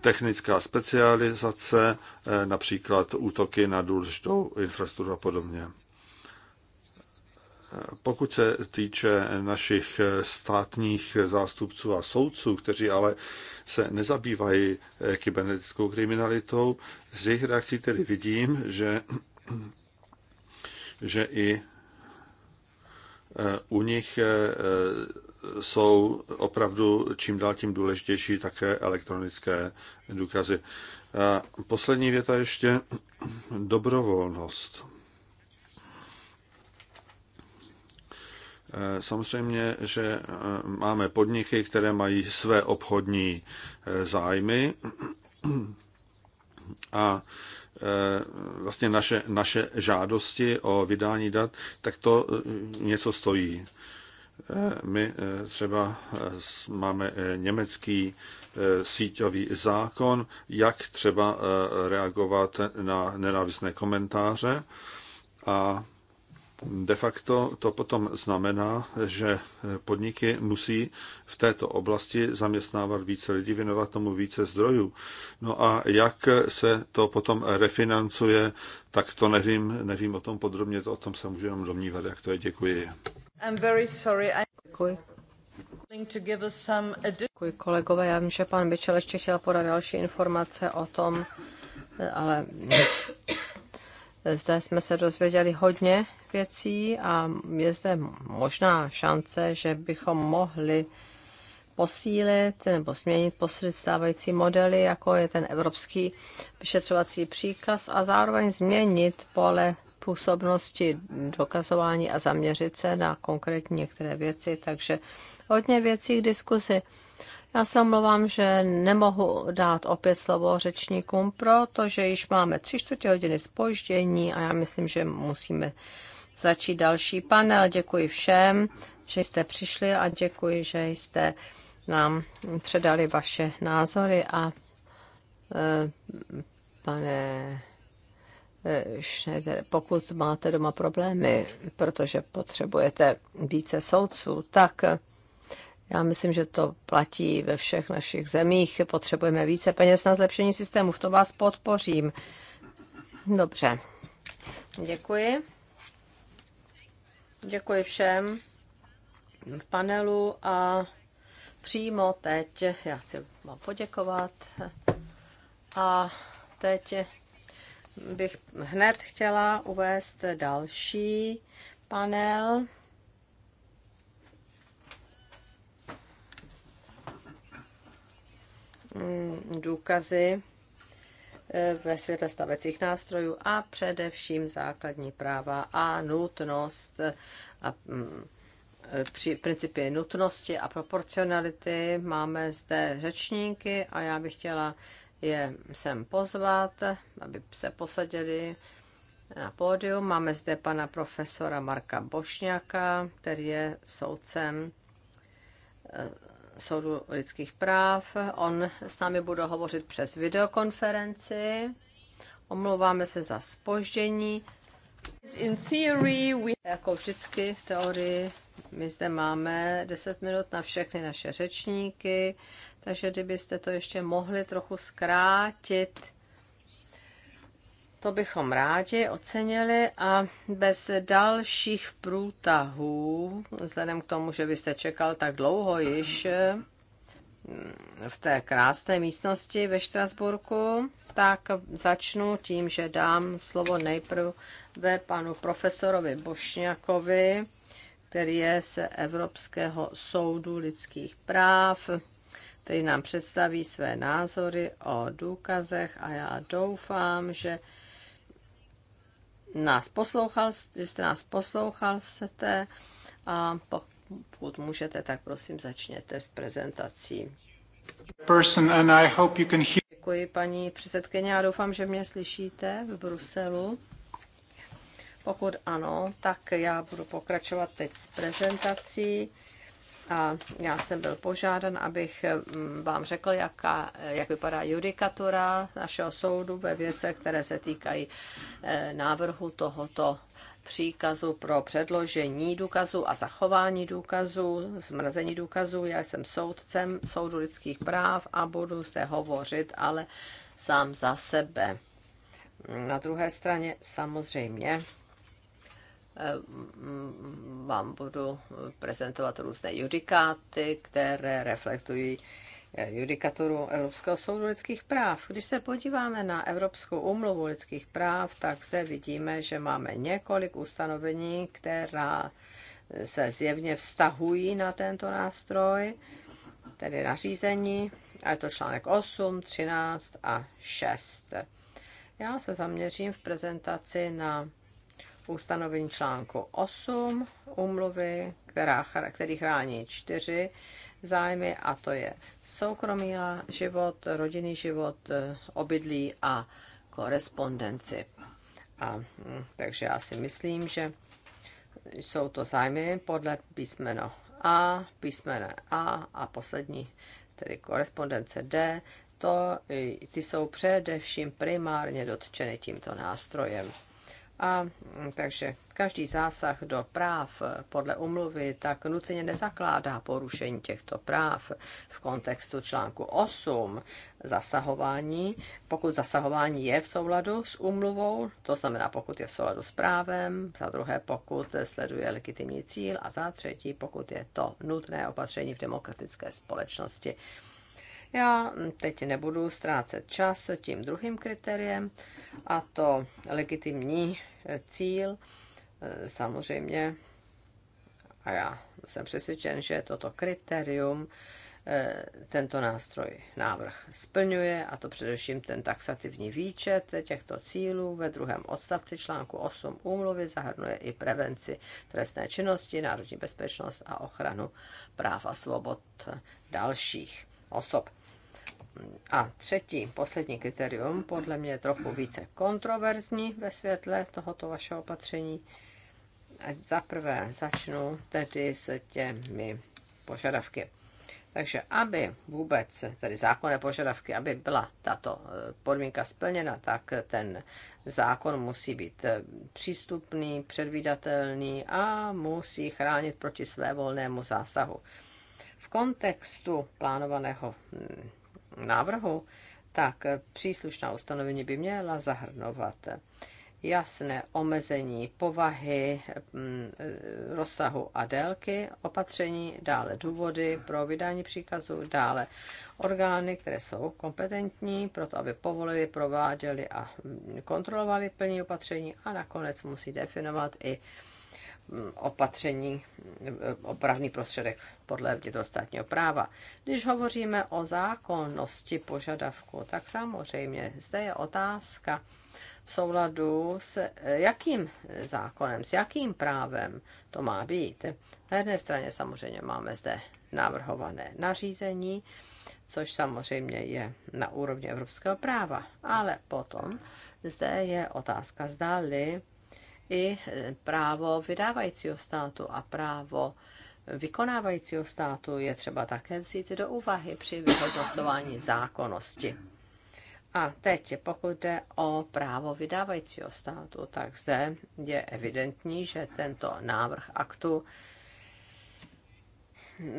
technická specializace, eh, například útoky na důležitou infrastrukturu a podobně. Pokud se týče našich státních zástupců a soudců, kteří ale se nezabývají kybernetickou kriminalitou, z jejich reakcí tedy vidím, že, že i u nich eh, jsou opravdu čím dál tím důležitější také elektronické důkazy. poslední věta ještě dobrovolnost. Eh, samozřejmě, že eh, máme podniky, které mají své obchodní zájmy a Eh, vlastně naše, naše žádosti o vydání dat, tak to eh, něco stojí. Eh, my třeba máme německý síťový zákon, jak třeba reagovat na nenávistné komentáře a de facto to potom znamená, že podniky musí v této oblasti zaměstnávat více lidí, věnovat tomu více zdrojů. No a jak se to potom refinancuje, tak to nevím, nevím o tom podrobně, to o tom se můžu jenom domnívat, jak to je. Děkuji. I'm very sorry. I... Děkuji. Děkuji kolegové, já vím, že pan Byčel ještě chtěl podat další informace o tom, ale zde jsme se dozvěděli hodně věcí a je zde možná šance, že bychom mohli posílit nebo změnit, posílit stávající modely, jako je ten evropský vyšetřovací příkaz a zároveň změnit pole působnosti dokazování a zaměřit se na konkrétní některé věci. Takže hodně věcí k diskusi. Já se omlouvám, že nemohu dát opět slovo řečníkům, protože již máme tři čtvrtě hodiny spoždění a já myslím, že musíme začít další panel. Děkuji všem, že jste přišli a děkuji, že jste nám předali vaše názory a e, pane e, Schneider, pokud máte doma problémy, protože potřebujete více soudců, tak já myslím, že to platí ve všech našich zemích. Potřebujeme více peněz na zlepšení systému. V to vás podpořím. Dobře. Děkuji. Děkuji všem v panelu a přímo teď já chci vám poděkovat a teď bych hned chtěla uvést další panel. Mm, důkazy eh, ve světle stavecích nástrojů a především základní práva a nutnost eh, a mm, eh, při principy nutnosti a proporcionality máme zde řečníky a já bych chtěla je sem pozvat, aby se posadili na pódium. Máme zde pana profesora Marka Bošňáka, který je soudcem soudu lidských práv. On s námi bude hovořit přes videokonferenci. Omlouváme se za spoždění. In theory we... Jako vždycky v teorii my zde máme 10 minut na všechny naše řečníky, takže kdybyste to ještě mohli trochu zkrátit, to bychom rádi ocenili a bez dalších průtahů, vzhledem k tomu, že byste čekal tak dlouho již mm, v té krásné místnosti ve Štrasburku, tak začnu tím, že dám slovo nejprve panu profesorovi Bošňakovi, který je z Evropského soudu lidských práv, který nám představí své názory o důkazech a já doufám, že nás poslouchal, že jste nás poslouchal, jste a pokud můžete, tak prosím začněte s prezentací. Děkuji, paní předsedkyně, a doufám, že mě slyšíte v Bruselu. Pokud ano, tak já budu pokračovat teď s prezentací. A já jsem byl požádan, abych mm, vám řekl, jaká, jak vypadá judikatura našeho soudu ve věcech, které se týkají e, návrhu tohoto příkazu pro předložení důkazů a zachování důkazů, zmrazení důkazů. Já jsem soudcem soudu lidských práv a budu zde hovořit, ale sám za sebe. Na druhé straně samozřejmě Eh, vám budu prezentovat různé judikáty, které reflektují eh, judikaturu Evropského soudu lidských práv. Když se podíváme na Evropskou umluvu lidských práv, tak zde vidíme, že máme několik ustanovení, která se zjevně vztahují na tento nástroj, tedy nařízení, a je to článek 8, 13 a 6. Já se zaměřím v prezentaci na ustanovení článku 8 umluvy, která, který chrání čtyři zájmy, a to je soukromý život, rodinný život, eh, obydlí a korespondenci. A, hm, takže já si myslím, že jsou to zájmy podle písmeno A, písmeno A a poslední, tedy korespondence D, to, eh, ty jsou především primárně dotčeny tímto nástrojem. A mm, takže každý zásah do práv eh, podle umluvy tak nutně nezakládá porušení těchto práv v kontextu článku 8 zasahování. Pokud zasahování je v souladu s umluvou, to znamená, pokud je v souladu s právem, za druhé, pokud sleduje legitimní cíl a za třetí, pokud je to nutné opatření v demokratické společnosti. Já teď nebudu ztrácet čas tím druhým kritériem, a to legitimní eh, cíl. Eh, samozřejmě, a já jsem přesvědčen, že toto kritérium eh, tento nástroj návrh splňuje, a to především ten taxativní výčet těchto cílů ve druhém odstavci článku 8 úmluvy zahrnuje i prevenci trestné činnosti, národní bezpečnost a ochranu práv a svobod dalších osob. A třetí, poslední kritérium, podle mě je trochu více kontroverzní ve světle tohoto vašeho opatření. Za prvé začnu tedy s těmi požadavky. Takže aby vůbec, tedy zákonné požadavky, aby byla tato eh, podmínka splněna, tak ten zákon musí být eh, přístupný, předvídatelný a musí chránit proti svévolnému zásahu v kontextu plánovaného hm, návrhu, tak příslušná ustanovení by měla zahrnovat jasné omezení povahy, hm, rozsahu a délky opatření, dále důvody pro vydání příkazu, dále orgány, které jsou kompetentní pro to, aby povolili, prováděli a hm, kontrolovali plní opatření a nakonec musí definovat i opatření, opravný prostředek podle vnitrostátního práva. Když hovoříme o zákonnosti požadavku, tak samozřejmě zde je otázka v souladu s jakým zákonem, s jakým právem to má být. Na jedné straně samozřejmě máme zde navrhované nařízení, což samozřejmě je na úrovni evropského práva, ale potom zde je otázka, zdali i e, právo vydávajícího státu a právo vykonávajícího státu je třeba také vzít do úvahy při vyhodnocování zákonnosti. A teď, pokud jde o právo vydávajícího státu, tak zde je evidentní, že tento návrh aktu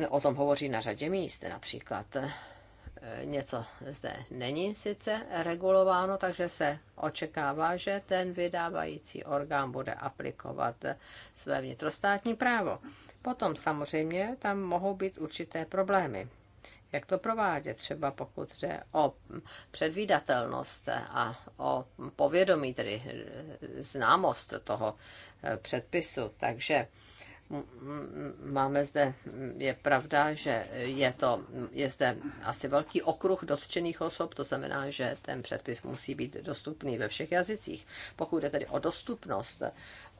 o tom hovoří na řadě míst, například Eh, něco zde není sice regulováno, takže se očekává, že ten vydávající orgán bude aplikovat své vnitrostátní právo. Potom samozřejmě tam mohou být určité problémy. Jak to provádět? Třeba pokud jde o předvídatelnost a o povědomí, tedy eh, známost toho eh, předpisu. Takže máme zde, je pravda, že je, to, je zde asi velký okruh dotčených osob, to znamená, že ten předpis musí být dostupný ve všech jazycích. Pokud jde tedy o dostupnost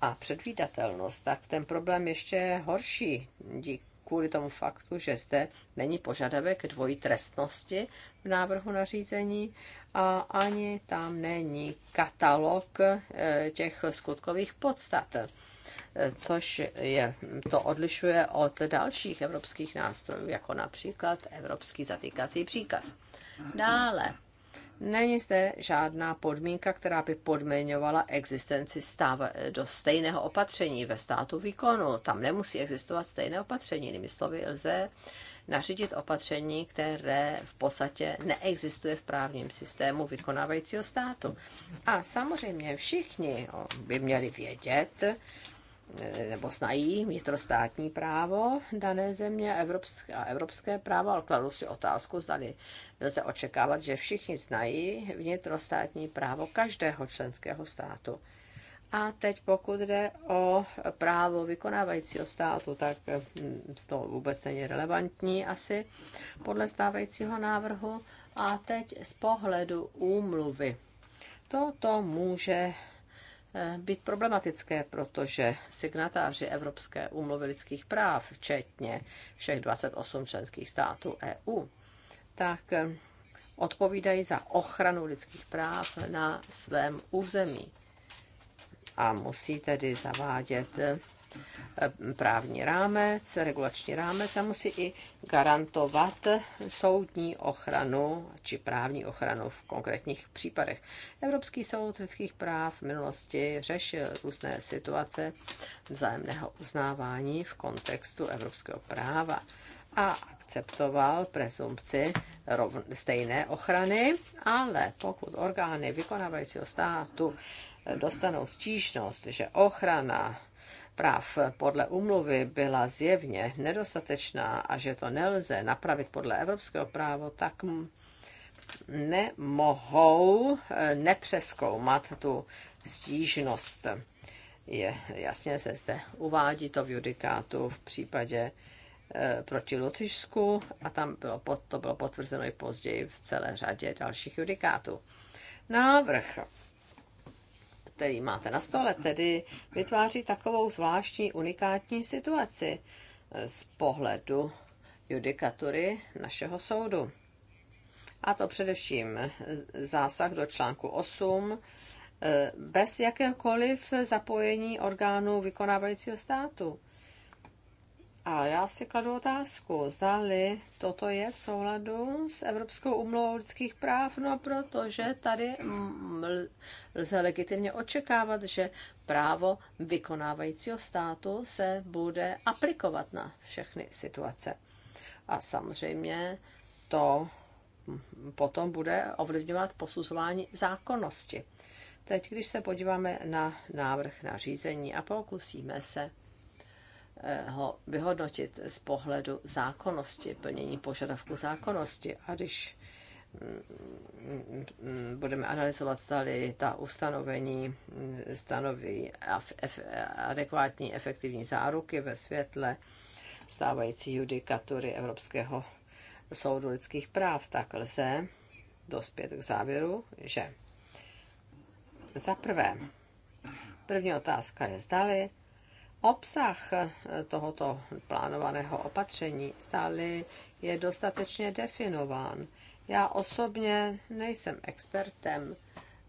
a předvídatelnost, tak ten problém ještě je horší dík kvůli tomu faktu, že zde není požadavek dvojí trestnosti v návrhu nařízení a ani tam není katalog eh, těch skutkových podstat což je, to odlišuje od dalších evropských nástrojů, jako například evropský zatýkací příkaz. Dále, není zde žádná podmínka, která by podmiňovala existenci stav do stejného opatření ve státu výkonu. Tam nemusí existovat stejné opatření, jinými slovy lze nařídit opatření, které v podstatě neexistuje v právním systému vykonávajícího státu. A samozřejmě všichni by měli vědět, Eh, nebo znají vnitrostátní právo dané země a evropské, a evropské právo, ale kladu si otázku, zda lze očekávat, že všichni znají vnitrostátní právo každého členského státu. A teď pokud jde o právo vykonávajícího státu, tak hm, to vůbec není relevantní asi podle stávajícího návrhu. A teď z pohledu úmluvy. Toto může Eh, být problematické, protože signatáři Evropské úmluvy lidských práv, včetně všech 28 členských států EU, tak eh, odpovídají za ochranu lidských práv na svém území a musí tedy zavádět eh, právní rámec, regulační rámec a musí i garantovat soudní ochranu či právní ochranu v konkrétních případech. Evropský soud lidských práv v minulosti řešil různé situace vzájemného uznávání v kontextu evropského práva a akceptoval prezumpci stejné ochrany, ale pokud orgány vykonávajícího státu dostanou stížnost, že ochrana práv podle umluvy byla zjevně nedostatečná a že to nelze napravit podle evropského práva, tak nemohou eh, nepřeskoumat tu stížnost. Je, jasně se zde uvádí to v judikátu v případě eh, proti Lotyšsku a tam bylo, to bylo potvrzeno i později v celé řadě dalších judikátů. Návrh který máte na stole, tedy vytváří takovou zvláštní unikátní situaci eh, z pohledu judikatury našeho soudu. A to především zásah do článku 8 eh, bez jakéhokoliv zapojení orgánů vykonávajícího státu. A já si kladu otázku, zdali toto je v souladu s Evropskou umluvou lidských práv, no protože tady lze legitimně očekávat, že právo vykonávajícího státu se bude aplikovat na všechny situace. A samozřejmě to potom bude ovlivňovat posuzování zákonnosti. Teď, když se podíváme na návrh na řízení a pokusíme se Eh, ho vyhodnotit z pohledu zákonnosti, plnění požadavku zákonnosti. A když mm, mm, mm, budeme analyzovat, stále ta ustanovení stanoví adekvátní efektivní záruky ve světle stávající judikatury Evropského soudu lidských práv, tak lze dospět k závěru, že za prvé, první otázka je, zdali obsah eh, tohoto plánovaného opatření stále je dostatečně definován. Já osobně nejsem expertem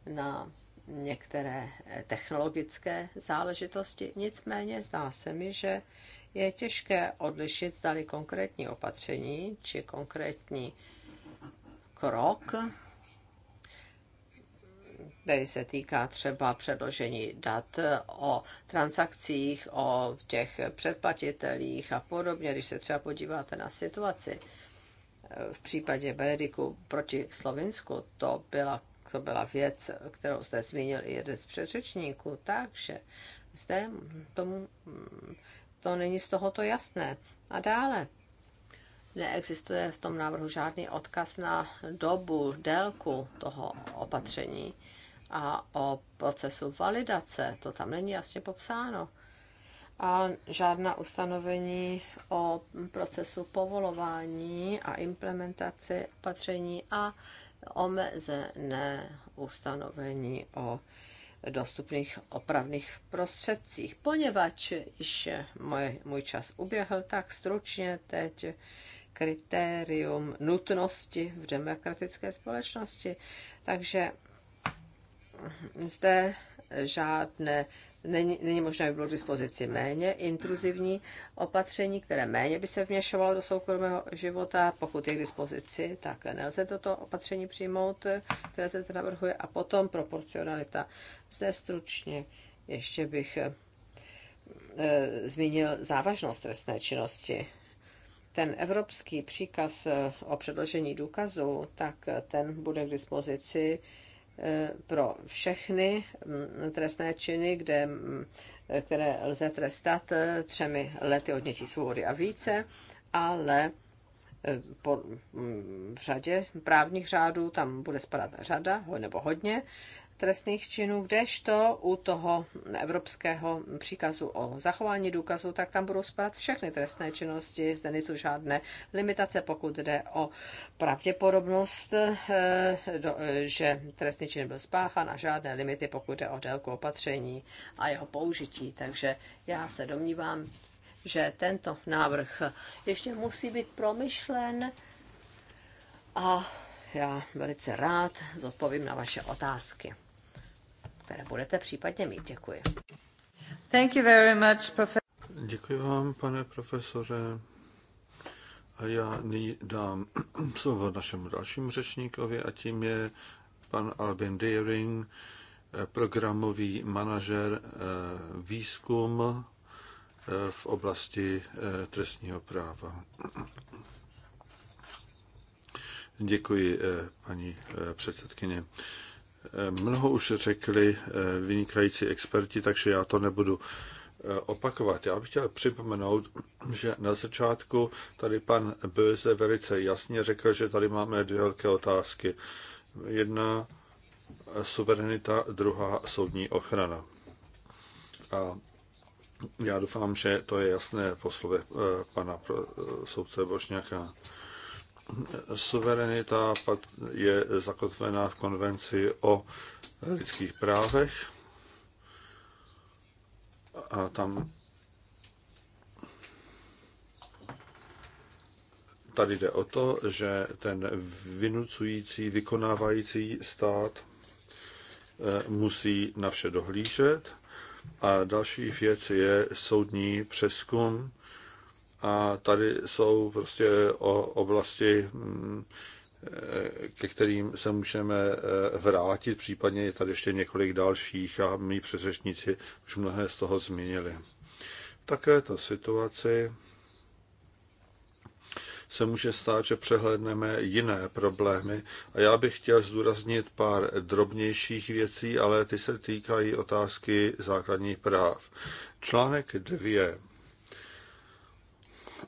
na některé eh, technologické záležitosti, nicméně zdá se mi, že je těžké odlišit, zdali konkrétní opatření či konkrétní krok který se týká třeba předložení dat o transakcích, o těch předplatitelích a podobně, když se třeba podíváte na situaci eh, v případě Benediku proti Slovinsku, to byla, to byla věc, kterou jste zmínil i jeden z předřečníků, takže zde tomu, mm, to není z tohoto jasné. A dále, Neexistuje v tom návrhu žádný odkaz na dobu, délku toho opatření a o procesu validace. To tam není jasně popsáno. A žádná ustanovení o procesu povolování a implementaci opatření a omezené ustanovení o dostupných opravných prostředcích. Poněvadž již můj, můj čas uběhl, tak stručně teď kritérium nutnosti v demokratické společnosti. Takže zde žádné, není, není možné, aby bylo k dispozici méně intruzivní opatření, které méně by se vměšovalo do soukromého života. Pokud je k dispozici, tak nelze toto opatření přijmout, které se zde navrhuje. A potom proporcionalita. Zde stručně ještě bych eh, zmínil závažnost trestné činnosti ten evropský příkaz eh, o předložení důkazů, tak eh, ten bude k dispozici eh, pro všechny mm, trestné činy, kde, mm, které lze trestat třemi lety odnětí svobody a více, ale po, mm, v řadě právních řádů tam bude spadat řada nebo hodně trestných činů, kdežto u toho evropského příkazu o zachování důkazu, tak tam budou spadat všechny trestné činnosti, zde nejsou žádné limitace, pokud jde o pravděpodobnost, eh, eh, že trestný čin byl spáchan a žádné limity, pokud jde o délku opatření a jeho použití. Takže já se domnívám, že tento návrh ještě musí být promyšlen a já velice rád zodpovím na vaše otázky které budete případně mít. Děkuji. Thank you very much, Děkuji vám, pane profesore. A já nyní dám slovo našemu dalšímu řečníkovi a tím je pan Albin Deering, programový manažer eh, výzkum eh, v oblasti eh, trestního práva. Děkuji, paní předsedkyně. Eh, mnoho už řekli eh, vynikající experti, takže já to nebudu eh, opakovat. Já bych chtěl připomenout, že na začátku tady pan Böze velice jasně řekl, že tady máme dvě velké otázky. Jedna suverenita, druhá soudní ochrana. A já doufám, že to je jasné po slovech pana soudce Bošňáka. Suverenita je zakotvená v konvenci o lidských právech a tam tady jde o to, že ten vynucující, vykonávající stát eh, musí na vše dohlížet. A další věc je soudní přeskum a tady jsou prostě o oblasti, mm, eh, ke kterým se můžeme eh, vrátit, případně je tady ještě několik dalších a mý předřečníci už mnohé z toho zmínili. Také ta situaci se může stát, že přehledneme jiné problémy. A já bych chtěl zdůraznit pár drobnějších věcí, ale ty se týkají otázky základních práv. Článek 2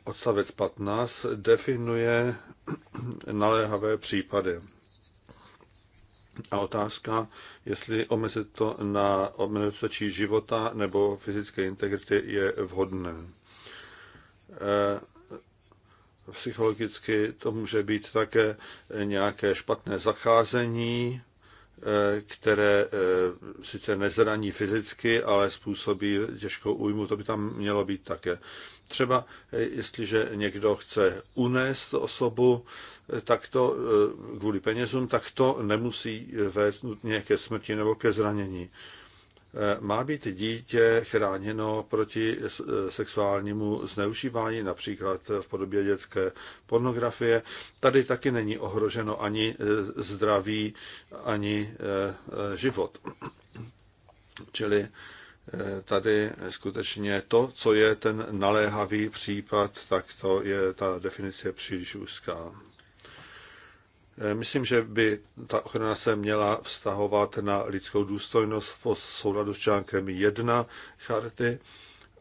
odstavec 15 definuje naléhavé případy. A otázka, jestli omezit to na omezení života nebo fyzické integrity je vhodné. Eh, psychologicky to může být také nějaké špatné zacházení, eh, které eh, sice nezraní fyzicky, ale způsobí těžkou újmu, to by tam mělo být také. Třeba eh, jestliže někdo chce unést osobu eh, tak to, eh, kvůli penězům, tak to nemusí vést nutně ke smrti nebo ke zranění. Má být dítě chráněno proti sexuálnímu zneužívání, například v podobě dětské pornografie. Tady taky není ohroženo ani zdraví, ani život. Čili Eh, tady skutečně to, co je ten naléhavý případ, tak to je ta definice příliš úzká. Eh, myslím, že by ta ochrana se měla vztahovat na lidskou důstojnost po souladu s článkem 1 charty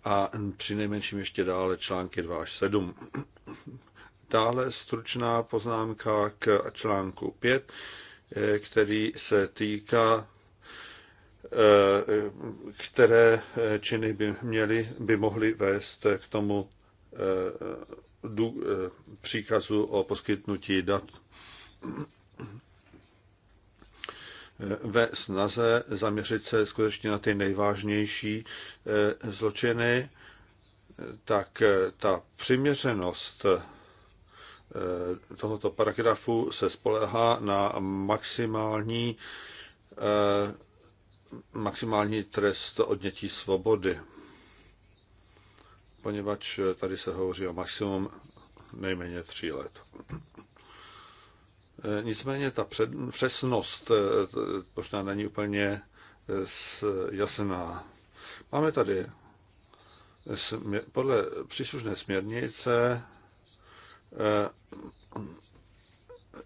a při nejmenším ještě dále články 2 až 7. Dále stručná poznámka k článku 5, eh, který se týká Eh, které eh, činy by, měly, by mohly vést eh, k tomu příkazu o poskytnutí dat. Ve snaze zaměřit se skutečně na ty nejvážnější zločiny, tak ta přiměřenost tohoto paragrafu se spolehá na maximální maximální trest odnětí svobody, poněvadž tady se hovoří o maximum nejméně tří let. Nicméně ta před, přesnost eh, možná není úplně eh, jasná. Máme tady podle příslušné směrnice eh,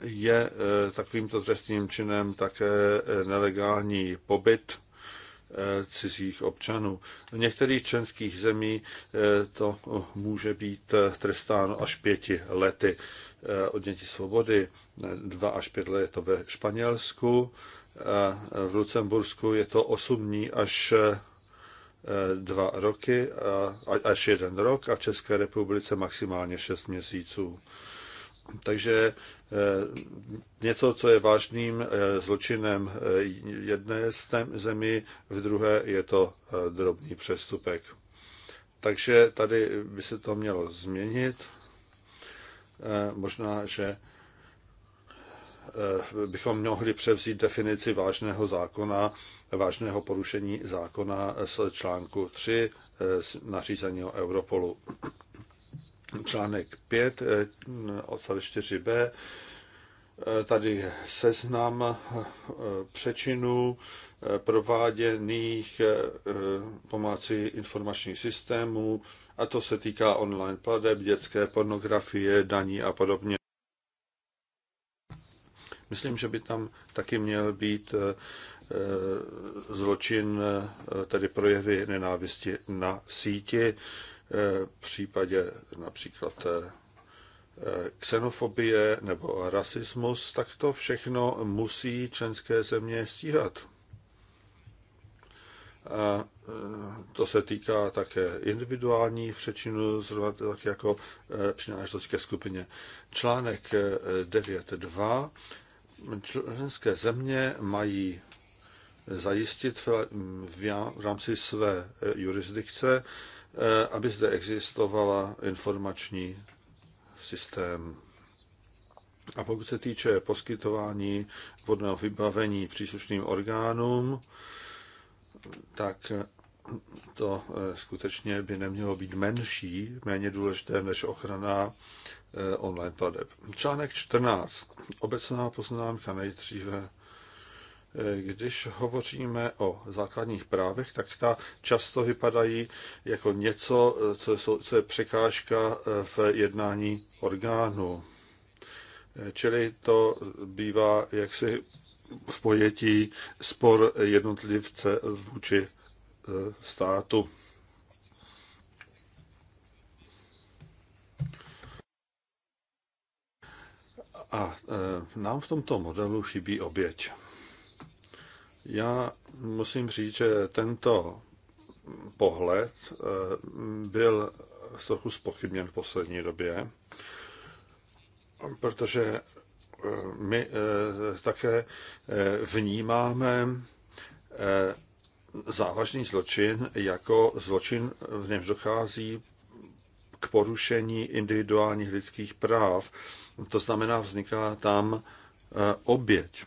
je eh, takovýmto trestným činem také eh, nelegální pobyt eh, cizích občanů. V některých členských zemí to může být trestáno až pěti lety odnětí svobody. Dva až pět let je to ve Španělsku, v Lucembursku je to osm dní až dva roky, až jeden rok a v České republice maximálně šest měsíců. Takže eh, něco, co je vážným eh, zločinem eh, jedné zemi, v druhé je to drobný přestupek. Takže tady by se to mělo změnit. Možná, že bychom mohli převzít definici vážného zákona, vážného porušení zákona z článku 3 nařízení o Europolu článek 5, eh, odstavec 4b, eh, tady seznam eh, přečinů prováděných pomocí informačních systémů, a to se týká online pladeb, dětské pornografie, daní a podobně. Myslím, že by tam taky měl být zločin, tedy projevy nenávisti na síti, v eh, případě například eh, eh, xenofobie nebo rasismus, tak to všechno musí členské země stíhat. A to se týká také individuálních přečinů, zrovna tak jako přináležitost ke skupině. Článek 9.2. Členské země mají zajistit v rámci své jurisdikce Eh, aby zde existovala informační systém. A pokud se týče poskytování vodného vybavení příslušným orgánům, tak to eh, skutečně by nemělo být menší, méně důležité než ochrana eh, online plateb. Článek 14. Obecná poznámka nejdříve když hovoříme o základních právech, tak ta často vypadají jako něco, co, je překážka eh, v jednání orgánu. Eh, čili to bývá jaksi v pojetí spor jednotlivce vůči eh, státu. A nám v tomto modelu chybí oběť. Já musím říct, že tento pohled eh, byl trochu spochybněn v poslední době, protože eh, my eh, také vnímáme závažný zločin jako zločin, v němž dochází k porušení individuálních lidských práv. To znamená, vzniká tam oběť.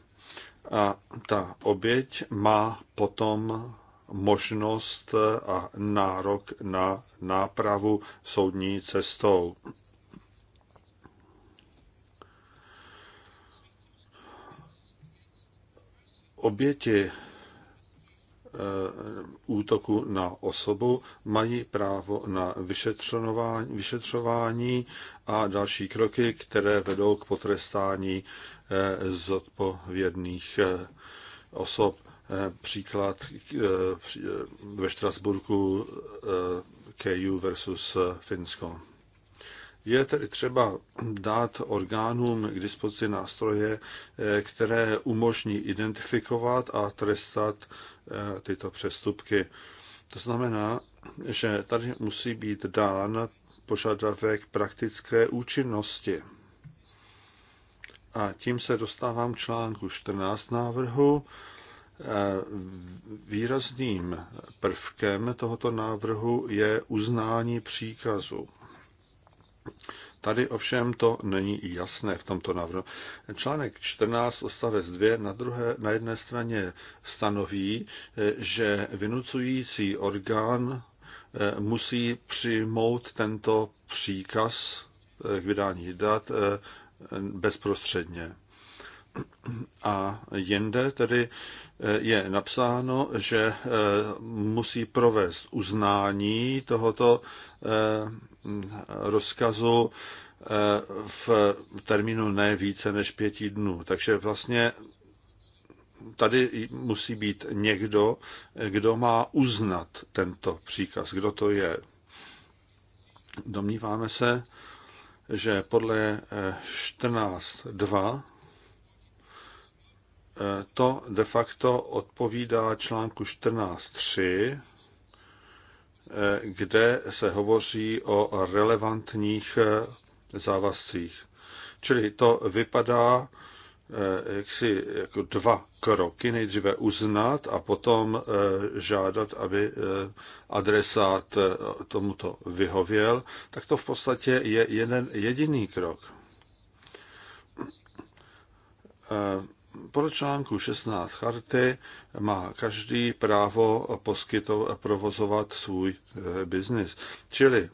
A ta oběť má potom možnost a nárok na nápravu soudní cestou. Oběti Eh, útoku na osobu, mají právo na vyšetřování, vyšetřování a další kroky, které vedou k potrestání eh, zodpovědných eh, osob. Příklad ve Štrasburku KU versus Finsko. Je tedy třeba dát orgánům k dispozici nástroje, eh, které umožní identifikovat a trestat eh, tyto přestupky. To znamená, že tady musí být dán požadavek praktické účinnosti. A tím se dostávám k článku 14 návrhu. Eh, výrazným prvkem tohoto návrhu je uznání příkazu. Tady ovšem to není jasné v tomto návrhu. Článek 14 odstavec 2 na, druhé, na jedné straně stanoví, že vynucující orgán eh, musí přijmout tento příkaz eh, k vydání dat eh, bezprostředně. A jinde tedy eh, je napsáno, že eh, musí provést uznání tohoto eh, rozkazu v termínu ne více než pěti dnů. Takže vlastně tady musí být někdo, kdo má uznat tento příkaz, kdo to je. Domníváme se, že podle 14.2 to de facto odpovídá článku 14.3, kde se hovoří o relevantních eh, závazcích. Čili to vypadá eh, jaksi jako dva kroky, nejdříve uznat a potom eh, žádat, aby adresát tomuto vyhověl, tak to v podstatě je jeden jediný krok podle článku 16 charty má každý právo poskytovat, provozovat svůj eh, biznis. Čili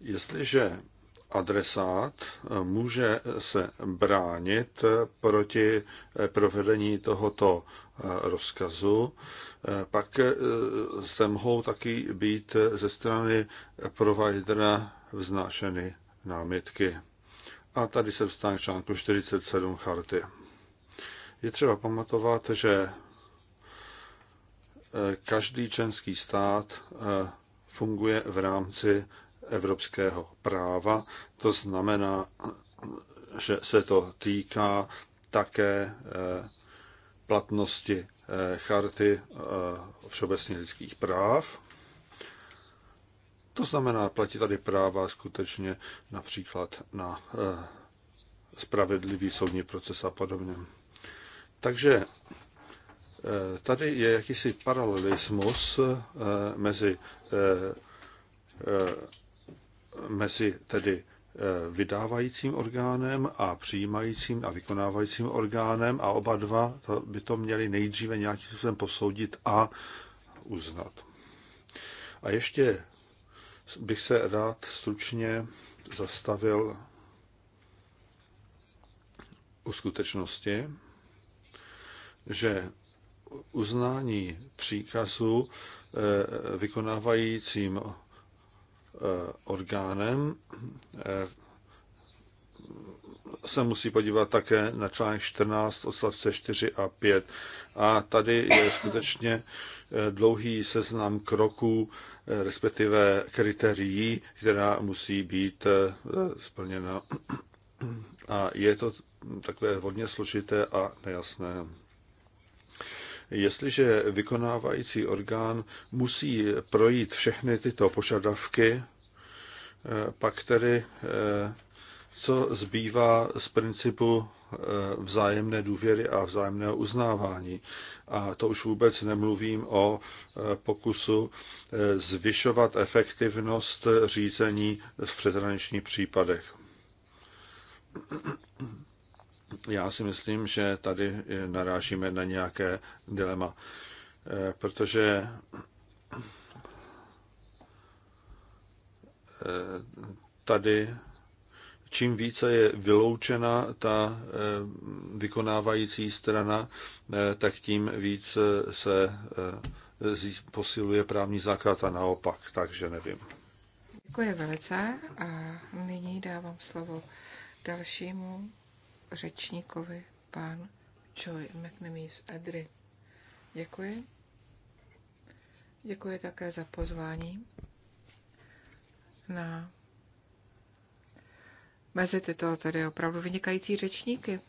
jestliže adresát eh, může se bránit eh, proti provedení tohoto rozkazu, pak se mohou taky být ze strany providera vznášeny námitky. A tady se dostávám k článku 47 charty. Je třeba pamatovat, že eh, každý členský stát eh, funguje v rámci evropského práva. To znamená, eh, že se to týká také platnosti charty všeobecně lidských práv. To znamená, platí tady práva skutečně například na eh, spravedlivý soudní proces a podobně. Takže eh, tady je jakýsi paralelismus eh, mezi, mezi tedy vydávajícím orgánem a přijímajícím a vykonávajícím orgánem a oba dva to by to měli nejdříve nějakým způsobem posoudit a uznat. A ještě bych se rád stručně zastavil u skutečnosti, že uznání příkazu eh, vykonávajícím eh, orgánem eh, se musí podívat také na článek 14, odstavce 4 a 5. A tady je skutečně eh, dlouhý seznam kroků, eh, respektive kritérií, která musí být eh, splněna. A je to takové hodně složité a nejasné. Jestliže vykonávající orgán musí projít všechny tyto požadavky, pak tedy co zbývá z principu eh, vzájemné důvěry a vzájemného uznávání. A to už vůbec nemluvím o eh, pokusu eh, zvyšovat efektivnost řízení v přeshraničních případech. Já si myslím, že tady narážíme na nějaké dilema, protože tady čím více je vyloučena ta eh, vykonávající strana, eh, tak tím víc eh, se posiluje právní základ a naopak, takže nevím. Děkuji velice a nyní dávám slovo dalšímu řečníkovi, pan Joy McNamee Edry. Děkuji. Děkuji také za pozvání na mezi tyto tedy opravdu vynikající řečníky,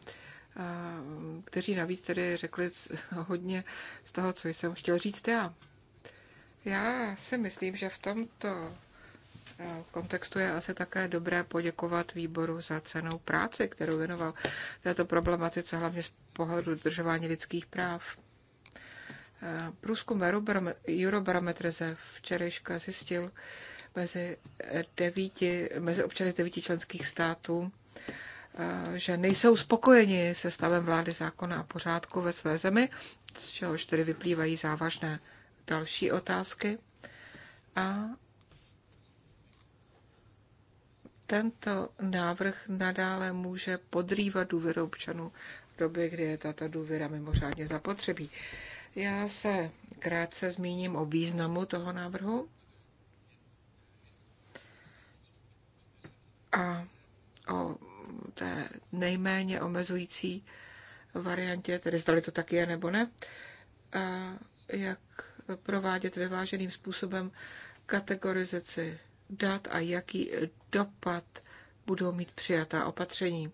kteří navíc tedy řekli hodně z toho, co jsem chtěl říct já. Já si myslím, že v tomto kontextu je asi také dobré poděkovat výboru za cenou práci, kterou věnoval této problematice, hlavně z pohledu dodržování lidských práv. Průzkum Eurobarometr ze včerejška zjistil, mezi, devíti, mezi občany z devíti členských států, že nejsou spokojeni se stavem vlády zákona a pořádku ve své zemi, z čehož tedy vyplývají závažné další otázky. A tento návrh nadále může podrývat důvěru občanů v době, kdy je tato důvěra mimořádně zapotřebí. Já se krátce zmíním o významu toho návrhu. a o té nejméně omezující variantě, tedy zdali to tak je nebo ne, a jak provádět vyváženým způsobem kategorizaci dat a jaký dopad budou mít přijatá opatření.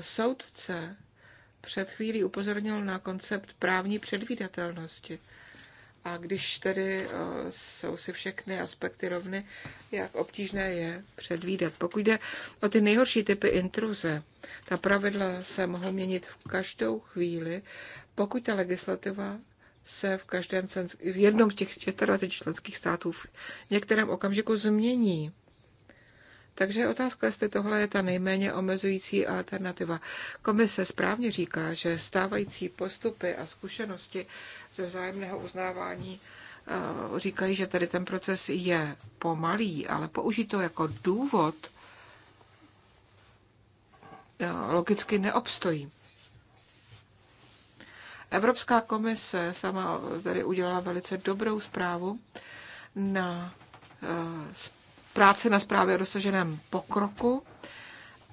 Soudce před chvílí upozornil na koncept právní předvídatelnosti. A když tedy eh, jsou si všechny aspekty rovny, jak obtížné je předvídat. Pokud jde o ty nejhorší typy intruze, ta pravidla se mohou měnit v každou chvíli, pokud ta legislativa se v každém v jednom z těch 24 členských států v některém okamžiku změní. Takže otázka, jestli tohle je ta nejméně omezující alternativa. Komise správně říká, že stávající postupy a zkušenosti ze vzájemného uznávání eh, říkají, že tady ten proces je pomalý, ale použít to jako důvod eh, logicky neobstojí. Evropská komise sama tady udělala velice dobrou zprávu na eh, práci na zprávě o dosaženém pokroku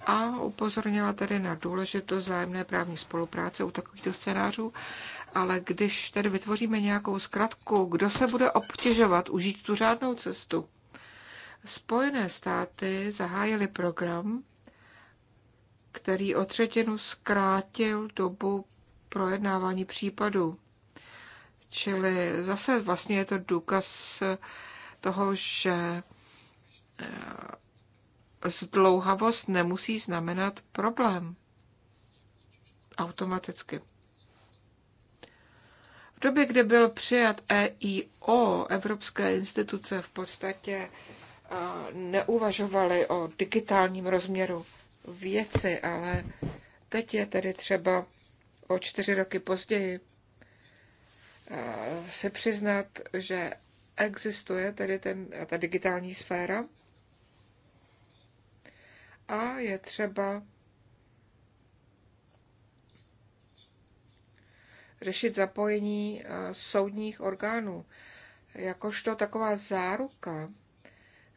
a upozornila tedy na důležitost zájemné právní spolupráce u takovýchto scénářů, ale když tedy vytvoříme nějakou zkratku, kdo se bude obtěžovat užít tu řádnou cestu? Spojené státy zahájily program, který o třetinu zkrátil dobu projednávání případů. Čili zase vlastně je to důkaz toho, že Eh, zdlouhavost nemusí znamenat problém. Automaticky. V době, kdy byl přijat EIO, evropské instituce v podstatě eh, neuvažovaly o digitálním rozměru věci, ale teď je tedy třeba o čtyři roky později eh, se přiznat, že existuje tedy ten, ta digitální sféra a je třeba řešit zapojení eh, soudních orgánů. Jakožto taková záruka,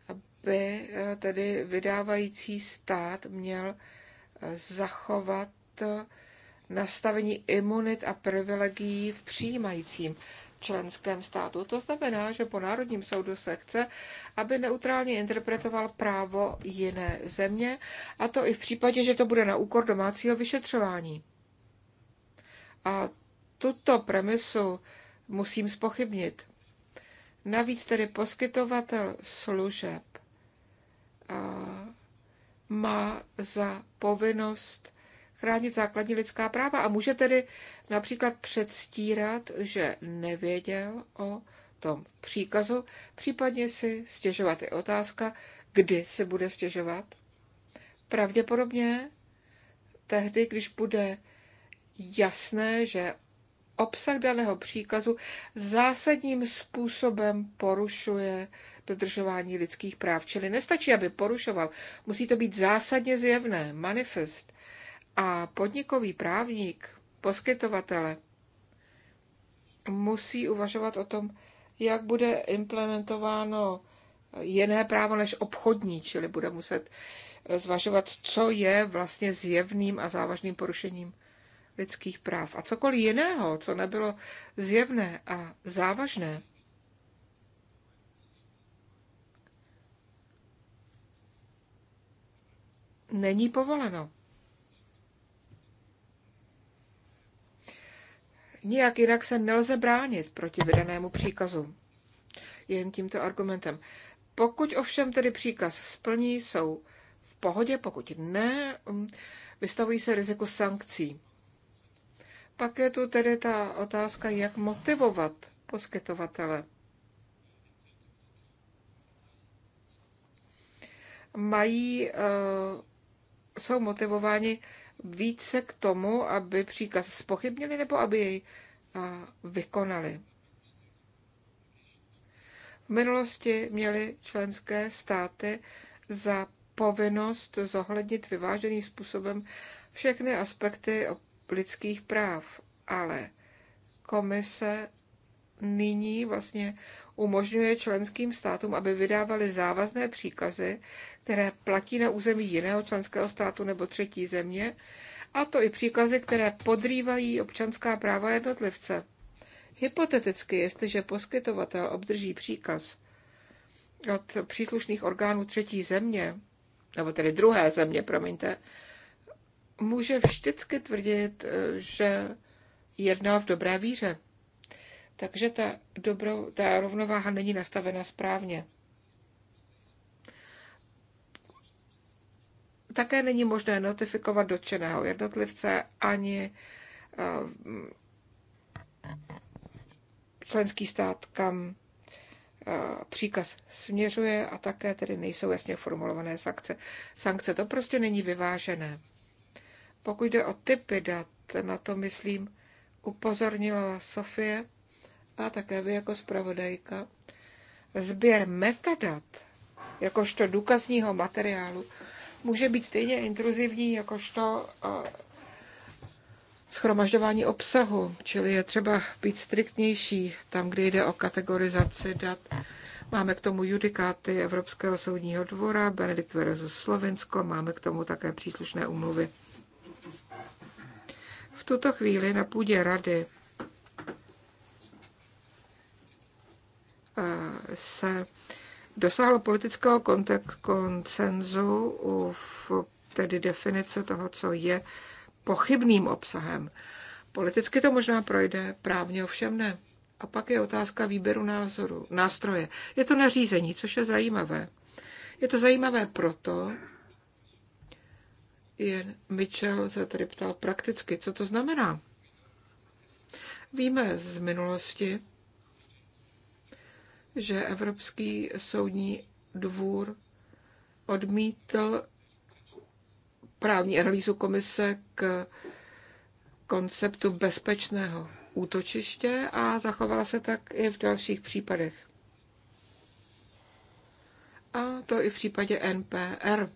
aby eh, tedy vydávající stát měl eh, zachovat nastavení imunit a privilegií v přijímajícím členském státu. To znamená, že po Národním soudu se chce, aby neutrálně interpretoval právo jiné země, a to i v případě, že to bude na úkor domácího vyšetřování. A tuto premisu musím spochybnit. Navíc tedy poskytovatel služeb má za povinnost chránit základní lidská práva a může tedy například předstírat, že nevěděl o tom příkazu, případně si stěžovat. i otázka, kdy se bude stěžovat. Pravděpodobně tehdy, když bude jasné, že obsah daného příkazu zásadním způsobem porušuje dodržování lidských práv. Čili nestačí, aby porušoval. Musí to být zásadně zjevné, manifest. A podnikový právník, poskytovatele, musí uvažovat o tom, jak bude implementováno jiné právo než obchodní, čili bude muset zvažovat, co je vlastně zjevným a závažným porušením lidských práv. A cokoliv jiného, co nebylo zjevné a závažné, není povoleno. Nijak jinak se nelze bránit proti vydanému příkazu. Jen tímto argumentem. Pokud ovšem tedy příkaz splní, jsou v pohodě, pokud ne, um, vystavují se riziku sankcí. Pak je tu tedy ta otázka, jak motivovat poskytovatele. Mají, uh, jsou motivováni více k tomu, aby příkaz spochybnili nebo aby jej vykonali. V minulosti měly členské státy za povinnost zohlednit vyváženým způsobem všechny aspekty lidských práv, ale komise nyní vlastně umožňuje členským státům, aby vydávali závazné příkazy, které platí na území jiného členského státu nebo třetí země, a to i příkazy, které podrývají občanská práva jednotlivce. Hypoteticky, jestliže poskytovatel obdrží příkaz od příslušných orgánů třetí země, nebo tedy druhé země, promiňte, může vždycky tvrdit, že jednal v dobré víře. Takže ta, dobro, ta rovnováha není nastavena správně. Také není možné notifikovat dotčeného jednotlivce ani eh, členský stát, kam eh, příkaz směřuje a také tedy nejsou jasně formulované sankce. Sankce to prostě není vyvážené. Pokud jde o typy dat, na to myslím upozornila Sofie, a také vy jako zpravodajka sběr metadat jakožto důkazního materiálu může být stejně intruzivní jakožto schromažďování obsahu, čili je třeba být striktnější tam, kde jde o kategorizaci dat. Máme k tomu judikáty Evropského soudního dvora, Benedikt versus Slovensko, máme k tomu také příslušné umluvy. V tuto chvíli na půdě rady se dosáhlo politického koncenzu v tedy definice toho, co je pochybným obsahem. Politicky to možná projde, právně ovšem ne. A pak je otázka výběru názoru, nástroje. Je to nařízení, což je zajímavé. Je to zajímavé proto, jen Mitchell se tady ptal prakticky, co to znamená. Víme z minulosti, že Evropský soudní dvůr odmítl právní analýzu komise k konceptu bezpečného útočiště a zachovala se tak i v dalších případech. A to i v případě NPR.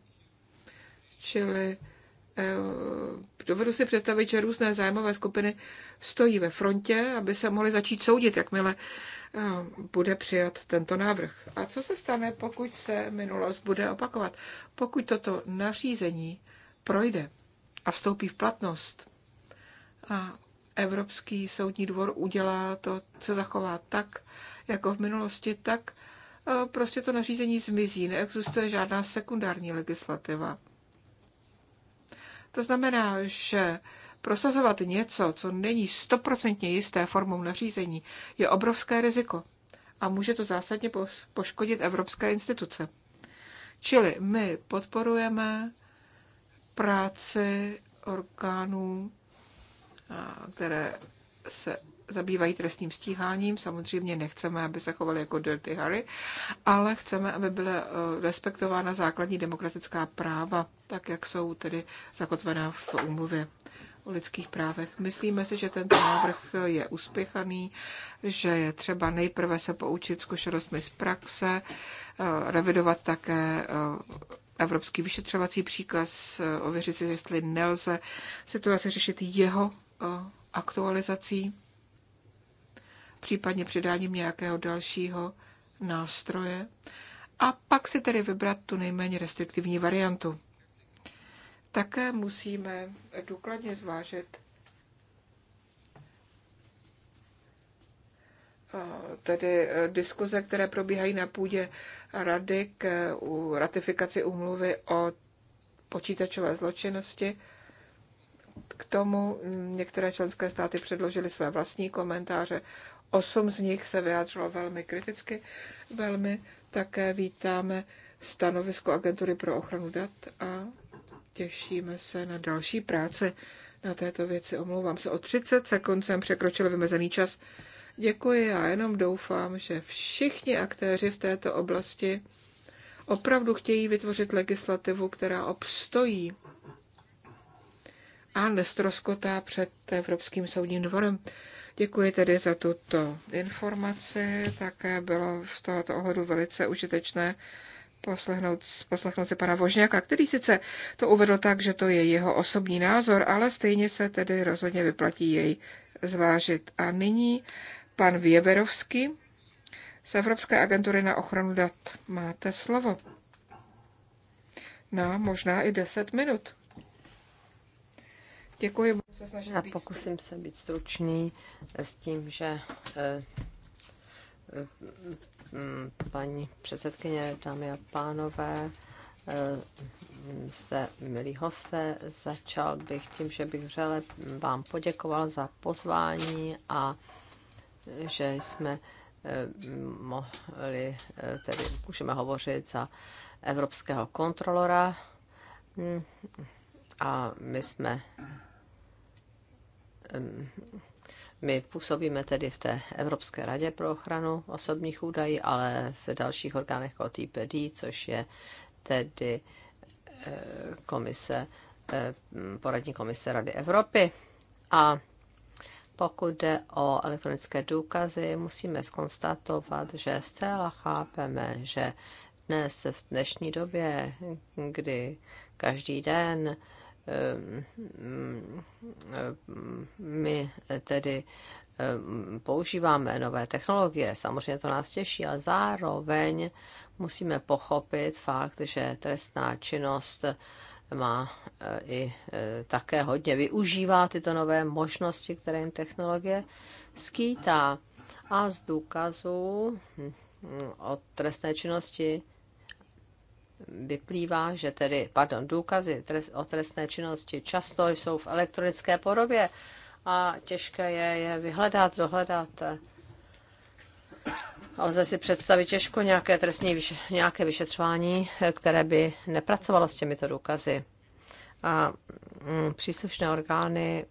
Čili eh, dovedu si představit, že různé zájmové skupiny stojí ve frontě, aby se mohly začít soudit, jakmile bude přijat tento návrh. A co se stane, pokud se minulost bude opakovat? Pokud toto nařízení projde a vstoupí v platnost a Evropský soudní dvor udělá to, se zachová tak, jako v minulosti, tak e, prostě to nařízení zmizí. Neexistuje žádná sekundární legislativa. To znamená, že Prosazovat něco, co není stoprocentně jisté formou nařízení, je obrovské riziko a může to zásadně poškodit evropské instituce. Čili my podporujeme práci orgánů, které se zabývají trestním stíháním. Samozřejmě nechceme, aby se chovali jako Dirty Harry, ale chceme, aby byla e, respektována základní demokratická práva, tak jak jsou tedy zakotvená v úmluvě lidských právech. Myslíme si, že tento návrh je uspěchaný, že je třeba nejprve se poučit zkušenostmi z praxe, eh, revidovat také eh, evropský vyšetřovací příkaz, eh, ověřit si, jestli nelze situaci řešit jeho aktualizací, případně přidáním nějakého dalšího nástroje a pak si tedy vybrat tu nejméně restriktivní variantu také musíme důkladně zvážit eh, tedy eh, diskuze, které probíhají na půdě rady k eh, ratifikaci umluvy o počítačové zločinnosti. K tomu některé členské státy předložily své vlastní komentáře. Osm z nich se vyjádřilo velmi kriticky. Velmi také vítáme stanovisko Agentury pro ochranu dat a Těšíme se na další práce na této věci. Omlouvám se, o 30 sekund jsem překročil vymezený čas. Děkuji a jenom doufám, že všichni aktéři v této oblasti opravdu chtějí vytvořit legislativu, která obstojí a nestroskotá před Evropským soudním dvorem. Děkuji tedy za tuto informaci. Také bylo v tohoto ohledu velice užitečné poslechnout, poslechnout se pana Vožňáka, který sice to uvedl tak, že to je jeho osobní názor, ale stejně se tedy rozhodně vyplatí jej zvážit. A nyní pan Věberovský z Evropské agentury na ochranu dat. Máte slovo. Na možná i 10 minut. Děkuji, budu se snažit Já být pokusím se být stručný s tím, že eh, Mm, paní předsedkyně, dámy a pánové, eh, jste milí hosté. Začal bych tím, že bych vřele vám poděkoval za pozvání a že jsme eh, mohli, eh, tedy můžeme hovořit za evropského kontrolora mm, a my jsme my působíme tedy v té Evropské radě pro ochranu osobních údajů, ale v dalších orgánech jako TPD, což je tedy eh, komise, eh, poradní komise Rady Evropy. A pokud jde o elektronické důkazy, musíme skonstatovat, že zcela chápeme, že dnes, v dnešní době, kdy každý den Ehm, my tedy ehm, používáme nové technologie, samozřejmě to nás těší, ale zároveň musíme pochopit fakt, že trestná činnost má eh, i eh, také hodně využívá tyto nové možnosti, které jim technologie skýtá. A z důkazů hm, o trestné činnosti vyplývá, že tedy, pardon, důkazy o trestné činnosti často jsou v elektronické podobě a těžké je je vyhledat, dohledat. Lze si představit těžko nějaké trestní nějaké vyšetřování, které by nepracovalo s těmito důkazy. A mm, příslušné orgány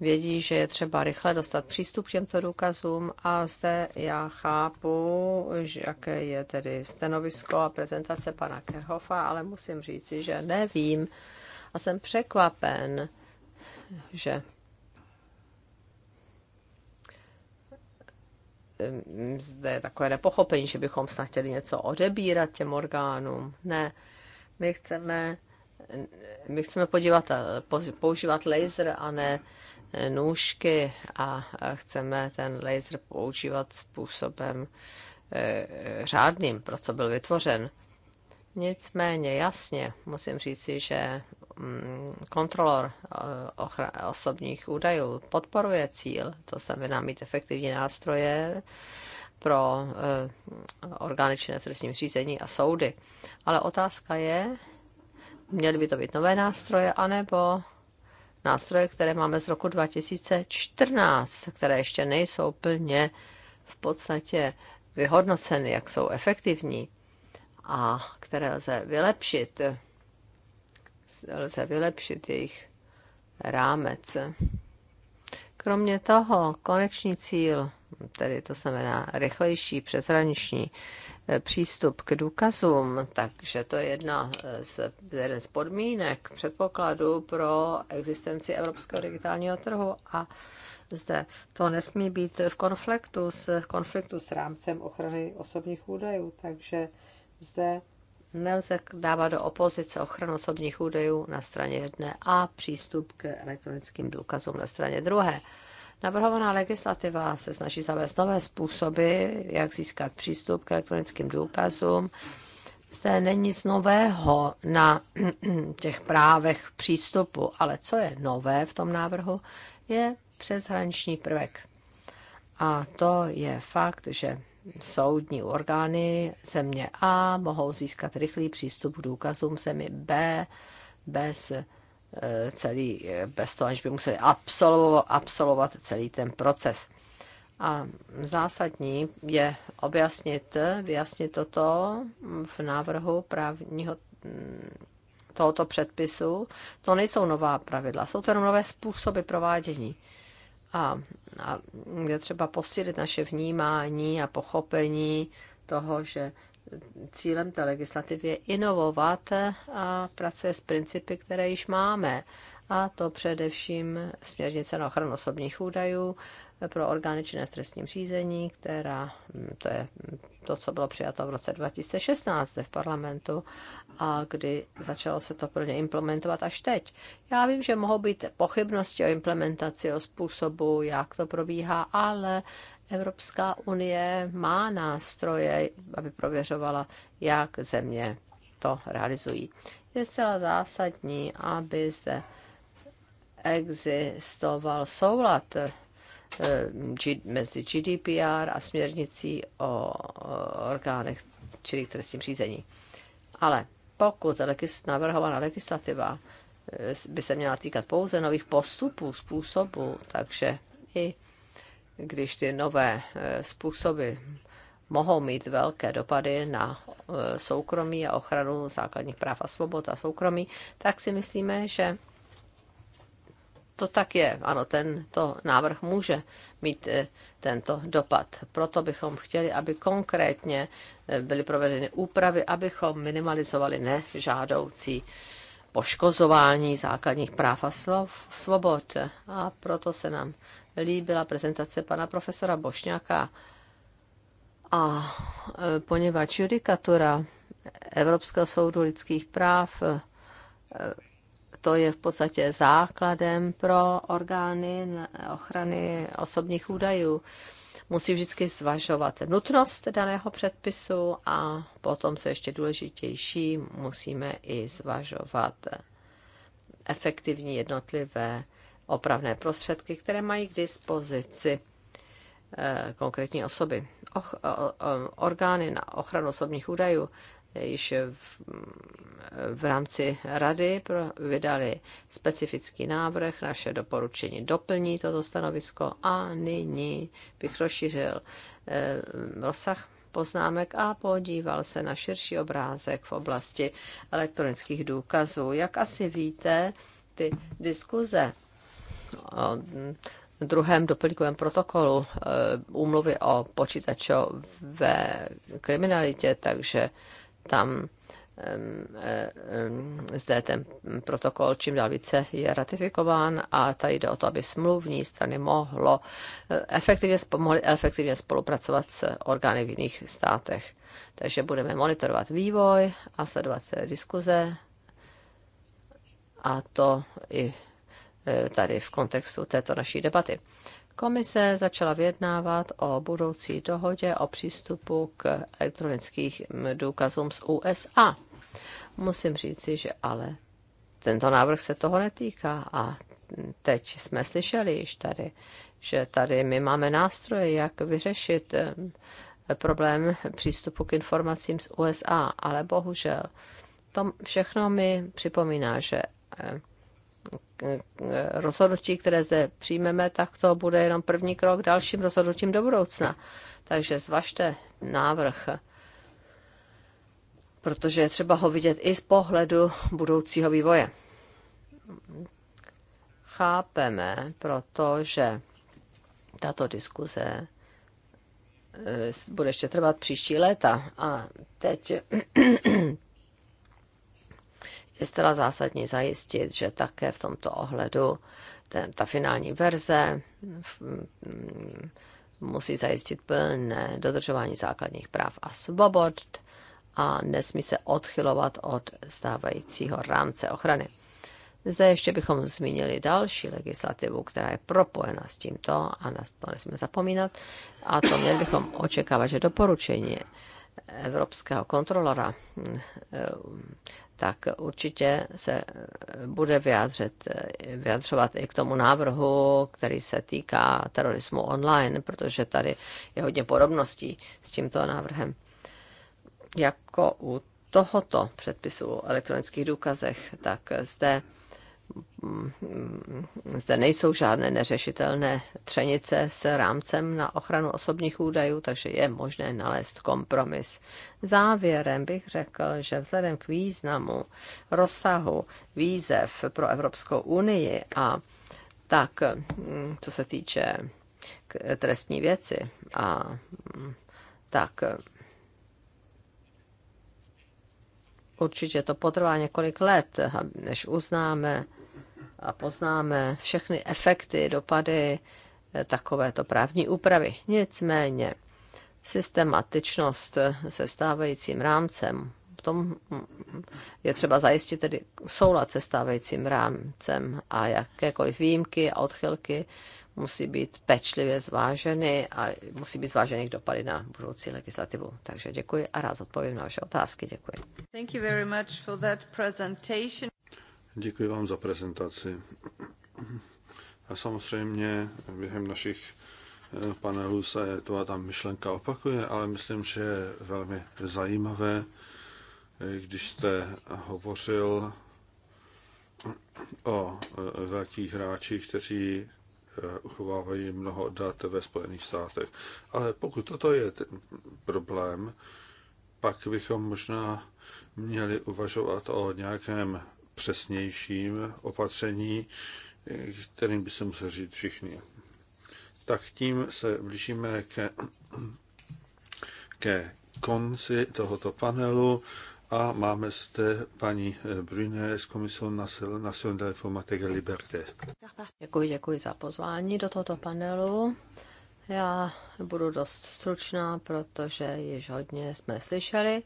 vědí, že je třeba rychle dostat přístup k těmto důkazům a zde já chápu, že jaké je tedy stanovisko a prezentace pana Kerhofa, ale musím říci, že nevím a jsem překvapen, že zde je takové nepochopení, že bychom snad chtěli něco odebírat těm orgánům. Ne, my chceme my chceme podívat, eh, používat laser a ne nůžky a chceme ten laser používat způsobem e, řádným, pro co byl vytvořen. Nicméně jasně musím říci, že mm, kontrolor e, osobních údajů podporuje cíl, to znamená mít efektivní nástroje pro e, orgány činné trestním řízení a soudy. Ale otázka je, měly by to být nové nástroje, anebo nástroje, které máme z roku 2014, které ještě nejsou plně v podstatě vyhodnoceny, jak jsou efektivní a které lze vylepšit. Lze vylepšit jejich rámec. Kromě toho, konečný cíl, tedy to znamená rychlejší přeshraniční přístup k důkazům, takže to je jedna z, jeden z podmínek, předpokladu pro existenci evropského digitálního trhu a zde to nesmí být v konfliktu s, konfliktu s rámcem ochrany osobních údajů, takže zde nelze dávat do opozice ochranu osobních údajů na straně jedné a přístup k elektronickým důkazům na straně druhé. Navrhovaná legislativa se snaží zavést nové způsoby, jak získat přístup k elektronickým důkazům. Zde není nic nového na těch právech přístupu, ale co je nové v tom návrhu, je přeshraniční prvek. A to je fakt, že soudní orgány země A mohou získat rychlý přístup k důkazům zemi B bez Eh, celý, eh, bez toho, aniž by museli absolvovat, absolvovat celý ten proces. A zásadní je objasnit, vyjasnit toto v návrhu právního hm, tohoto předpisu. To nejsou nová pravidla, jsou to jenom nové způsoby provádění. A, a je třeba posílit naše vnímání a pochopení toho, že cílem té legislativy je inovovat a pracuje s principy, které již máme. A to především směrnice na ochranu osobních údajů pro orgány činné v trestním řízení, která, mm, to je to, co bylo přijato v roce 2016 zde v parlamentu a kdy začalo se to plně implementovat až teď. Já vím, že mohou být pochybnosti o implementaci, o způsobu, jak to probíhá, ale Evropská unie má nástroje, aby prověřovala, jak země to realizují. Je zcela zásadní, aby zde existoval soulad eh, mezi GDPR a směrnicí o orgánech činných trestním řízení. Ale pokud navrhovaná legislativa eh, by se měla týkat pouze nových postupů, způsobů, takže i když ty nové eh, způsoby mohou mít velké dopady na eh, soukromí a ochranu základních práv a svobod a soukromí, tak si myslíme, že to tak je. Ano, tento návrh může mít eh, tento dopad. Proto bychom chtěli, aby konkrétně byly provedeny úpravy, abychom minimalizovali nežádoucí poškozování základních práv a slov, svobod. A proto se nám líbila prezentace pana profesora Bošňáka. A e, poněvadž judikatura Evropského soudu lidských práv e, to je v podstatě základem pro orgány ochrany osobních údajů musí vždycky zvažovat nutnost daného předpisu a potom, co ještě důležitější, musíme i zvažovat efektivní jednotlivé opravné prostředky, které mají k dispozici eh, konkrétní osoby. orgány na ochranu osobních údajů již v, v rámci rady pro, vydali specifický návrh, naše doporučení doplní toto stanovisko a nyní bych rozšířil eh, rozsah poznámek a podíval se na širší obrázek v oblasti elektronických důkazů. Jak asi víte, ty diskuze o druhém doplňkovém protokolu eh, úmluvy o počítačové kriminalitě, takže tam e, zde ten protokol čím dál více je ratifikován a tady jde o to, aby smluvní strany mohlo e, efektivně, mohly efektivně spolupracovat s orgány v jiných státech. Takže budeme monitorovat vývoj a sledovat e, diskuze a to i tady v kontextu této naší debaty. Komise začala vyjednávat o budoucí dohodě o přístupu k elektronických důkazům z USA. Musím říci, že ale tento návrh se toho netýká a teď jsme slyšeli již tady, že tady my máme nástroje, jak vyřešit eh, problém přístupu k informacím z USA, ale bohužel to všechno mi připomíná, že eh, rozhodnutí, které zde přijmeme, tak to bude jenom první krok dalším rozhodnutím do budoucna. Takže zvažte návrh, protože je třeba ho vidět i z pohledu budoucího vývoje. Chápeme, protože tato diskuze eh, bude ještě trvat příští léta. A teď je zcela zásadní zajistit, že také v tomto ohledu ten, ta finální verze mm, musí zajistit plné dodržování základních práv a svobod a nesmí se odchylovat od stávajícího rámce ochrany. Zde ještě bychom zmínili další legislativu, která je propojena s tímto a na to nesmíme zapomínat. A to měli bychom očekávat, že doporučení Evropského kontrolora mm, tak určitě se eh, bude vyjádřit, eh, vyjadřovat i k tomu návrhu, který se týká terorismu online, protože tady je hodně podobností s tímto návrhem. Jako u tohoto předpisu o elektronických důkazech, tak zde zde nejsou žádné neřešitelné třenice s rámcem na ochranu osobních údajů, takže je možné nalézt kompromis. Závěrem bych řekl, že vzhledem k významu, rozsahu výzev pro Evropskou unii a tak, co se týče trestní věci a tak určitě to potrvá několik let, než uznáme a poznáme všechny efekty, dopady eh, takovéto právní úpravy. Nicméně systematičnost eh, se stávajícím rámcem, v tom mm, je třeba zajistit tedy soulad se stávajícím rámcem a jakékoliv výjimky a odchylky musí být pečlivě zváženy a musí být zváženy dopady na budoucí legislativu. Takže děkuji a rád odpovím na vaše otázky. Děkuji. Thank you very much for that presentation. Děkuji vám za prezentaci. A samozřejmě během našich eh, panelů se to a tam myšlenka opakuje, ale myslím, že je velmi zajímavé, eh, když jste hovořil o eh, velkých hráčích, kteří uchovávají mnoho dat ve Spojených státech. Ale pokud toto je ten problém, pak bychom možná měli uvažovat o nějakém přesnějším opatření, kterým by se museli říct všichni. Tak tím se blížíme ke, ke konci tohoto panelu a máme zde paní Brune z Komisou Nacional Informatique Liberté. Děkuji, děkuji za pozvání do tohoto panelu. Já budu dost stručná, protože již hodně jsme slyšeli.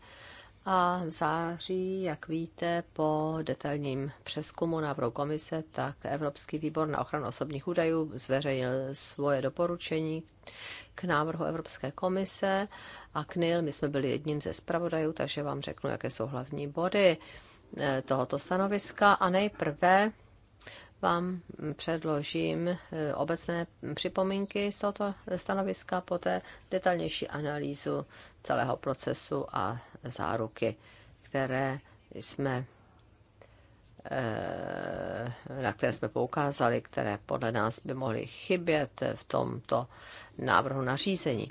A v září, jak víte, po detailním přeskumu návrhu komise, tak Evropský výbor na ochranu osobních údajů zveřejnil svoje doporučení k návrhu Evropské komise a NIL. My jsme byli jedním ze zpravodajů, takže vám řeknu, jaké jsou hlavní body eh, tohoto stanoviska. A nejprve vám předložím eh, obecné připomínky z tohoto stanoviska, poté detailnější analýzu celého procesu a záruky, které jsme eh, na které jsme poukázali, které podle nás by mohly chybět v tomto návrhu nařízení.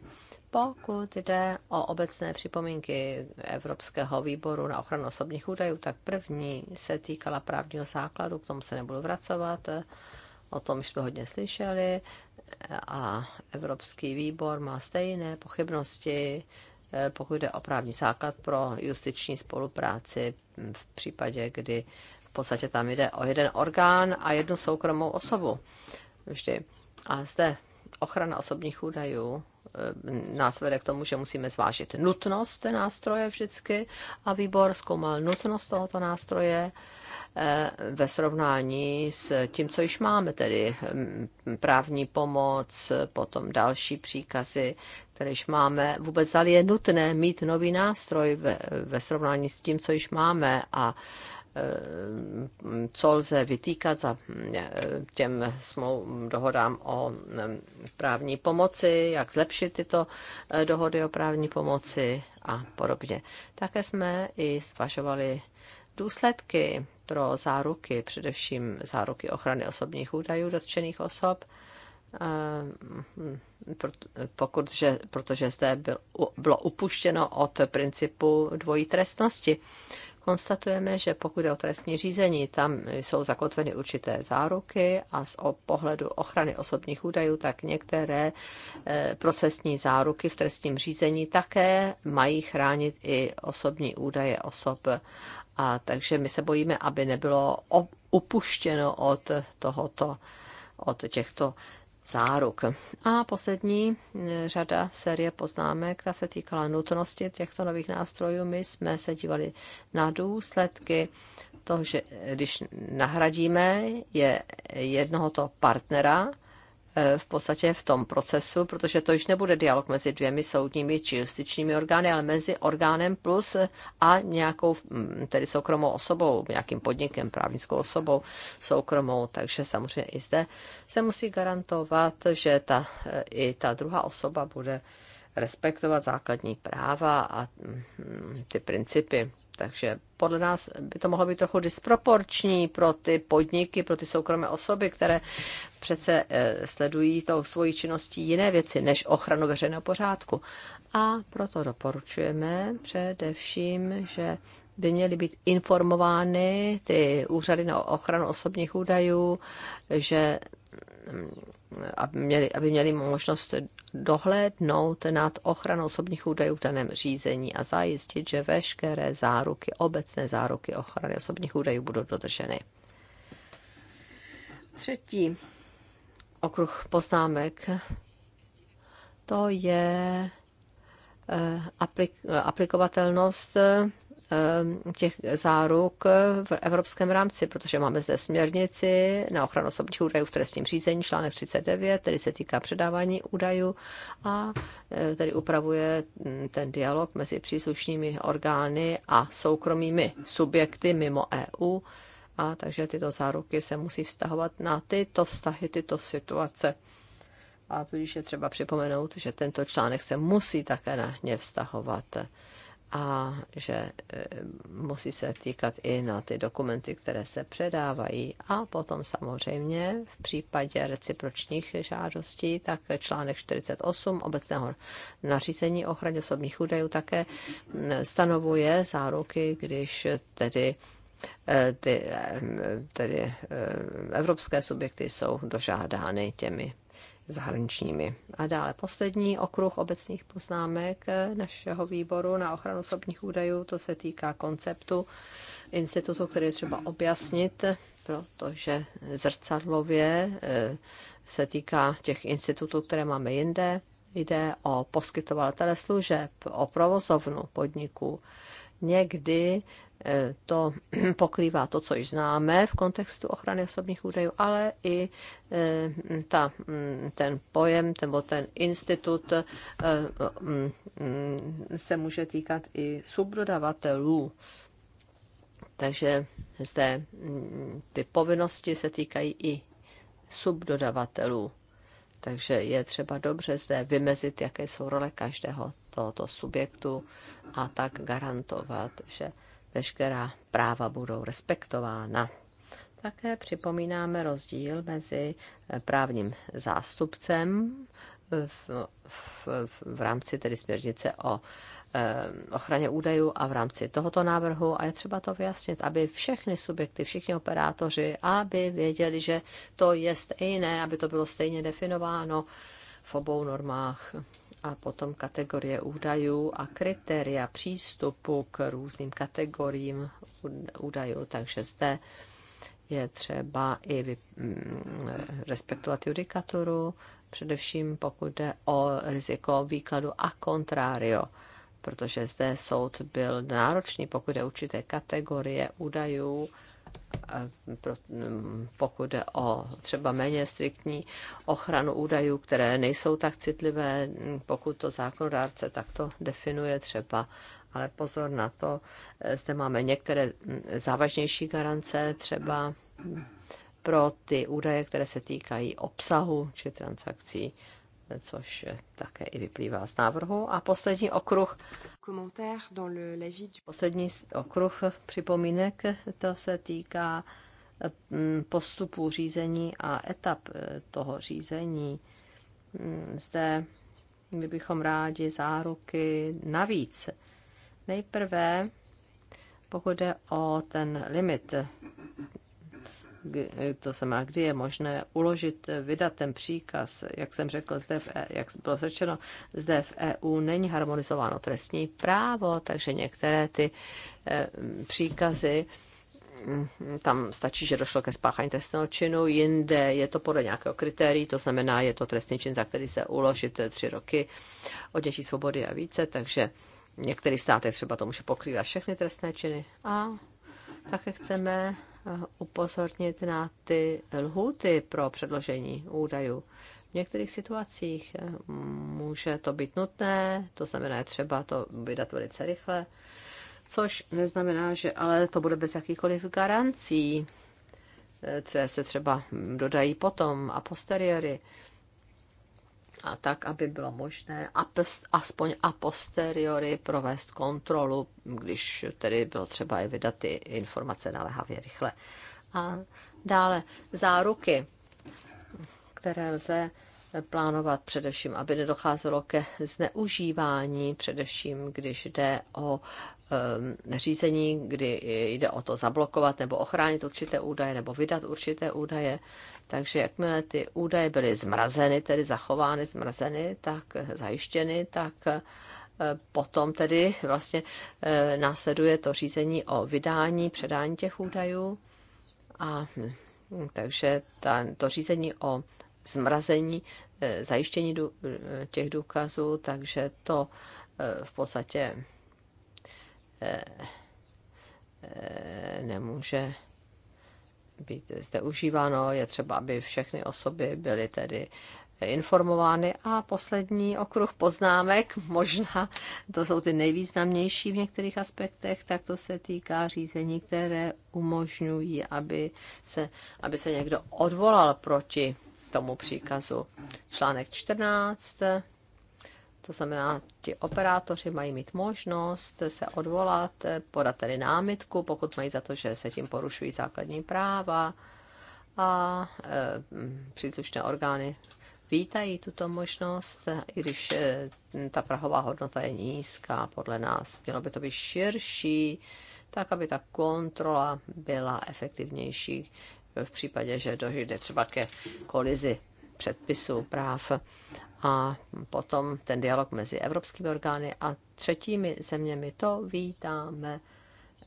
Pokud jde o obecné připomínky Evropského výboru na ochranu osobních údajů, tak první se týkala právního základu, k tomu se nebudu vracovat, o tom jsme hodně slyšeli a Evropský výbor má stejné pochybnosti pokud jde o právní základ pro justiční spolupráci v případě, kdy v podstatě tam jde o jeden orgán a jednu soukromou osobu. Vždy. A zde ochrana osobních údajů eh, nás vede k tomu, že musíme zvážit nutnost té nástroje vždycky a výbor zkoumal nutnost tohoto nástroje Eh, ve srovnání s tím, co již máme, tedy mm, právní pomoc, potom další příkazy, které již máme. Vůbec ale je nutné mít nový nástroj ve, ve srovnání s tím, co již máme a eh, co lze vytýkat za mm, eh, těm smlou dohodám o mm, právní pomoci, jak zlepšit tyto dohody o právní pomoci a podobně. Také jsme i zvažovali důsledky pro záruky, především záruky ochrany osobních údajů dotčených osob, mm, pokud, že, protože zde bylo upuštěno od principu dvojí trestnosti konstatujeme, že pokud je o trestní řízení, tam jsou zakotveny určité záruky a z pohledu ochrany osobních údajů, tak některé eh, procesní záruky v trestním řízení také mají chránit i osobní údaje osob. A takže my se bojíme, aby nebylo upuštěno od tohoto, od těchto záruk. A poslední eh, řada série poznámek, ta se týkala nutnosti těchto nových nástrojů. My jsme se dívali na důsledky toho, že když nahradíme je jednoho toho partnera, Eh, v podstatě v tom procesu, protože to již nebude dialog mezi dvěmi soudními či justičními orgány, ale mezi orgánem plus eh, a nějakou mm, tedy soukromou osobou, nějakým podnikem, právnickou osobou soukromou. Takže samozřejmě i zde se musí garantovat, že ta, eh, i ta druhá osoba bude respektovat základní práva a mm, ty principy. Takže podle nás by to mohlo být trochu disproporční pro ty podniky, pro ty soukromé osoby, které přece eh, sledují tou svojí činností jiné věci než ochranu veřejného pořádku. A proto doporučujeme především, že by měly být informovány ty úřady na ochranu osobních údajů, že mm, aby měli, aby měli možnost dohlédnout nad ochranou osobních údajů v daném řízení a zajistit, že veškeré záruky, obecné záruky ochrany osobních údajů budou dodrženy. Třetí okruh poznámek to je eh, eh, aplikovatelnost Eh, těch záruk v evropském rámci, protože máme zde směrnici na ochranu osobních údajů v trestním řízení, článek 39, který se týká předávání údajů a eh, tedy upravuje mm, ten dialog mezi příslušnými orgány a soukromými subjekty mimo EU. A takže tyto záruky se musí vztahovat na tyto vztahy, tyto situace. A tudíž je třeba připomenout, že tento článek se musí také na ně vztahovat a že eh, musí se týkat i na ty dokumenty, které se předávají. A potom samozřejmě v případě recipročních žádostí, tak článek 48 obecného nařízení o ochraně osobních údajů také mm, stanovuje záruky, když tedy eh, ty, eh, tedy evropské subjekty jsou dožádány těmi zahraničními. A dále poslední okruh obecných poznámek eh, našeho výboru na ochranu osobních údajů, to se týká konceptu institutu, který je třeba objasnit, protože zrcadlově eh, se týká těch institutů, které máme jinde. Jde o poskytovatele služeb, o provozovnu podniků. Někdy to pokrývá to, co již známe v kontextu ochrany osobních údajů, ale i eh, ta, mm, ten pojem nebo ten institut eh, mm, mm, se může týkat i subdodavatelů. Takže zde ty povinnosti se týkají i subdodavatelů. Takže je třeba dobře zde vymezit, jaké jsou role každého tohoto subjektu a tak garantovat, že veškerá práva budou respektována. Také připomínáme rozdíl mezi eh, právním zástupcem v, v, v rámci tedy směrnice o eh, ochraně údajů a v rámci tohoto návrhu a je třeba to vyjasnit, aby všechny subjekty, všichni operátoři, aby věděli, že to je stejné, aby to bylo stejně definováno v obou normách a potom kategorie údajů a kritéria přístupu k různým kategoriím údajů. Takže zde je třeba i mm, respektovat judikaturu, především pokud jde o riziko výkladu a kontrário, protože zde soud byl náročný, pokud je určité kategorie údajů, Mm, pokud jde o třeba méně striktní ochranu údajů, které nejsou tak citlivé, mm, pokud to zákonodárce takto definuje třeba. Ale pozor na to, eh, zde máme některé mm, závažnější garance, třeba pro ty údaje, které se týkají obsahu či transakcí, což také i vyplývá z návrhu. A poslední okruh Poslední okruh připomínek, to se týká mm, postupu řízení a etap eh, toho řízení. Mm, zde my bychom rádi záruky navíc. Nejprve, pokud jde o ten limit to se má, kdy je možné uložit, vydat ten příkaz, jak jsem řekl, zde v, e, jak bylo řečeno, zde v EU není harmonizováno trestní právo, takže některé ty eh, příkazy hm, tam stačí, že došlo ke spáchání trestného činu, jinde je to podle nějakého kritérií, to znamená, je to trestný čin, za který se uložit eh, tři roky odnětí svobody a více, takže některý státy třeba to může pokrývat všechny trestné činy. A také chceme upozornit na ty lhuty pro předložení údajů. V některých situacích eh, může to být nutné, to znamená, je třeba to vydat velice rychle, což neznamená, že ale to bude bez jakýchkoliv garancí, eh, které se třeba dodají potom a posteriori a tak, aby bylo možné aspoň a posteriori provést kontrolu, když tedy bylo třeba i vydat ty informace naléhavě rychle. A dále záruky, které lze plánovat především, aby nedocházelo ke zneužívání, především když jde o Eh, řízení, kdy jde o to zablokovat nebo ochránit určité údaje nebo vydat určité údaje. Takže jakmile ty údaje byly zmrazeny, tedy zachovány, zmrazeny, tak zajištěny, tak eh, potom tedy vlastně eh, následuje to řízení o vydání, předání těch údajů. A hm, takže ta, to řízení o zmrazení, zajištění těch důkazů, takže to v podstatě Eh, eh, nemůže být zde užíváno. Je třeba, aby všechny osoby byly tedy informovány. A poslední okruh poznámek, možná to jsou ty nejvýznamnější v některých aspektech, tak to se týká řízení, které umožňují, aby se, aby se někdo odvolal proti tomu příkazu. Článek 14 to znamená, ti operátoři mají mít možnost se odvolat, podat tedy námitku, pokud mají za to, že se tím porušují základní práva a e, příslušné orgány vítají tuto možnost, i když e, ta prahová hodnota je nízká podle nás. Mělo by to být širší, tak aby ta kontrola byla efektivnější v případě, že dojde třeba ke kolizi předpisů, práv a potom ten dialog mezi evropskými orgány a třetími zeměmi. To vítáme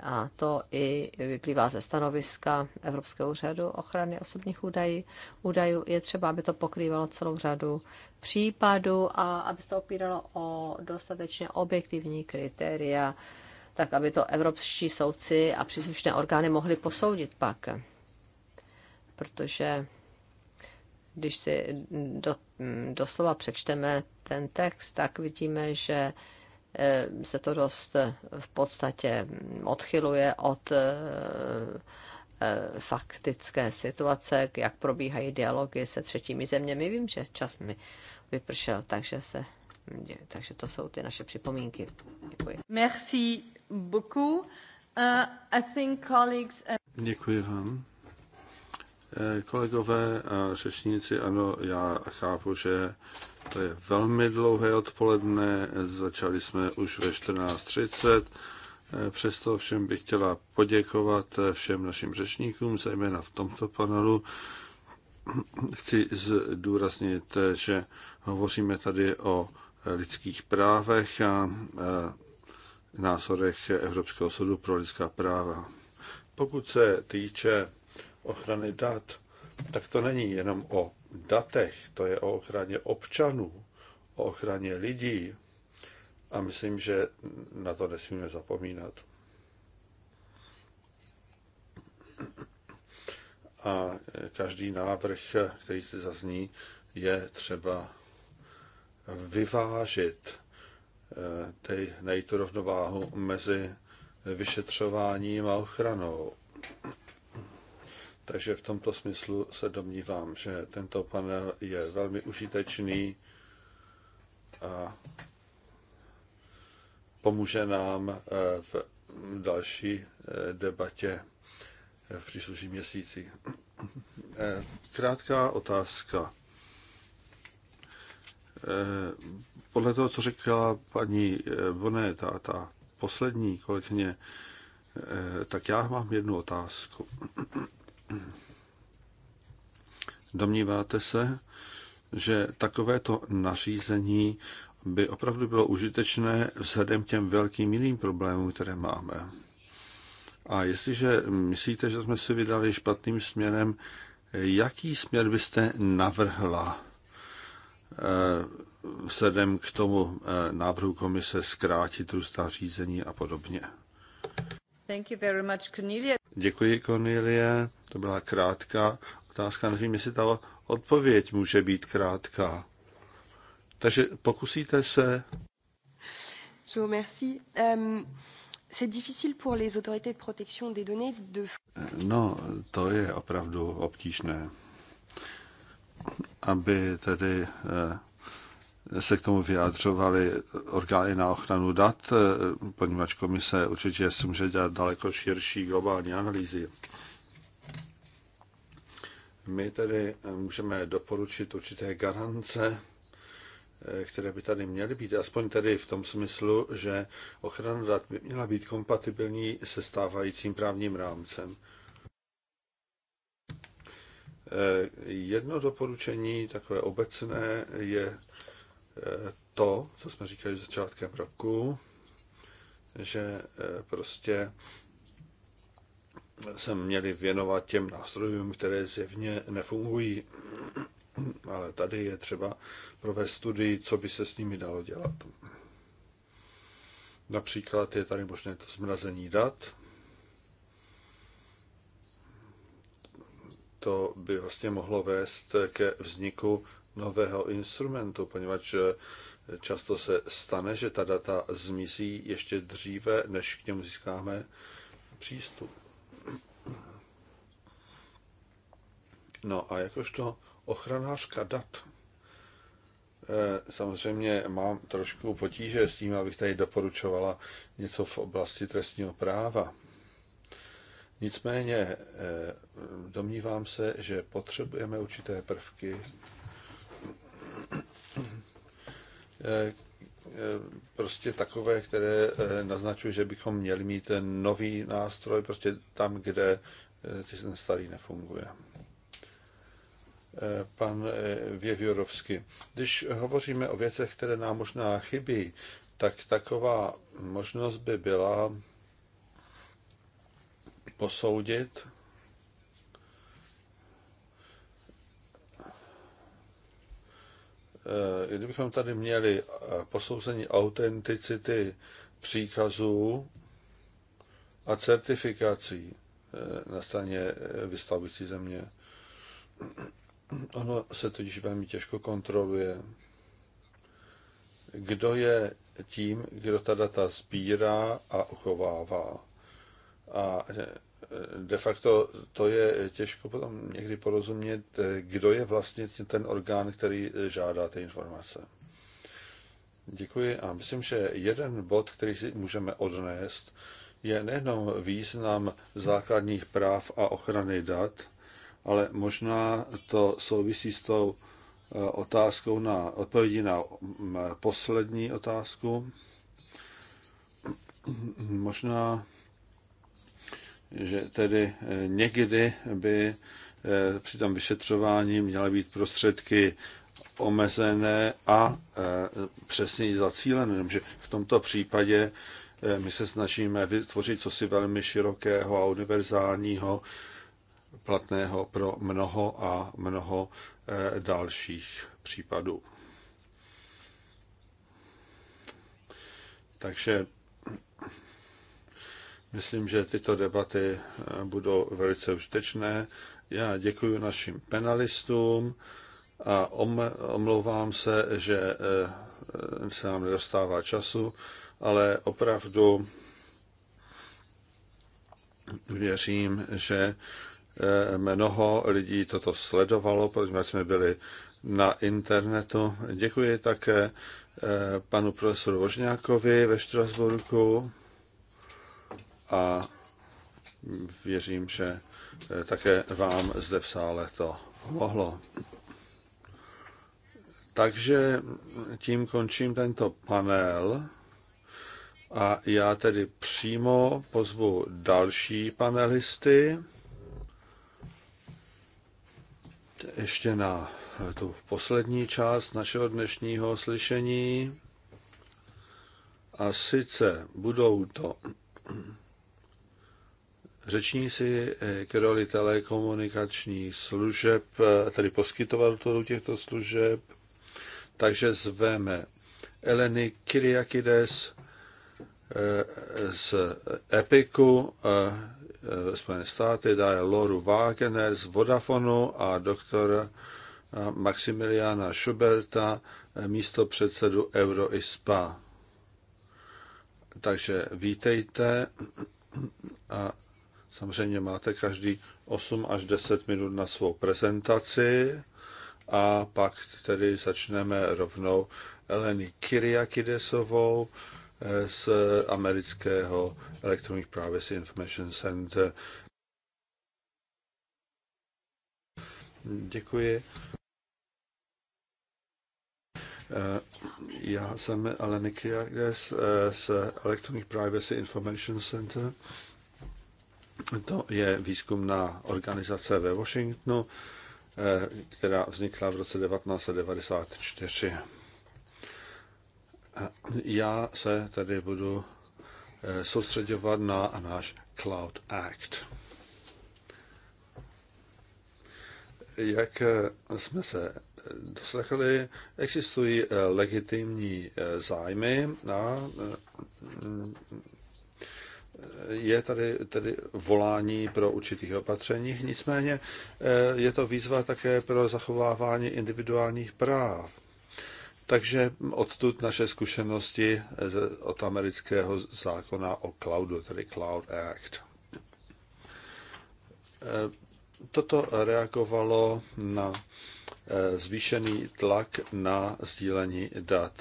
a to i vyplývá ze stanoviska Evropského úřadu ochrany osobních údajů. údajů. Je třeba, aby to pokrývalo celou řadu případů a aby se to opíralo o dostatečně objektivní kritéria, tak aby to evropští soudci a příslušné orgány mohli posoudit pak. Protože když si do, doslova přečteme ten text, tak vidíme, že eh, se to dost eh, v podstatě odchyluje od eh, faktické situace, jak probíhají dialogy se třetími zeměmi. Vím, že čas mi vypršel, takže se takže to jsou ty naše připomínky. Děkuji. Merci beaucoup. Uh, I think colleagues... Uh, Děkuji vám. Eh, kolegové a řečníci, ano, já chápu, že to je velmi dlouhé odpoledne, začali jsme už ve 14.30, eh, přesto všem bych chtěla poděkovat eh, všem našim řečníkům, zejména v tomto panelu. Chci zdůraznit, že hovoříme tady o lidských právech a názorech Evropského soudu pro lidská práva. Pokud se týče ochrany dat, tak to není jenom o datech, to je o ochraně občanů, o ochraně lidí. A myslím, že na to nesmíme zapomínat. A každý návrh, který se zazní, je třeba vyvážit eh, tej, najít tu rovnováhu mezi vyšetřováním a ochranou. Takže v tomto smyslu se domnívám, že tento panel je velmi užitečný a pomůže nám eh, v další eh, debatě eh, v příslušných měsících. Krátká otázka. Podle toho, co řekla paní Boné, ta, ta poslední kolegyně, tak já mám jednu otázku. Domníváte se, že takovéto nařízení by opravdu bylo užitečné vzhledem k těm velkým jiným problémům, které máme. A jestliže myslíte, že jsme si vydali špatným směrem, jaký směr byste navrhla eh, vzhledem k tomu eh, návrhu komise zkrátit růstá řízení a podobně? Děkuji, Cornelia. To byla krátká otázka. Nevím, jestli ta odpověď může být krátká. Takže pokusíte se. Je vous remercie. Um... C'est difficile pour les autorités de protection des données de... Eh, no, to je opravdu obtížné, aby tedy eh, se k tomu vyjádřovaly orgány na ochranu dat, eh, poněvadž komise určitě si může dělat daleko širší globální analýzy. My tedy můžeme doporučit určité garance, eh, které by tady měly být, aspoň tedy v tom smyslu, že ochrana dat by měla být kompatibilní se stávajícím právním rámcem. Eh, jedno doporučení, takové obecné, je Eh, to, co jsme říkali začátkem roku, že eh, prostě se měli věnovat těm nástrojům, které zjevně nefungují. Ale tady je třeba provést studii, co by se s nimi dalo dělat. Například je tady možné to zmrazení dat. To by vlastně mohlo vést ke vzniku nového instrumentu, poněvadž eh, často se stane, že ta data zmizí ještě dříve, než k němu získáme přístup. No a jakožto ochranářka dat, eh, samozřejmě mám trošku potíže s tím, abych tady doporučovala něco v oblasti trestního práva. Nicméně eh, domnívám se, že potřebujeme určité prvky, Eh, eh, prostě takové, které eh, naznačují, že bychom měli mít ten nový nástroj prostě tam, kde ten starý nefunguje. Pan Věvjorovský. Když hovoříme o věcech, které nám možná chybí, tak taková možnost by byla posoudit, Eh, kdybychom tady měli eh, posouzení autenticity příkazů a certifikací eh, na straně vystavující země. Ono se totiž velmi těžko kontroluje, kdo je tím, kdo ta data sbírá a uchovává. A de facto to je těžko potom někdy porozumět, kdo je vlastně ten orgán, který žádá ty informace. Děkuji a myslím, že jeden bod, který si můžeme odnést, je nejenom význam základních práv a ochrany dat, ale možná to souvisí s tou eh, otázkou na odpovědi na mm, poslední otázku. Možná že tedy eh, někdy by eh, při tom vyšetřování měly být prostředky omezené a eh, přesně zacílené. že v tomto případě my se snažíme vytvořit cosi velmi širokého a univerzálního, platného pro mnoho a mnoho dalších případů. Takže Myslím, že tyto debaty eh, budou velice užitečné. Já děkuji našim penalistům a omlouvám se, že eh, se nám nedostává času, ale opravdu věřím, že eh, mnoho lidí toto sledovalo, protože jsme byli na internetu. Děkuji také panu profesoru Vožňákovi ve Štrasburku a věřím, že eh, také vám zde v sále to pomohlo. Takže tím končím tento panel a já tedy přímo pozvu další panelisty ještě na eh, tu poslední část našeho dnešního slyšení. A sice budou to řečníci eh, k roli telekomunikačních služeb, eh, tedy poskytovatelů těchto služeb. Takže zveme Eleny Kyriakides eh, z Epiku, Spojené státy, dále Loru Wagner z Vodafonu a doktor Maximiliana Schuberta, místo předsedu Euroispa. Takže vítejte a Samozřejmě máte každý 8 až 10 minut na svou prezentaci a pak tedy začneme rovnou Eleny Kyriakidesovou eh, z amerického Electronic Privacy Information Center. Děkuji. Eh, já jsem Eleny Kyriakides eh, z Electronic Privacy Information Center. To je výzkumná organizace ve Washingtonu, eh, která vznikla v roce 1994. Eh, já se tady budu eh, soustředovat na náš Cloud Act. Jak jsme se doslechli, existují legitimní zájmy a je tady tedy volání pro určitých opatření, nicméně eh, je to výzva také pro zachovávání individuálních práv. Takže odtud naše zkušenosti od amerického zákona o cloudu, tedy Cloud Act. Eh, toto reagovalo na eh, zvýšený tlak na sdílení dat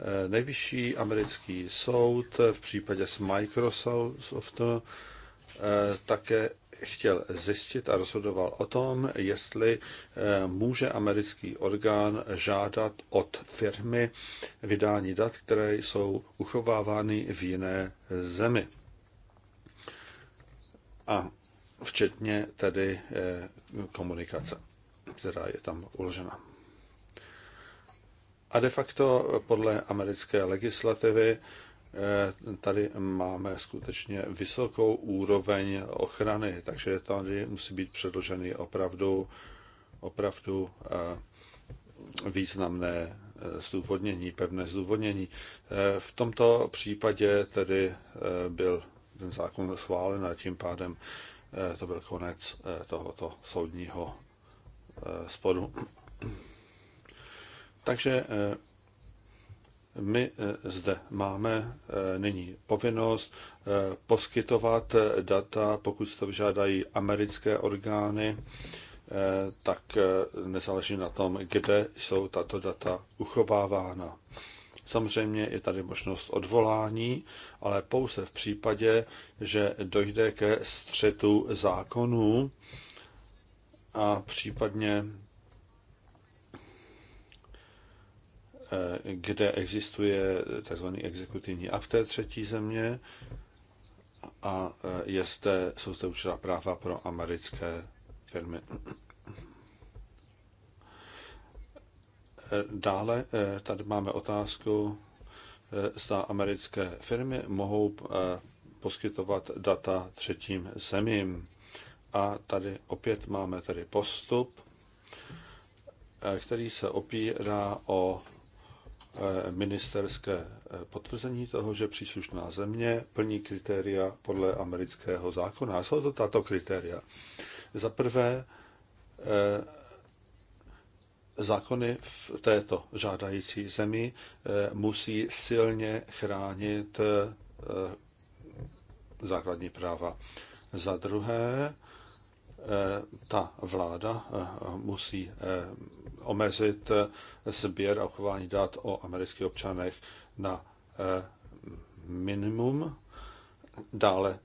Eh, nejvyšší americký soud v případě s Microsoft eh, také chtěl zjistit a rozhodoval o tom, jestli eh, může americký orgán žádat od firmy vydání dat, které jsou uchovávány v jiné zemi. A včetně tedy komunikace, která je tam uložena. A de facto podle americké legislativy eh, tady máme skutečně vysokou úroveň ochrany, takže tady musí být předloženy opravdu, opravdu eh, významné eh, zdůvodnění, pevné zdůvodnění. V tomto případě tedy byl ten zákon schválen a tím pádem to byl konec tohoto soudního sporu. Takže eh, my eh, zde máme eh, nyní povinnost poskytovat data, pokud to vyžádají americké orgány, tak nezáleží na tom, kde jsou tato data uchovávána. Samozřejmě je tady možnost odvolání, ale pouze v případě, že dojde ke střetu zákonů a případně Eh, kde existuje tzv. exekutivní akt té třetí země a eh, je zde, jsou zde určitá práva pro americké firmy. Eh, dále tady máme otázku, zda americké firmy mohou poskytovat data třetím zemím. A tady opět máme tedy postup, který se opírá o Eh, ministerské eh, potvrzení toho, že příslušná země plní kritéria podle amerického zákona. Jsou to tato kritéria. Za prvé, eh, zákony v této žádající zemi musí silně chránit základní práva. Za druhé, Eh, ta vláda eh, musí eh, omezit sběr a uchování dat o amerických občanech na minimum. Dále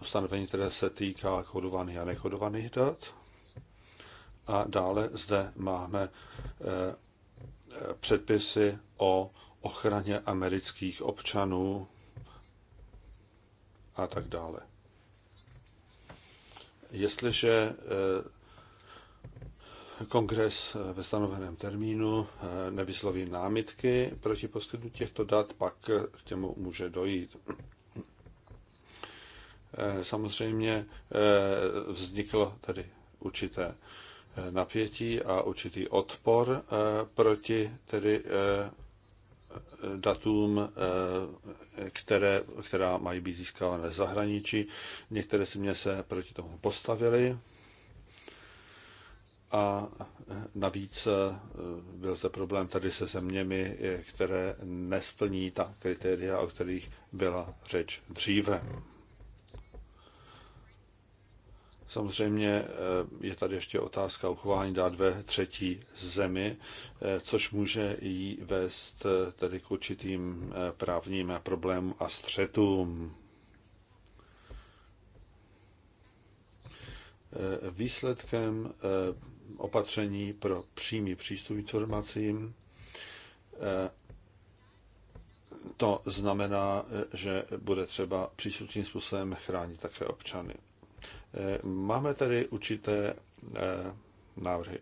ustanovení, které se týká kodovaných a nekodovaných dat. A dále zde máme předpisy o ochraně amerických občanů a tak dále. Jestliže eh, kongres eh, ve stanoveném termínu eh, nevysloví námitky proti poskytnutí těchto dat, pak k těmu může dojít. Samozřejmě vzniklo tedy určité napětí a určitý odpor proti tedy datům, eh, které, která mají být získávána ze zahraničí. Některé země se proti tomu postavily a eh, navíc eh, byl zde problém tady se zeměmi, které nesplní ta kritéria, o kterých byla řeč dříve. Samozřejmě eh, je tady ještě otázka uchování dát ve třetí zemi, eh, což může jí vést eh, tedy k určitým právním problémům a střetům. Výsledkem opatření pro přímý přístup informacím to znamená, že bude třeba příslušným způsobem chránit také občany. Eh, máme tedy určité eh, návrhy.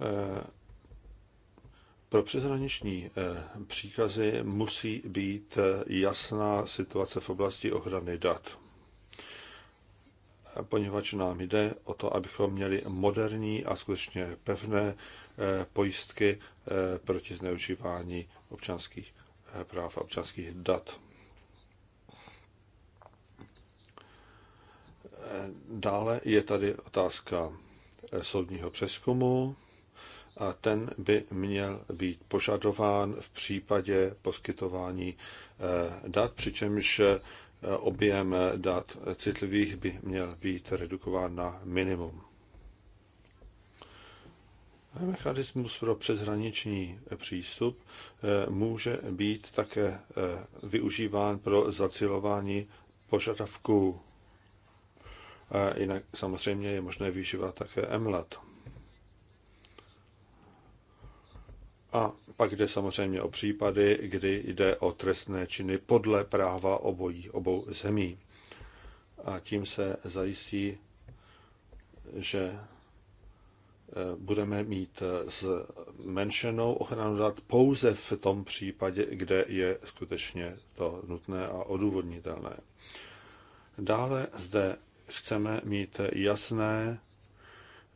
Eh, pro přeshraniční příkazy musí být jasná situace v oblasti ochrany dat, poněvadž nám jde o to, abychom měli moderní a skutečně pevné pojistky proti zneužívání občanských práv a občanských dat. Dále je tady otázka eh, soudního přeskumu a ten by měl být požadován v případě poskytování eh, dat, přičemž eh, objem dat citlivých by měl být redukován na minimum. Mechanismus pro přeshraniční přístup může být také využíván pro zacilování požadavků a jinak samozřejmě je možné využívat také MLAT. A pak jde samozřejmě o případy, kdy jde o trestné činy podle práva obojí, obou zemí. A tím se zajistí, že eh, budeme mít zmenšenou eh, ochranu dat pouze v tom případě, kde je skutečně to nutné a odůvodnitelné. Dále zde chceme mít jasné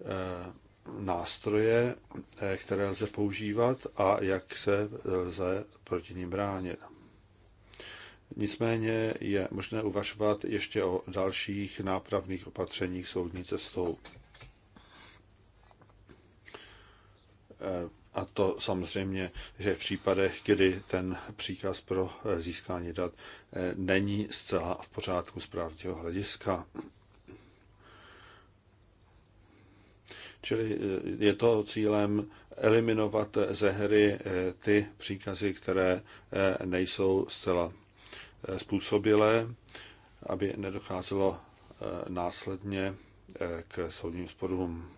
eh, nástroje, eh, které lze používat a jak se lze proti ním bránit. Nicméně je možné uvažovat ještě o dalších nápravných opatřeních soudní cestou. Eh, a to samozřejmě, že v případech, kdy ten příkaz pro získání dat není zcela v pořádku z právního hlediska. Čili eh, je to cílem eliminovat ze hry eh, ty příkazy, které eh, nejsou zcela způsobilé, aby nedocházelo následně k soudním sporům.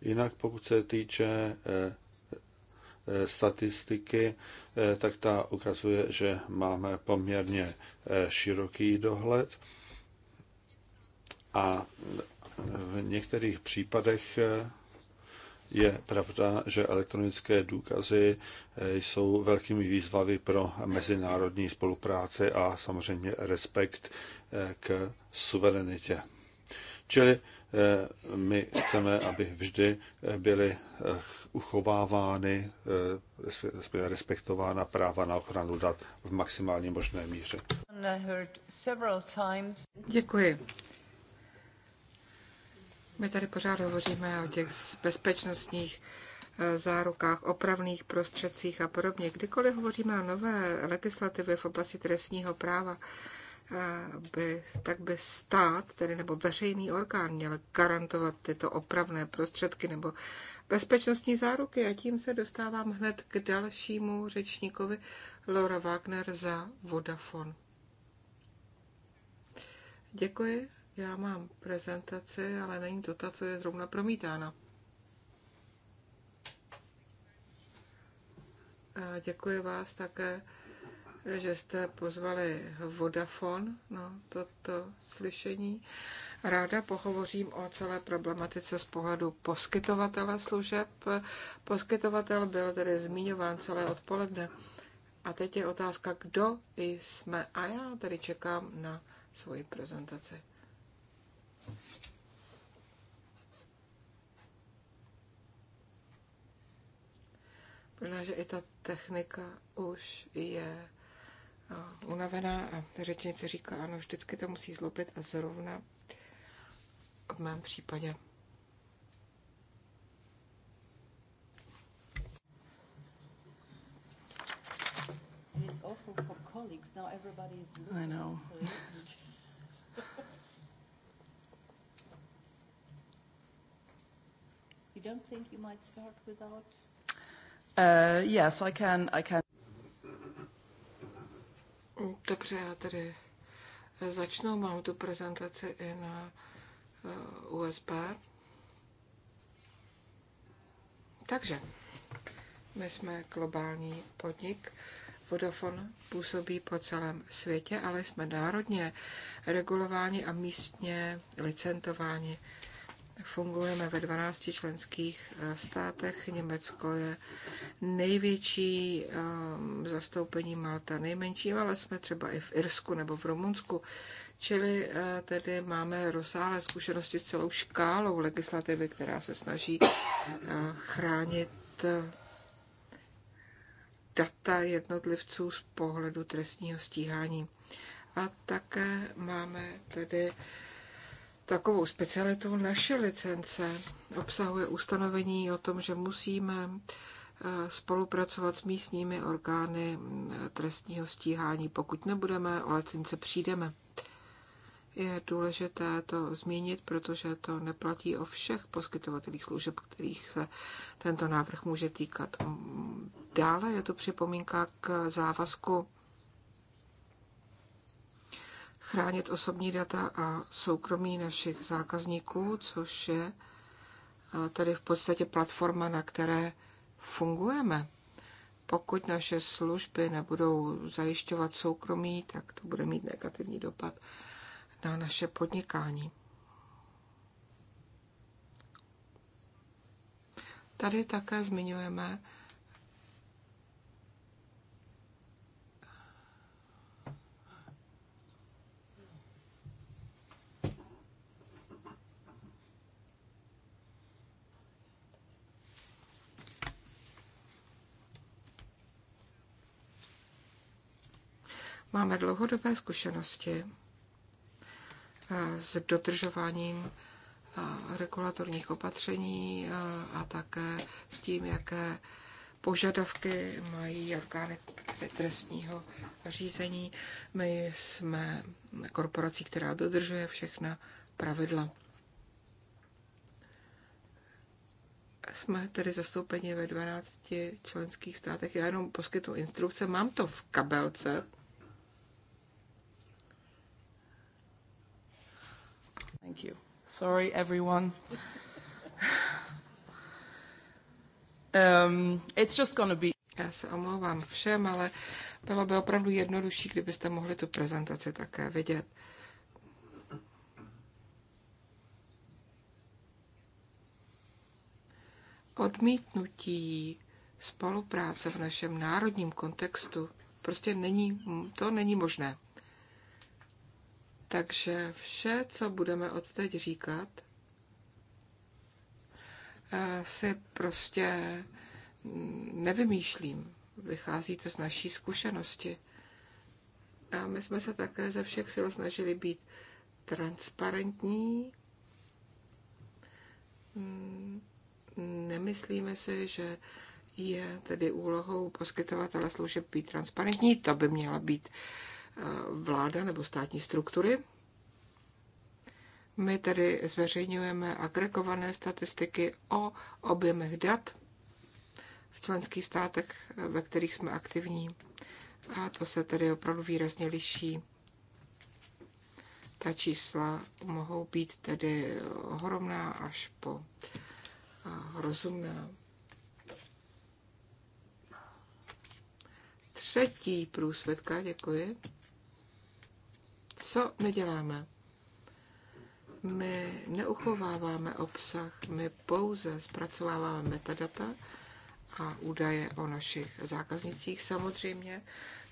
Jinak pokud se týče statistiky, tak ta ukazuje, že máme poměrně široký dohled a v některých případech je pravda, že elektronické důkazy jsou velkými výzvami pro mezinárodní spolupráci a samozřejmě respekt k suverenitě. Čili eh, my chceme, aby vždy byly eh, uchovávány, eh, respektována práva na ochranu dat v maximální možné míře. Děkuji. My tady pořád hovoříme o těch bezpečnostních eh, zárukách, opravných prostředcích a podobně. Kdykoliv hovoříme o nové legislativě v oblasti trestního práva, eh, by, tak by stát, tedy nebo veřejný orgán, měl garantovat tyto opravné prostředky nebo bezpečnostní záruky. A tím se dostávám hned k dalšímu řečníkovi, Laura Wagner za Vodafone. Děkuji. Já mám prezentaci, ale není to ta, co je zrovna promítána. A děkuji vás také, že jste pozvali Vodafone na toto slyšení. Ráda pohovořím o celé problematice z pohledu poskytovatele služeb. Poskytovatel byl tedy zmiňován celé odpoledne. A teď je otázka, kdo jsme a já tedy čekám na svoji prezentaci. Možná, že i ta technika už je eh, unavená a řečnice říká, ano, vždycky to musí zlobit a zrovna v mém případě. It's awful for colleagues. Now I know. you don't think you might start without Uh, yes, I can, I can. Dobře, já tady začnu. Mám tu prezentaci i na eh, USB. Takže, my jsme globální podnik. Vodafone působí po celém světě, ale jsme národně regulováni a místně licentováni. Fungujeme ve 12 členských eh, státech. Německo je největší eh, zastoupení Malta, nejmenší, ale jsme třeba i v Irsku nebo v Rumunsku. Čili eh, tedy máme rozsáhlé zkušenosti s celou škálou legislativy, která se snaží chránit data jednotlivců z pohledu trestního stíhání. A také máme tedy Takovou specialitu naše licence obsahuje ustanovení o tom, že musíme eh, spolupracovat s místními orgány eh, trestního stíhání. Pokud nebudeme, o licence přijdeme. Je důležité to zmínit, protože to neplatí o všech poskytovatelích služeb, kterých se tento návrh může týkat. Dále je to připomínka k závazku chránit osobní data a soukromí našich zákazníků, což je eh, tady v podstatě platforma, na které fungujeme. Pokud naše služby nebudou zajišťovat soukromí, tak to bude mít negativní dopad na naše podnikání. Tady také zmiňujeme Máme dlouhodobé zkušenosti eh, s dodržováním eh, regulatorních opatření eh, a také s tím, jaké požadavky mají orgány trestního řízení. My jsme korporací, která dodržuje všechna pravidla. Jsme tedy zastoupeni ve 12 členských státech. Já jenom poskytnu instrukce. Mám to v kabelce, Thank you. Sorry, everyone. um, it's just gonna be... Já se omlouvám všem, ale bylo by opravdu jednodušší, kdybyste mohli tu prezentaci také vidět. Odmítnutí spolupráce v našem národním kontextu prostě není, to není možné. Takže vše, co budeme od teď říkat, eh, si prostě nevymýšlím. Vychází to z naší zkušenosti. A my jsme se také ze všech sil snažili být transparentní. Hmm, nemyslíme si, že je tedy úlohou poskytovatele služeb být transparentní. To by měla být uh, vláda nebo státní struktury. My tedy zveřejňujeme agregované statistiky o objemech dat v členských státech, ve kterých jsme aktivní. A to se tedy opravdu výrazně liší. Ta čísla mohou být tedy ohromná až po rozumná. Třetí průsvědka, děkuji co my děláme? My neuchováváme obsah, my pouze zpracováváme metadata a údaje o našich zákaznicích samozřejmě.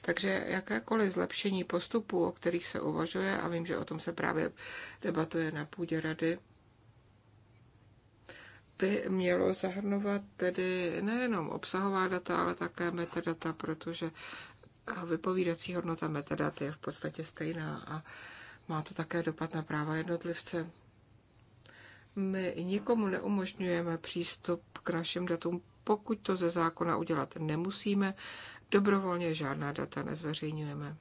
Takže jakékoliv zlepšení postupů, o kterých se uvažuje, a vím, že o tom se právě debatuje na půdě rady, by mělo zahrnovat tedy nejenom obsahová data, ale také metadata, protože a vypovídací hodnota metadat je v podstatě stejná a má to také dopad na práva jednotlivce. My nikomu neumožňujeme přístup k našim datům, pokud to ze zákona udělat nemusíme, dobrovolně žádná data nezveřejňujeme.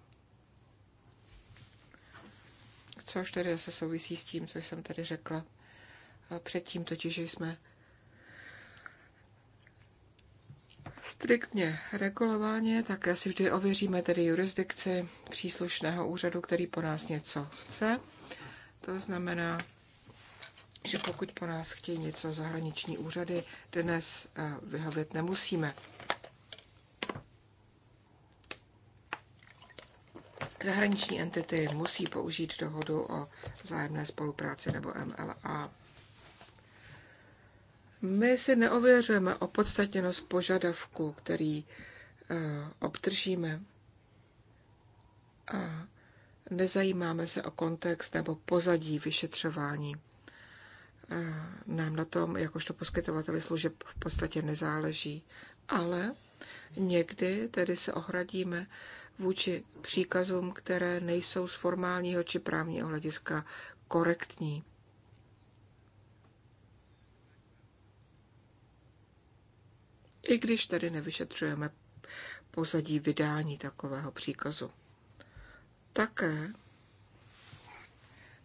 Což tedy se souvisí s tím, co jsem tady řekla předtím, totiž že jsme striktně regulováni, tak si vždy ověříme tedy jurisdikci příslušného úřadu, který po nás něco chce. To znamená, že pokud po nás chtějí něco zahraniční úřady, dnes eh, vyhovět nemusíme. Zahraniční entity musí použít dohodu o zájemné spolupráci nebo MLA. My si neověřujeme opodstatněnost požadavku, který eh, obdržíme. A nezajímáme se o kontext nebo pozadí vyšetřování. Eh, nám na tom, jakožto poskytovateli služeb, v podstatě nezáleží. Ale někdy tedy se ohradíme vůči příkazům, které nejsou z formálního či právního hlediska korektní. i když tady nevyšetřujeme pozadí vydání takového příkazu. Také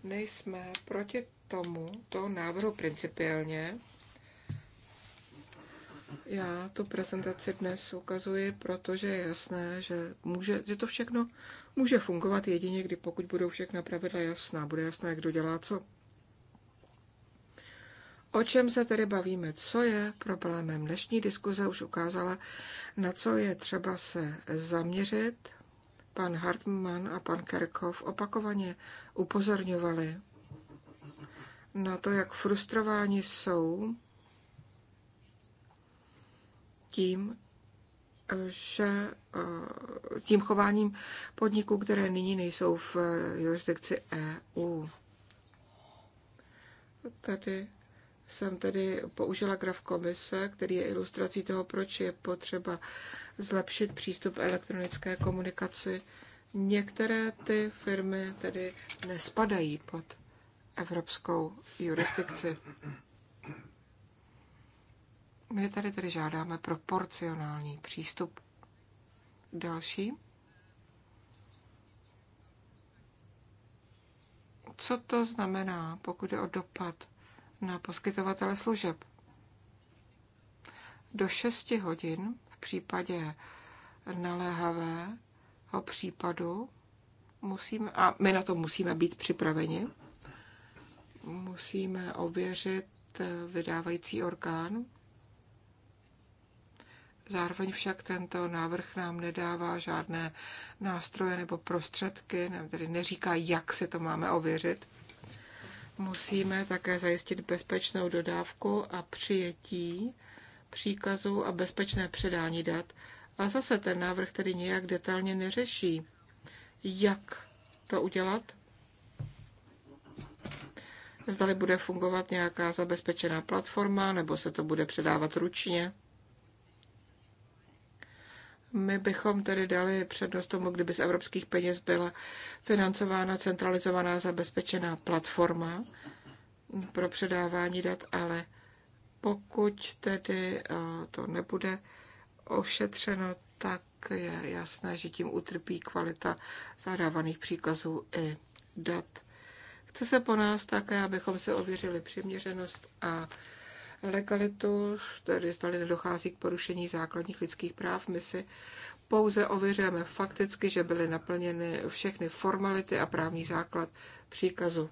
nejsme proti tomu, to návrhu principiálně. Já tu prezentaci dnes ukazuji, protože je jasné, že, může, že to všechno může fungovat jedině, kdy pokud budou všechna pravidla jasná, bude jasné, kdo dělá co. O čem se tedy bavíme? Co je problémem? Dnešní diskuze už ukázala, na co je třeba se zaměřit. Pan Hartmann a pan Kerkov opakovaně upozorňovali na to, jak frustrováni jsou tím, že eh, tím chováním podniků, které nyní nejsou v jurisdikci EU. Tady jsem tedy použila graf komise, který je ilustrací toho, proč je potřeba zlepšit přístup elektronické komunikaci. Některé ty firmy tedy nespadají pod evropskou jurisdikci. My tady tedy žádáme proporcionální přístup. Další. Co to znamená, pokud je o dopad na poskytovatele služeb. Do 6 hodin v případě naléhavého případu musíme, a my na to musíme být připraveni, musíme ověřit vydávající orgán. Zároveň však tento návrh nám nedává žádné nástroje nebo prostředky, nám tedy neříká, jak se to máme ověřit. Musíme také zajistit bezpečnou dodávku a přijetí příkazů a bezpečné předání dat. A zase ten návrh tedy nějak detailně neřeší, jak to udělat. Zdali bude fungovat nějaká zabezpečená platforma, nebo se to bude předávat ručně. My bychom tedy dali přednost tomu, kdyby z evropských peněz byla financována centralizovaná zabezpečená platforma pro předávání dat, ale pokud tedy eh, to nebude ošetřeno, tak je jasné, že tím utrpí kvalita zadávaných příkazů i dat. Chce se po nás také, abychom se ověřili přiměřenost a legalitu, tedy zdali nedochází k porušení základních lidských práv. My si pouze ověřujeme fakticky, že byly naplněny všechny formality a právní základ příkazu.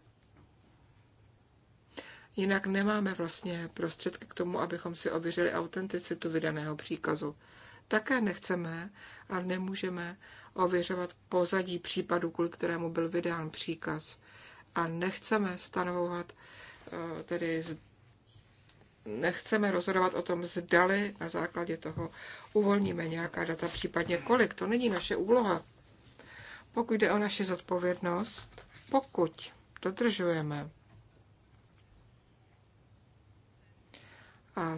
Jinak nemáme vlastně prostředky k tomu, abychom si ověřili autenticitu vydaného příkazu. Také nechceme a nemůžeme ověřovat pozadí případu, kvůli kterému byl vydán příkaz. A nechceme stanovovat eh, tedy nechceme rozhodovat o tom, zdali na základě toho uvolníme nějaká data, případně kolik. To není naše úloha. Pokud jde o naši zodpovědnost, pokud dodržujeme a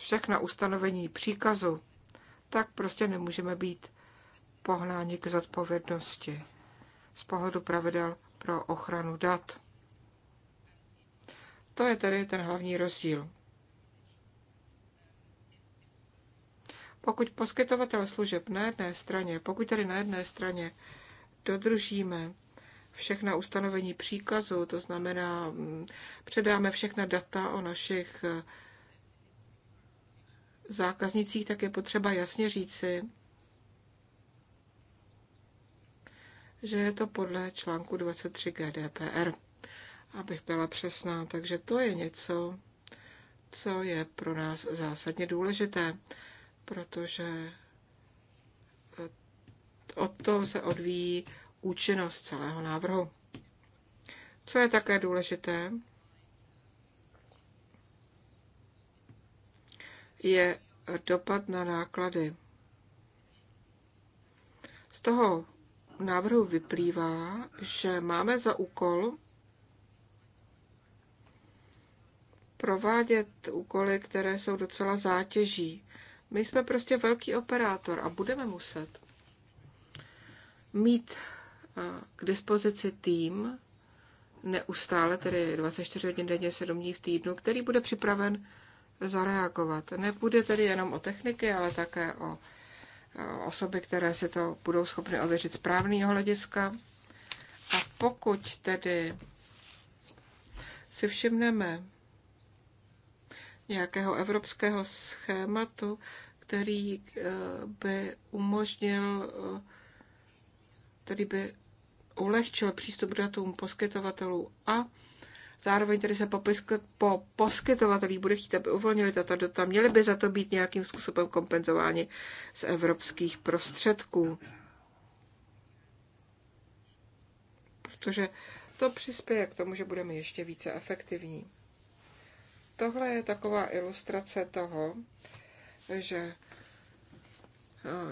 všechna ustanovení příkazu, tak prostě nemůžeme být pohnáni k zodpovědnosti z pohledu pravidel pro ochranu dat. To je tedy ten hlavní rozdíl. Pokud poskytovatel služeb na jedné straně, pokud tedy na jedné straně dodržíme všechna ustanovení příkazu, to znamená, mm, předáme všechna data o našich eh, zákaznicích, tak je potřeba jasně říci, že je to podle článku 23 GDPR, abych byla přesná. Takže to je něco, co je pro nás zásadně důležité protože eh, od toho se odvíjí účinnost celého návrhu. Co je také důležité, je dopad na náklady. Z toho návrhu vyplývá, že máme za úkol provádět úkoly, které jsou docela zátěží my jsme prostě velký operátor a budeme muset mít eh, k dispozici tým, neustále, tedy 24 hodin denně, 7 dní v týdnu, který bude připraven zareagovat. Nebude tedy jenom o techniky, ale také o eh, osoby, které si to budou schopny ověřit z právního hlediska. A pokud tedy si všimneme, nějakého evropského schématu, který eh, by umožnil, eh, který by ulehčil přístup k datům poskytovatelů a zároveň tedy se po poskytovatelích bude chtít, aby uvolnili tato data, měly by za to být nějakým způsobem kompenzováni z evropských prostředků. Protože to přispěje k tomu, že budeme ještě více efektivní. Tohle je taková ilustrace toho, že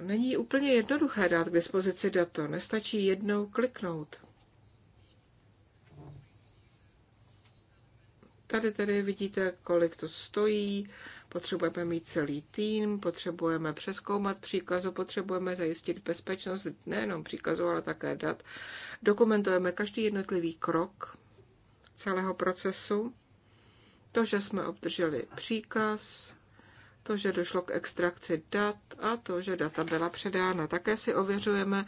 není úplně jednoduché dát k dispozici dato. Nestačí jednou kliknout. Tady tedy vidíte, kolik to stojí, potřebujeme mít celý tým, potřebujeme přeskoumat příkazu, potřebujeme zajistit bezpečnost nejenom příkazu, ale také dat. Dokumentujeme každý jednotlivý krok celého procesu to, že jsme obdrželi příkaz, to, že došlo k extrakci dat a to, že data byla předána. Také si ověřujeme,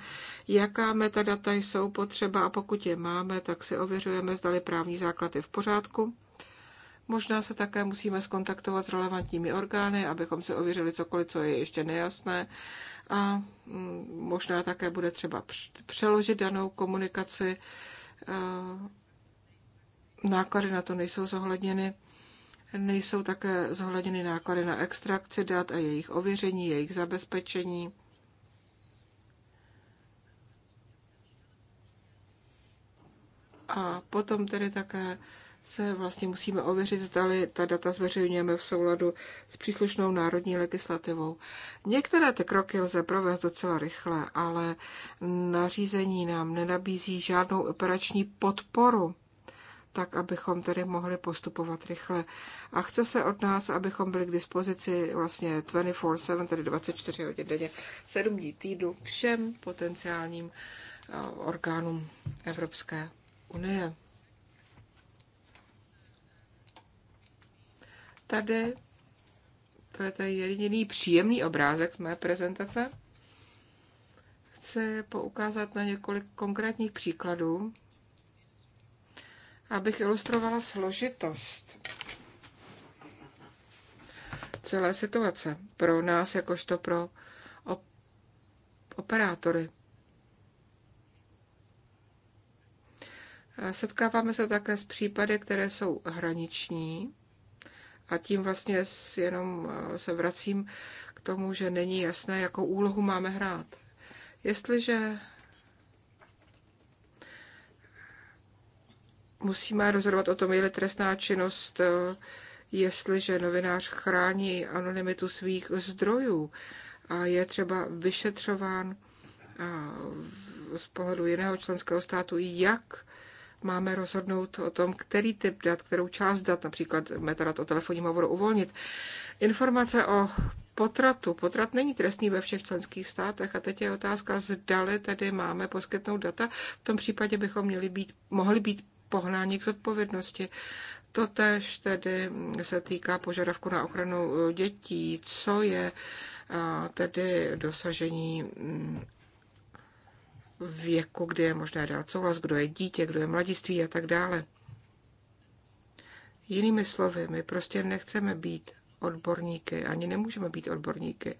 jaká metadata jsou potřeba a pokud je máme, tak si ověřujeme, zdali právní základ je v pořádku. Možná se také musíme skontaktovat s relevantními orgány, abychom se ověřili cokoliv, co je ještě nejasné. A mm, možná také bude třeba přeložit danou komunikaci. Náklady na to nejsou zohledněny. Nejsou také zohledněny náklady na extrakci dat a jejich ověření, jejich zabezpečení. A potom tedy také se vlastně musíme ověřit, zdali ta data zveřejňujeme v souladu s příslušnou národní legislativou. Některé ty kroky lze provést docela rychle, ale nařízení nám nenabízí žádnou operační podporu tak abychom tedy mohli postupovat rychle. A chce se od nás, abychom byli k dispozici vlastně 24-7, tedy 24 hodin denně, 7 dní týdnu všem potenciálním eh, orgánům Evropské unie. Tady to je ten jediný příjemný obrázek z mé prezentace. Chci poukázat na několik konkrétních příkladů abych ilustrovala složitost celé situace pro nás, jakožto pro op- operátory. Setkáváme se také s případy, které jsou hraniční a tím vlastně jenom e, se vracím k tomu, že není jasné, jakou úlohu máme hrát. Jestliže musíme rozhodovat o tom, je-li trestná činnost, eh, jestliže novinář chrání anonymitu svých zdrojů a je třeba vyšetřován eh, z pohledu jiného členského státu, jak máme rozhodnout o tom, který typ dat, kterou část dat, například metadat o telefonním hovoru, uvolnit. Informace o potratu. Potrat není trestný ve všech členských státech a teď je otázka, zdali tedy máme poskytnout data. V tom případě bychom měli být, mohli být pohlání k zodpovědnosti. To tež tedy se týká požadavku na ochranu eh, dětí, co je eh, tedy dosažení mm, věku, kdy je možné dát souhlas, kdo je dítě, kdo je mladiství a tak dále. Jinými slovy, my prostě nechceme být odborníky, ani nemůžeme být odborníky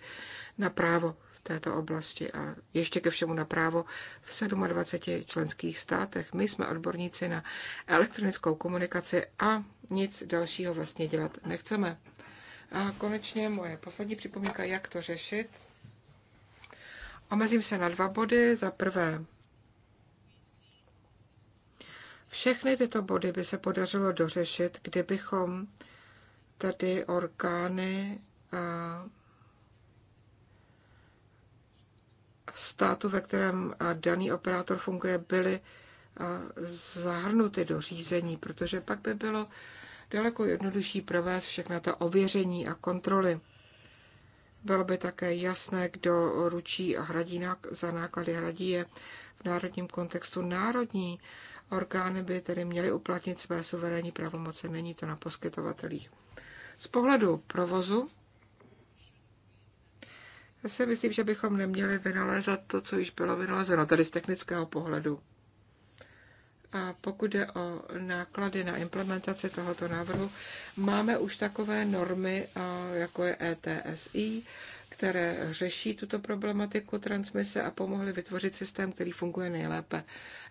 na právo této oblasti a ještě ke všemu na právo v 27 členských státech. My jsme odborníci na elektronickou komunikaci a nic dalšího vlastně dělat nechceme. A konečně moje poslední připomínka, jak to řešit. Omezím se na dva body. Za prvé, všechny tyto body by se podařilo dořešit, kdybychom tady orgány státu, ve kterém daný operátor funguje, byly zahrnuty do řízení, protože pak by bylo daleko jednodušší provést všechna ta ověření a kontroly. Bylo by také jasné, kdo ručí a hradí za náklady, hradí je v národním kontextu. Národní orgány by tedy měly uplatnit své suverénní pravomoce, není to na poskytovatelích. Z pohledu provozu si myslím, že bychom neměli vynalézat to, co již bylo vynalezeno, tedy z technického pohledu. A pokud jde o náklady na implementaci tohoto návrhu, máme už takové normy, jako je ETSI, které řeší tuto problematiku transmise a pomohly vytvořit systém, který funguje nejlépe,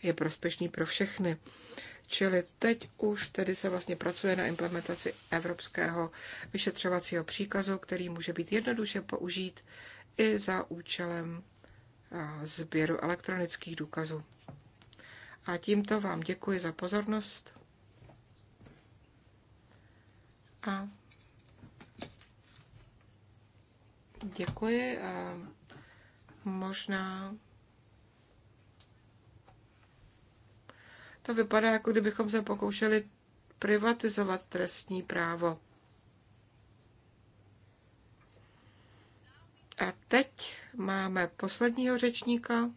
je prospešný pro všechny. Čili teď už tedy se vlastně pracuje na implementaci evropského vyšetřovacího příkazu, který může být jednoduše použít i za účelem sběru elektronických důkazů. A tímto vám děkuji za pozornost a děkuji a možná to vypadá, jako kdybychom se pokoušeli privatizovat trestní právo. A teď máme posledního řečníka,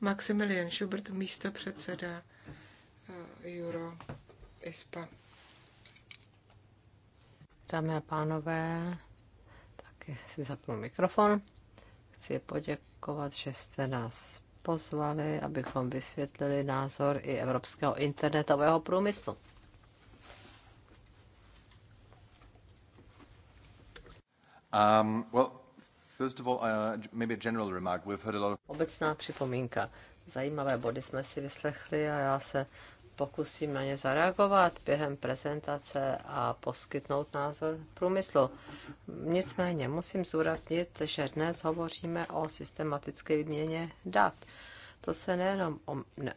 Maximilian Schubert, místo předseda Juro eh, ISPA. Dámy a pánové, taky si zapnu mikrofon. Chci poděkovat, že jste nás pozvali, abychom vysvětlili názor i evropského internetového průmyslu. Um, well, Obecná připomínka. Zajímavé body jsme si vyslechli a já se pokusím na ně zareagovat během prezentace a poskytnout názor průmyslu. Nicméně musím zúraznit, že dnes hovoříme o systematické výměně dat. To se nejenom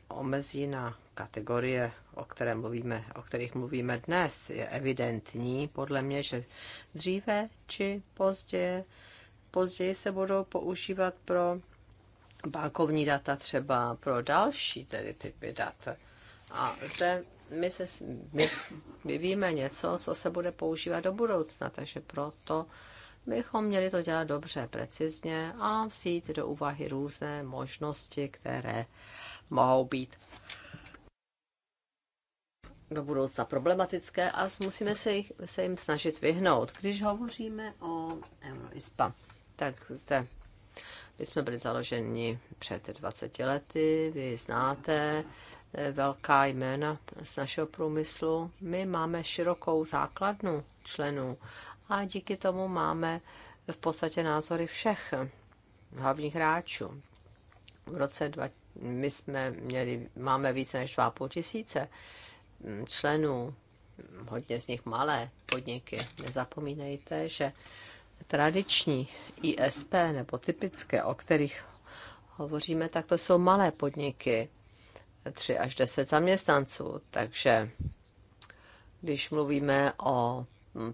omezí na kategorie, o, které mluvíme, o kterých mluvíme dnes. Je evidentní, podle mě, že dříve či později později se budou používat pro bankovní data, třeba pro další tedy typy dat. A zde my, se, my víme něco, co se bude používat do budoucna, takže proto bychom měli to dělat dobře, precizně a vzít do úvahy různé možnosti, které mohou být do budoucna problematické a musíme se, jich, se jim snažit vyhnout, když hovoříme o Euroispa tak zde my jsme byli založeni před 20 lety, vy znáte eh, velká jména z našeho průmyslu. My máme širokou základnu členů a díky tomu máme v podstatě názory všech hlavních hráčů. V roce dva, my jsme měli, máme více než 2,5 tisíce mm, členů, hodně z nich malé podniky. Nezapomínejte, že tradiční ISP nebo typické, o kterých hovoříme, tak to jsou malé podniky, 3 až 10 zaměstnanců. Takže když mluvíme o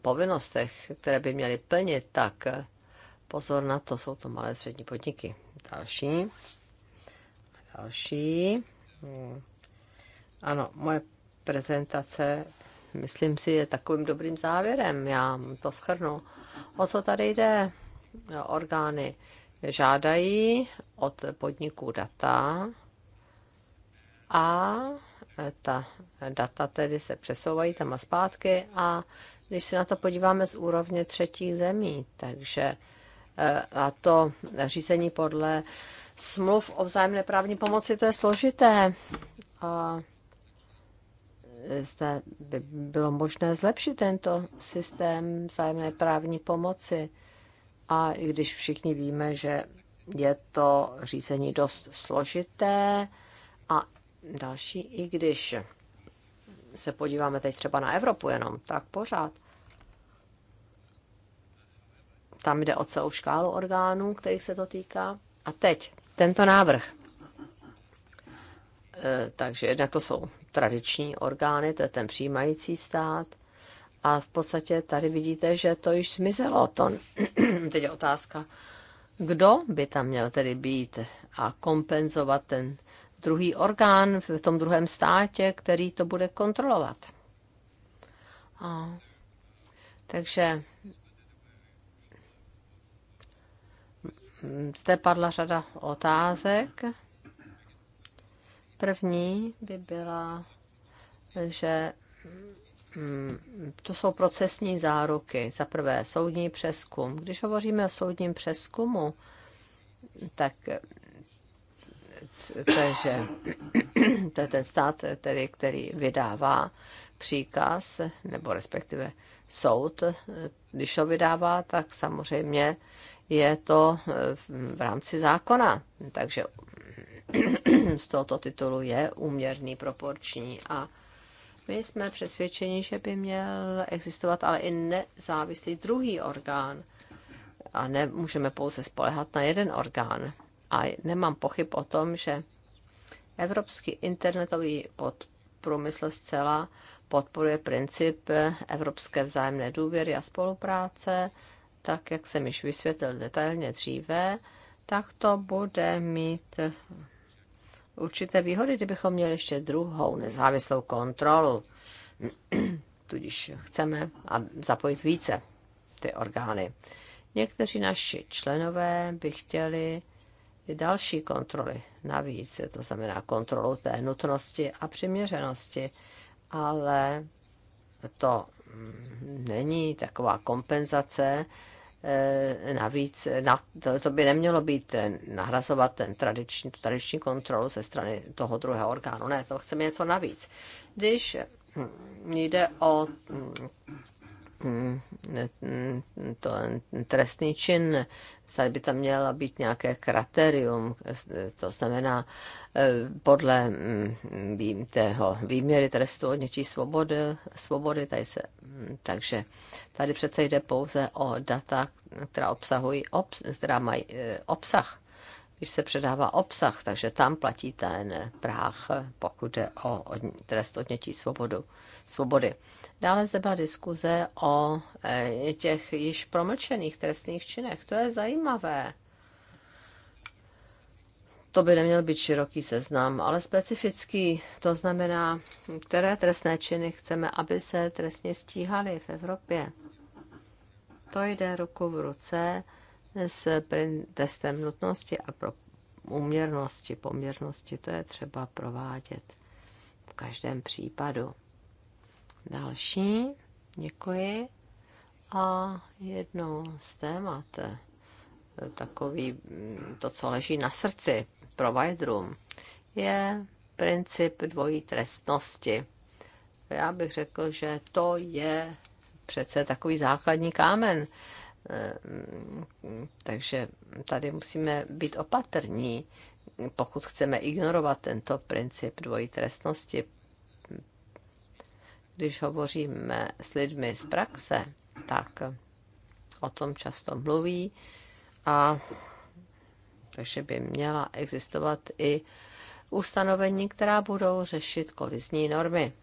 povinnostech, které by měly plnit, tak pozor na to, jsou to malé střední podniky. Další. Další. Hmm. Ano, moje prezentace myslím si, je takovým dobrým závěrem. Já to schrnu. O co tady jde? Orgány žádají od podniků data a ta data tedy se přesouvají tam a zpátky a když se na to podíváme z úrovně třetích zemí, takže eh, a to řízení podle smluv o vzájemné právní pomoci, to je složité. A zda by bylo možné zlepšit tento systém vzájemné právní pomoci. A i když všichni víme, že je to řízení dost složité a další, i když se podíváme teď třeba na Evropu jenom, tak pořád. Tam jde o celou škálu orgánů, kterých se to týká. A teď, tento návrh. E, takže jednak to jsou tradiční orgány, to je ten přijímající stát. A v podstatě tady vidíte, že to již zmizelo. To, teď je otázka, kdo by tam měl tedy být a kompenzovat ten druhý orgán v tom druhém státě, který to bude kontrolovat. A, takže zde padla řada otázek První by byla, že mm, to jsou procesní záruky. Za prvé soudní přeskum. Když hovoříme o soudním přeskumu, tak to je, že to je ten stát, tedy, který vydává příkaz, nebo respektive soud, když ho vydává, tak samozřejmě je to v rámci zákona. Takže z tohoto titulu je úměrný, proporční a my jsme přesvědčeni, že by měl existovat ale i nezávislý druhý orgán a nemůžeme pouze spolehat na jeden orgán. A nemám pochyb o tom, že evropský internetový pod průmysl zcela podporuje princip evropské vzájemné důvěry a spolupráce, tak jak jsem již vysvětlil detailně dříve, tak to bude mít určité výhody, kdybychom měli ještě druhou nezávislou kontrolu. Tudíž chceme zapojit více ty orgány. Někteří naši členové by chtěli i další kontroly navíc, to znamená kontrolu té nutnosti a přiměřenosti, ale to mm, není taková kompenzace Eh, navíc, na, to, to by nemělo být eh, nahrazovat ten tradiční, tradiční kontrolu ze strany toho druhého orgánu. Ne, to chceme něco navíc. Když hm, jde o hm, to trestný čin, snad by tam měla být nějaké kritérium, to znamená eh, podle mm, tého výměry trestu něčí svobody, svobody tady se, mm, takže tady přece jde pouze o data, která obsahují, která mají eh, obsah když se předává obsah, takže tam platí ten práh, pokud jde o trest odnětí svobodu, svobody. Dále zde byla diskuze o eh, těch již promlčených trestných činech. To je zajímavé. To by neměl být široký seznam, ale specifický. To znamená, které trestné činy chceme, aby se trestně stíhaly v Evropě. To jde ruku v ruce s testem nutnosti a pro uměrnosti, poměrnosti. To je třeba provádět v každém případu. Další, děkuji. A jedno z témat, takový, to, co leží na srdci providerům, je princip dvojí trestnosti. Já bych řekl, že to je přece takový základní kámen takže tady musíme být opatrní, pokud chceme ignorovat tento princip dvojí trestnosti. Když hovoříme s lidmi z praxe, tak o tom často mluví a takže by měla existovat i ustanovení, která budou řešit kolizní normy.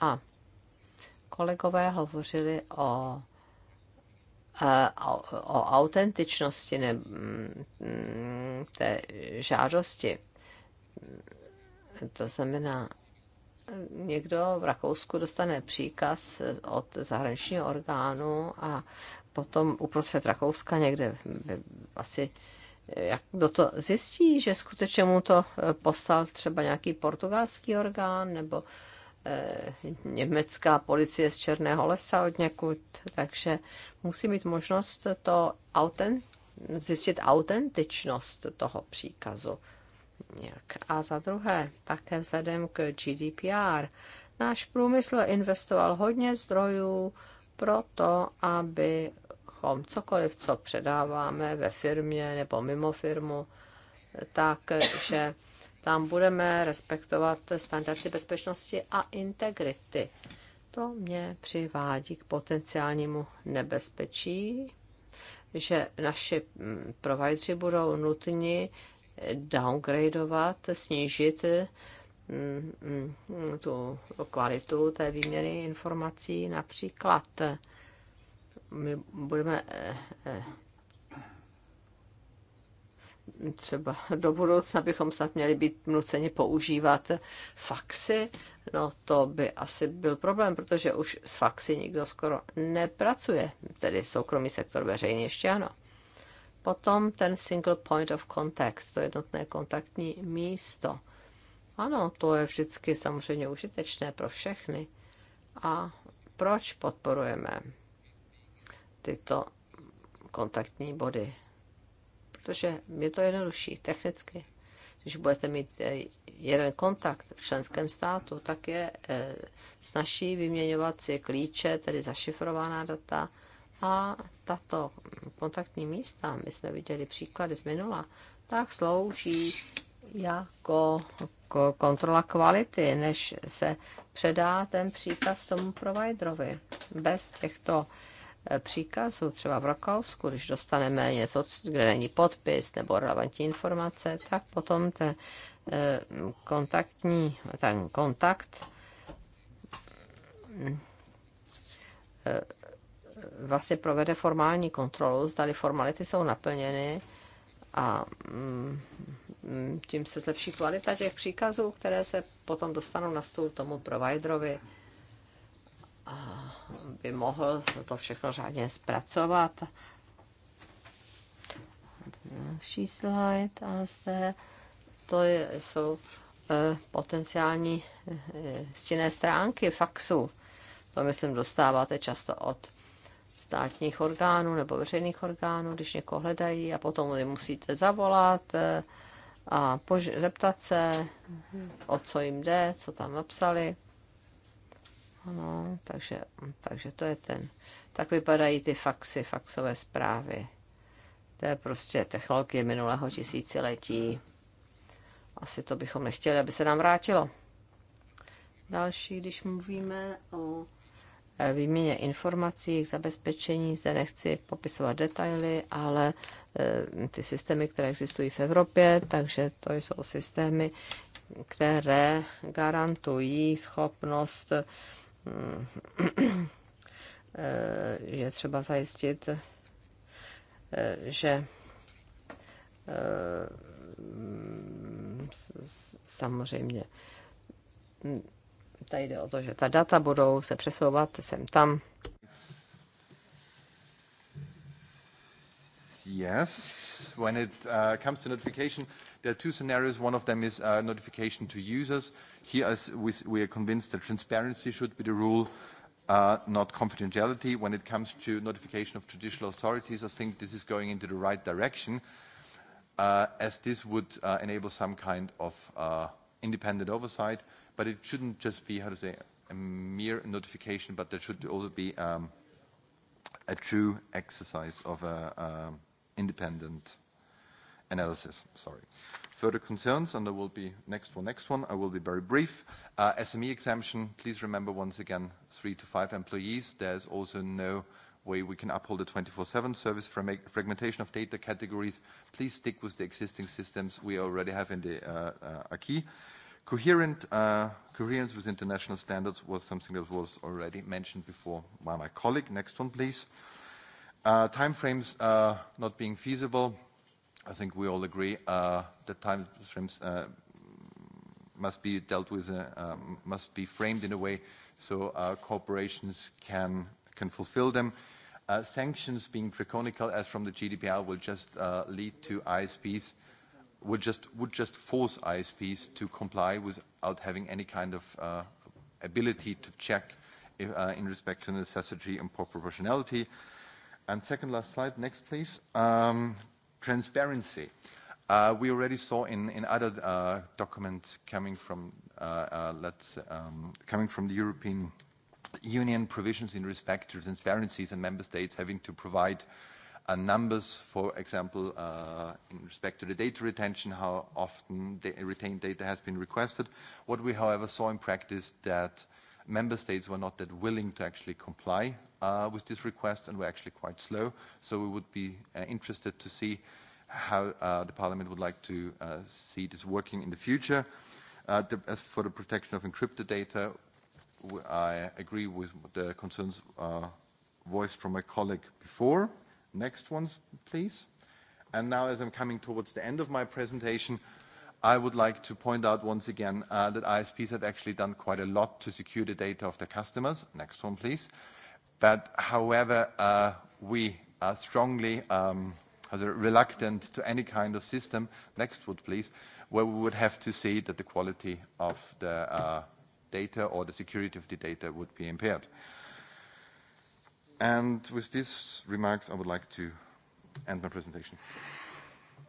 A kolegové hovořili o Eh, o autentičnosti ne, mm, té žádosti. To znamená, někdo v Rakousku dostane příkaz od zahraničního orgánu a potom uprostřed Rakouska někde eh, asi eh, jak kdo to zjistí, že skutečně mu to poslal třeba nějaký portugalský orgán nebo uh, Eh, německá policie z Černého lesa od někud, takže musí mít možnost to auten, zjistit autentičnost toho příkazu. A za druhé, také vzhledem k GDPR, náš průmysl investoval hodně zdrojů pro to, abychom cokoliv, co předáváme ve firmě nebo mimo firmu, takže tam budeme respektovat standardy bezpečnosti a integrity. To mě přivádí k potenciálnímu nebezpečí, že naši mm, provajdři budou nutni downgradovat, snížit mm, mm, tu kvalitu té výměny informací. Například eh, my budeme eh, eh, třeba do budoucna bychom snad měli být nuceni používat faxy, no to by asi byl problém, protože už s faxy nikdo skoro nepracuje, tedy soukromý sektor veřejný ještě ano. Potom ten single point of contact, to jednotné kontaktní místo. Ano, to je vždycky samozřejmě užitečné pro všechny. A proč podporujeme tyto kontaktní body? protože je to jednodušší technicky. Když budete mít eh, jeden kontakt v členském státu, tak je eh, snaží vyměňovat si klíče, tedy zašifrovaná data a tato kontaktní místa, my jsme viděli příklady z minula, tak slouží jako kontrola kvality, než se předá ten příkaz tomu providerovi. Bez těchto příkazů, třeba v Rakousku, když dostaneme něco, kde není podpis nebo relevantní informace, tak potom ten eh, kontaktní, ten kontakt eh, vlastně provede formální kontrolu, zdali formality jsou naplněny a mm, mm, tím se zlepší kvalita těch příkazů, které se potom dostanou na stůl tomu providerovi. Aha by mohl to všechno řádně zpracovat. Další slide a zde to je, jsou e, potenciální e, stinné stránky faxu. To, myslím, dostáváte často od státních orgánů nebo veřejných orgánů, když někoho hledají a potom je musíte zavolat e, a zeptat se, o co jim jde, co tam napsali. Ano, takže, takže to je ten. Tak vypadají ty faxy, faxové zprávy. To je prostě technologie minulého tisíciletí. Asi to bychom nechtěli, aby se nám vrátilo. Další, když mluvíme o e, výměně informací, k zabezpečení, zde nechci popisovat detaily, ale e, ty systémy, které existují v Evropě, takže to jsou systémy, které garantují schopnost Eh, je třeba zajistit, eh, že eh, samozřejmě hm, tady jde o to, že ta data budou se přesouvat sem tam yes. When it uh, comes to notification, there are two scenarios. One of them is uh, notification to users. Here, as we, we are convinced that transparency should be the rule, uh, not confidentiality. When it comes to notification of judicial authorities, I think this is going into the right direction, uh, as this would uh, enable some kind of uh, independent oversight. But it shouldn't just be, how to say, a mere notification, but there should also be um, a true exercise of a, Uh, um, independent analysis. Sorry. Further concerns, and there will be next one, next one. I will be very brief. Uh, SME exemption, please remember once again, three to five employees. There's also no way we can uphold a 24/7 service fragmentation of data categories. Please stick with the existing systems we already have in the uh, uh, acquis. Coherent, coherence with international standards was something that was already mentioned before by my colleague. Next one, please. Uh, time timeframes uh, not being feasible, I think we all agree uh, that timeframes frames must be dealt with, um, must be framed in a way so corporations can, can fulfill them. sanctions being draconical as from the GDPR will just lead to ISPs, would just, would just force ISPs to comply without having any kind of ability to check in respect to necessity and proportionality. And second last slide, next please. Um, transparency. Uh, we already saw in, in other uh, documents coming from, uh, uh let's, um, coming from the European Union provisions in respect to transparencies and member states having to provide uh, numbers, for example, uh, in respect to the data retention, how often the retained data has been requested. What we, however, saw in practice that Member states were not that willing to actually comply uh, with this request and were actually quite slow. So we would be uh, interested to see how uh, the Parliament would like to uh, see this working in the future. Uh, the, as for the protection of encrypted data, I agree with the concerns uh, voiced from my colleague before. Next ones, please. And now as I'm coming towards the end of my presentation, i would like to point out once again uh, that ISPs have actually done quite a lot to secure the data of their customers. Next one, please. But however, uh, we are strongly um, reluctant to any kind of system, next one, please, where we would have to see that the quality of the uh, data or the security of the data would be impaired. And with these remarks, I would like to end my presentation.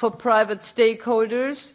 for private stakeholders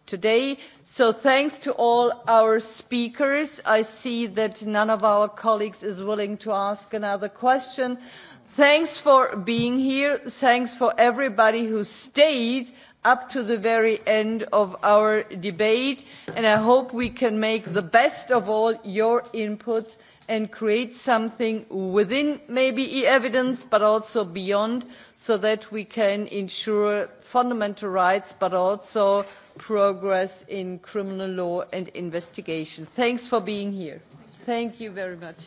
today. So thanks to all our speakers. I see that none of our colleagues is willing to ask another question. Thanks for being here. Thanks for everybody who stayed up to the very end of our debate. And I hope we can make the best of all your inputs and create something within maybe e-evidence but also beyond so that we can ensure fundamental rights but also progress in criminal law and investigation. Thanks for being here. Thank you very much.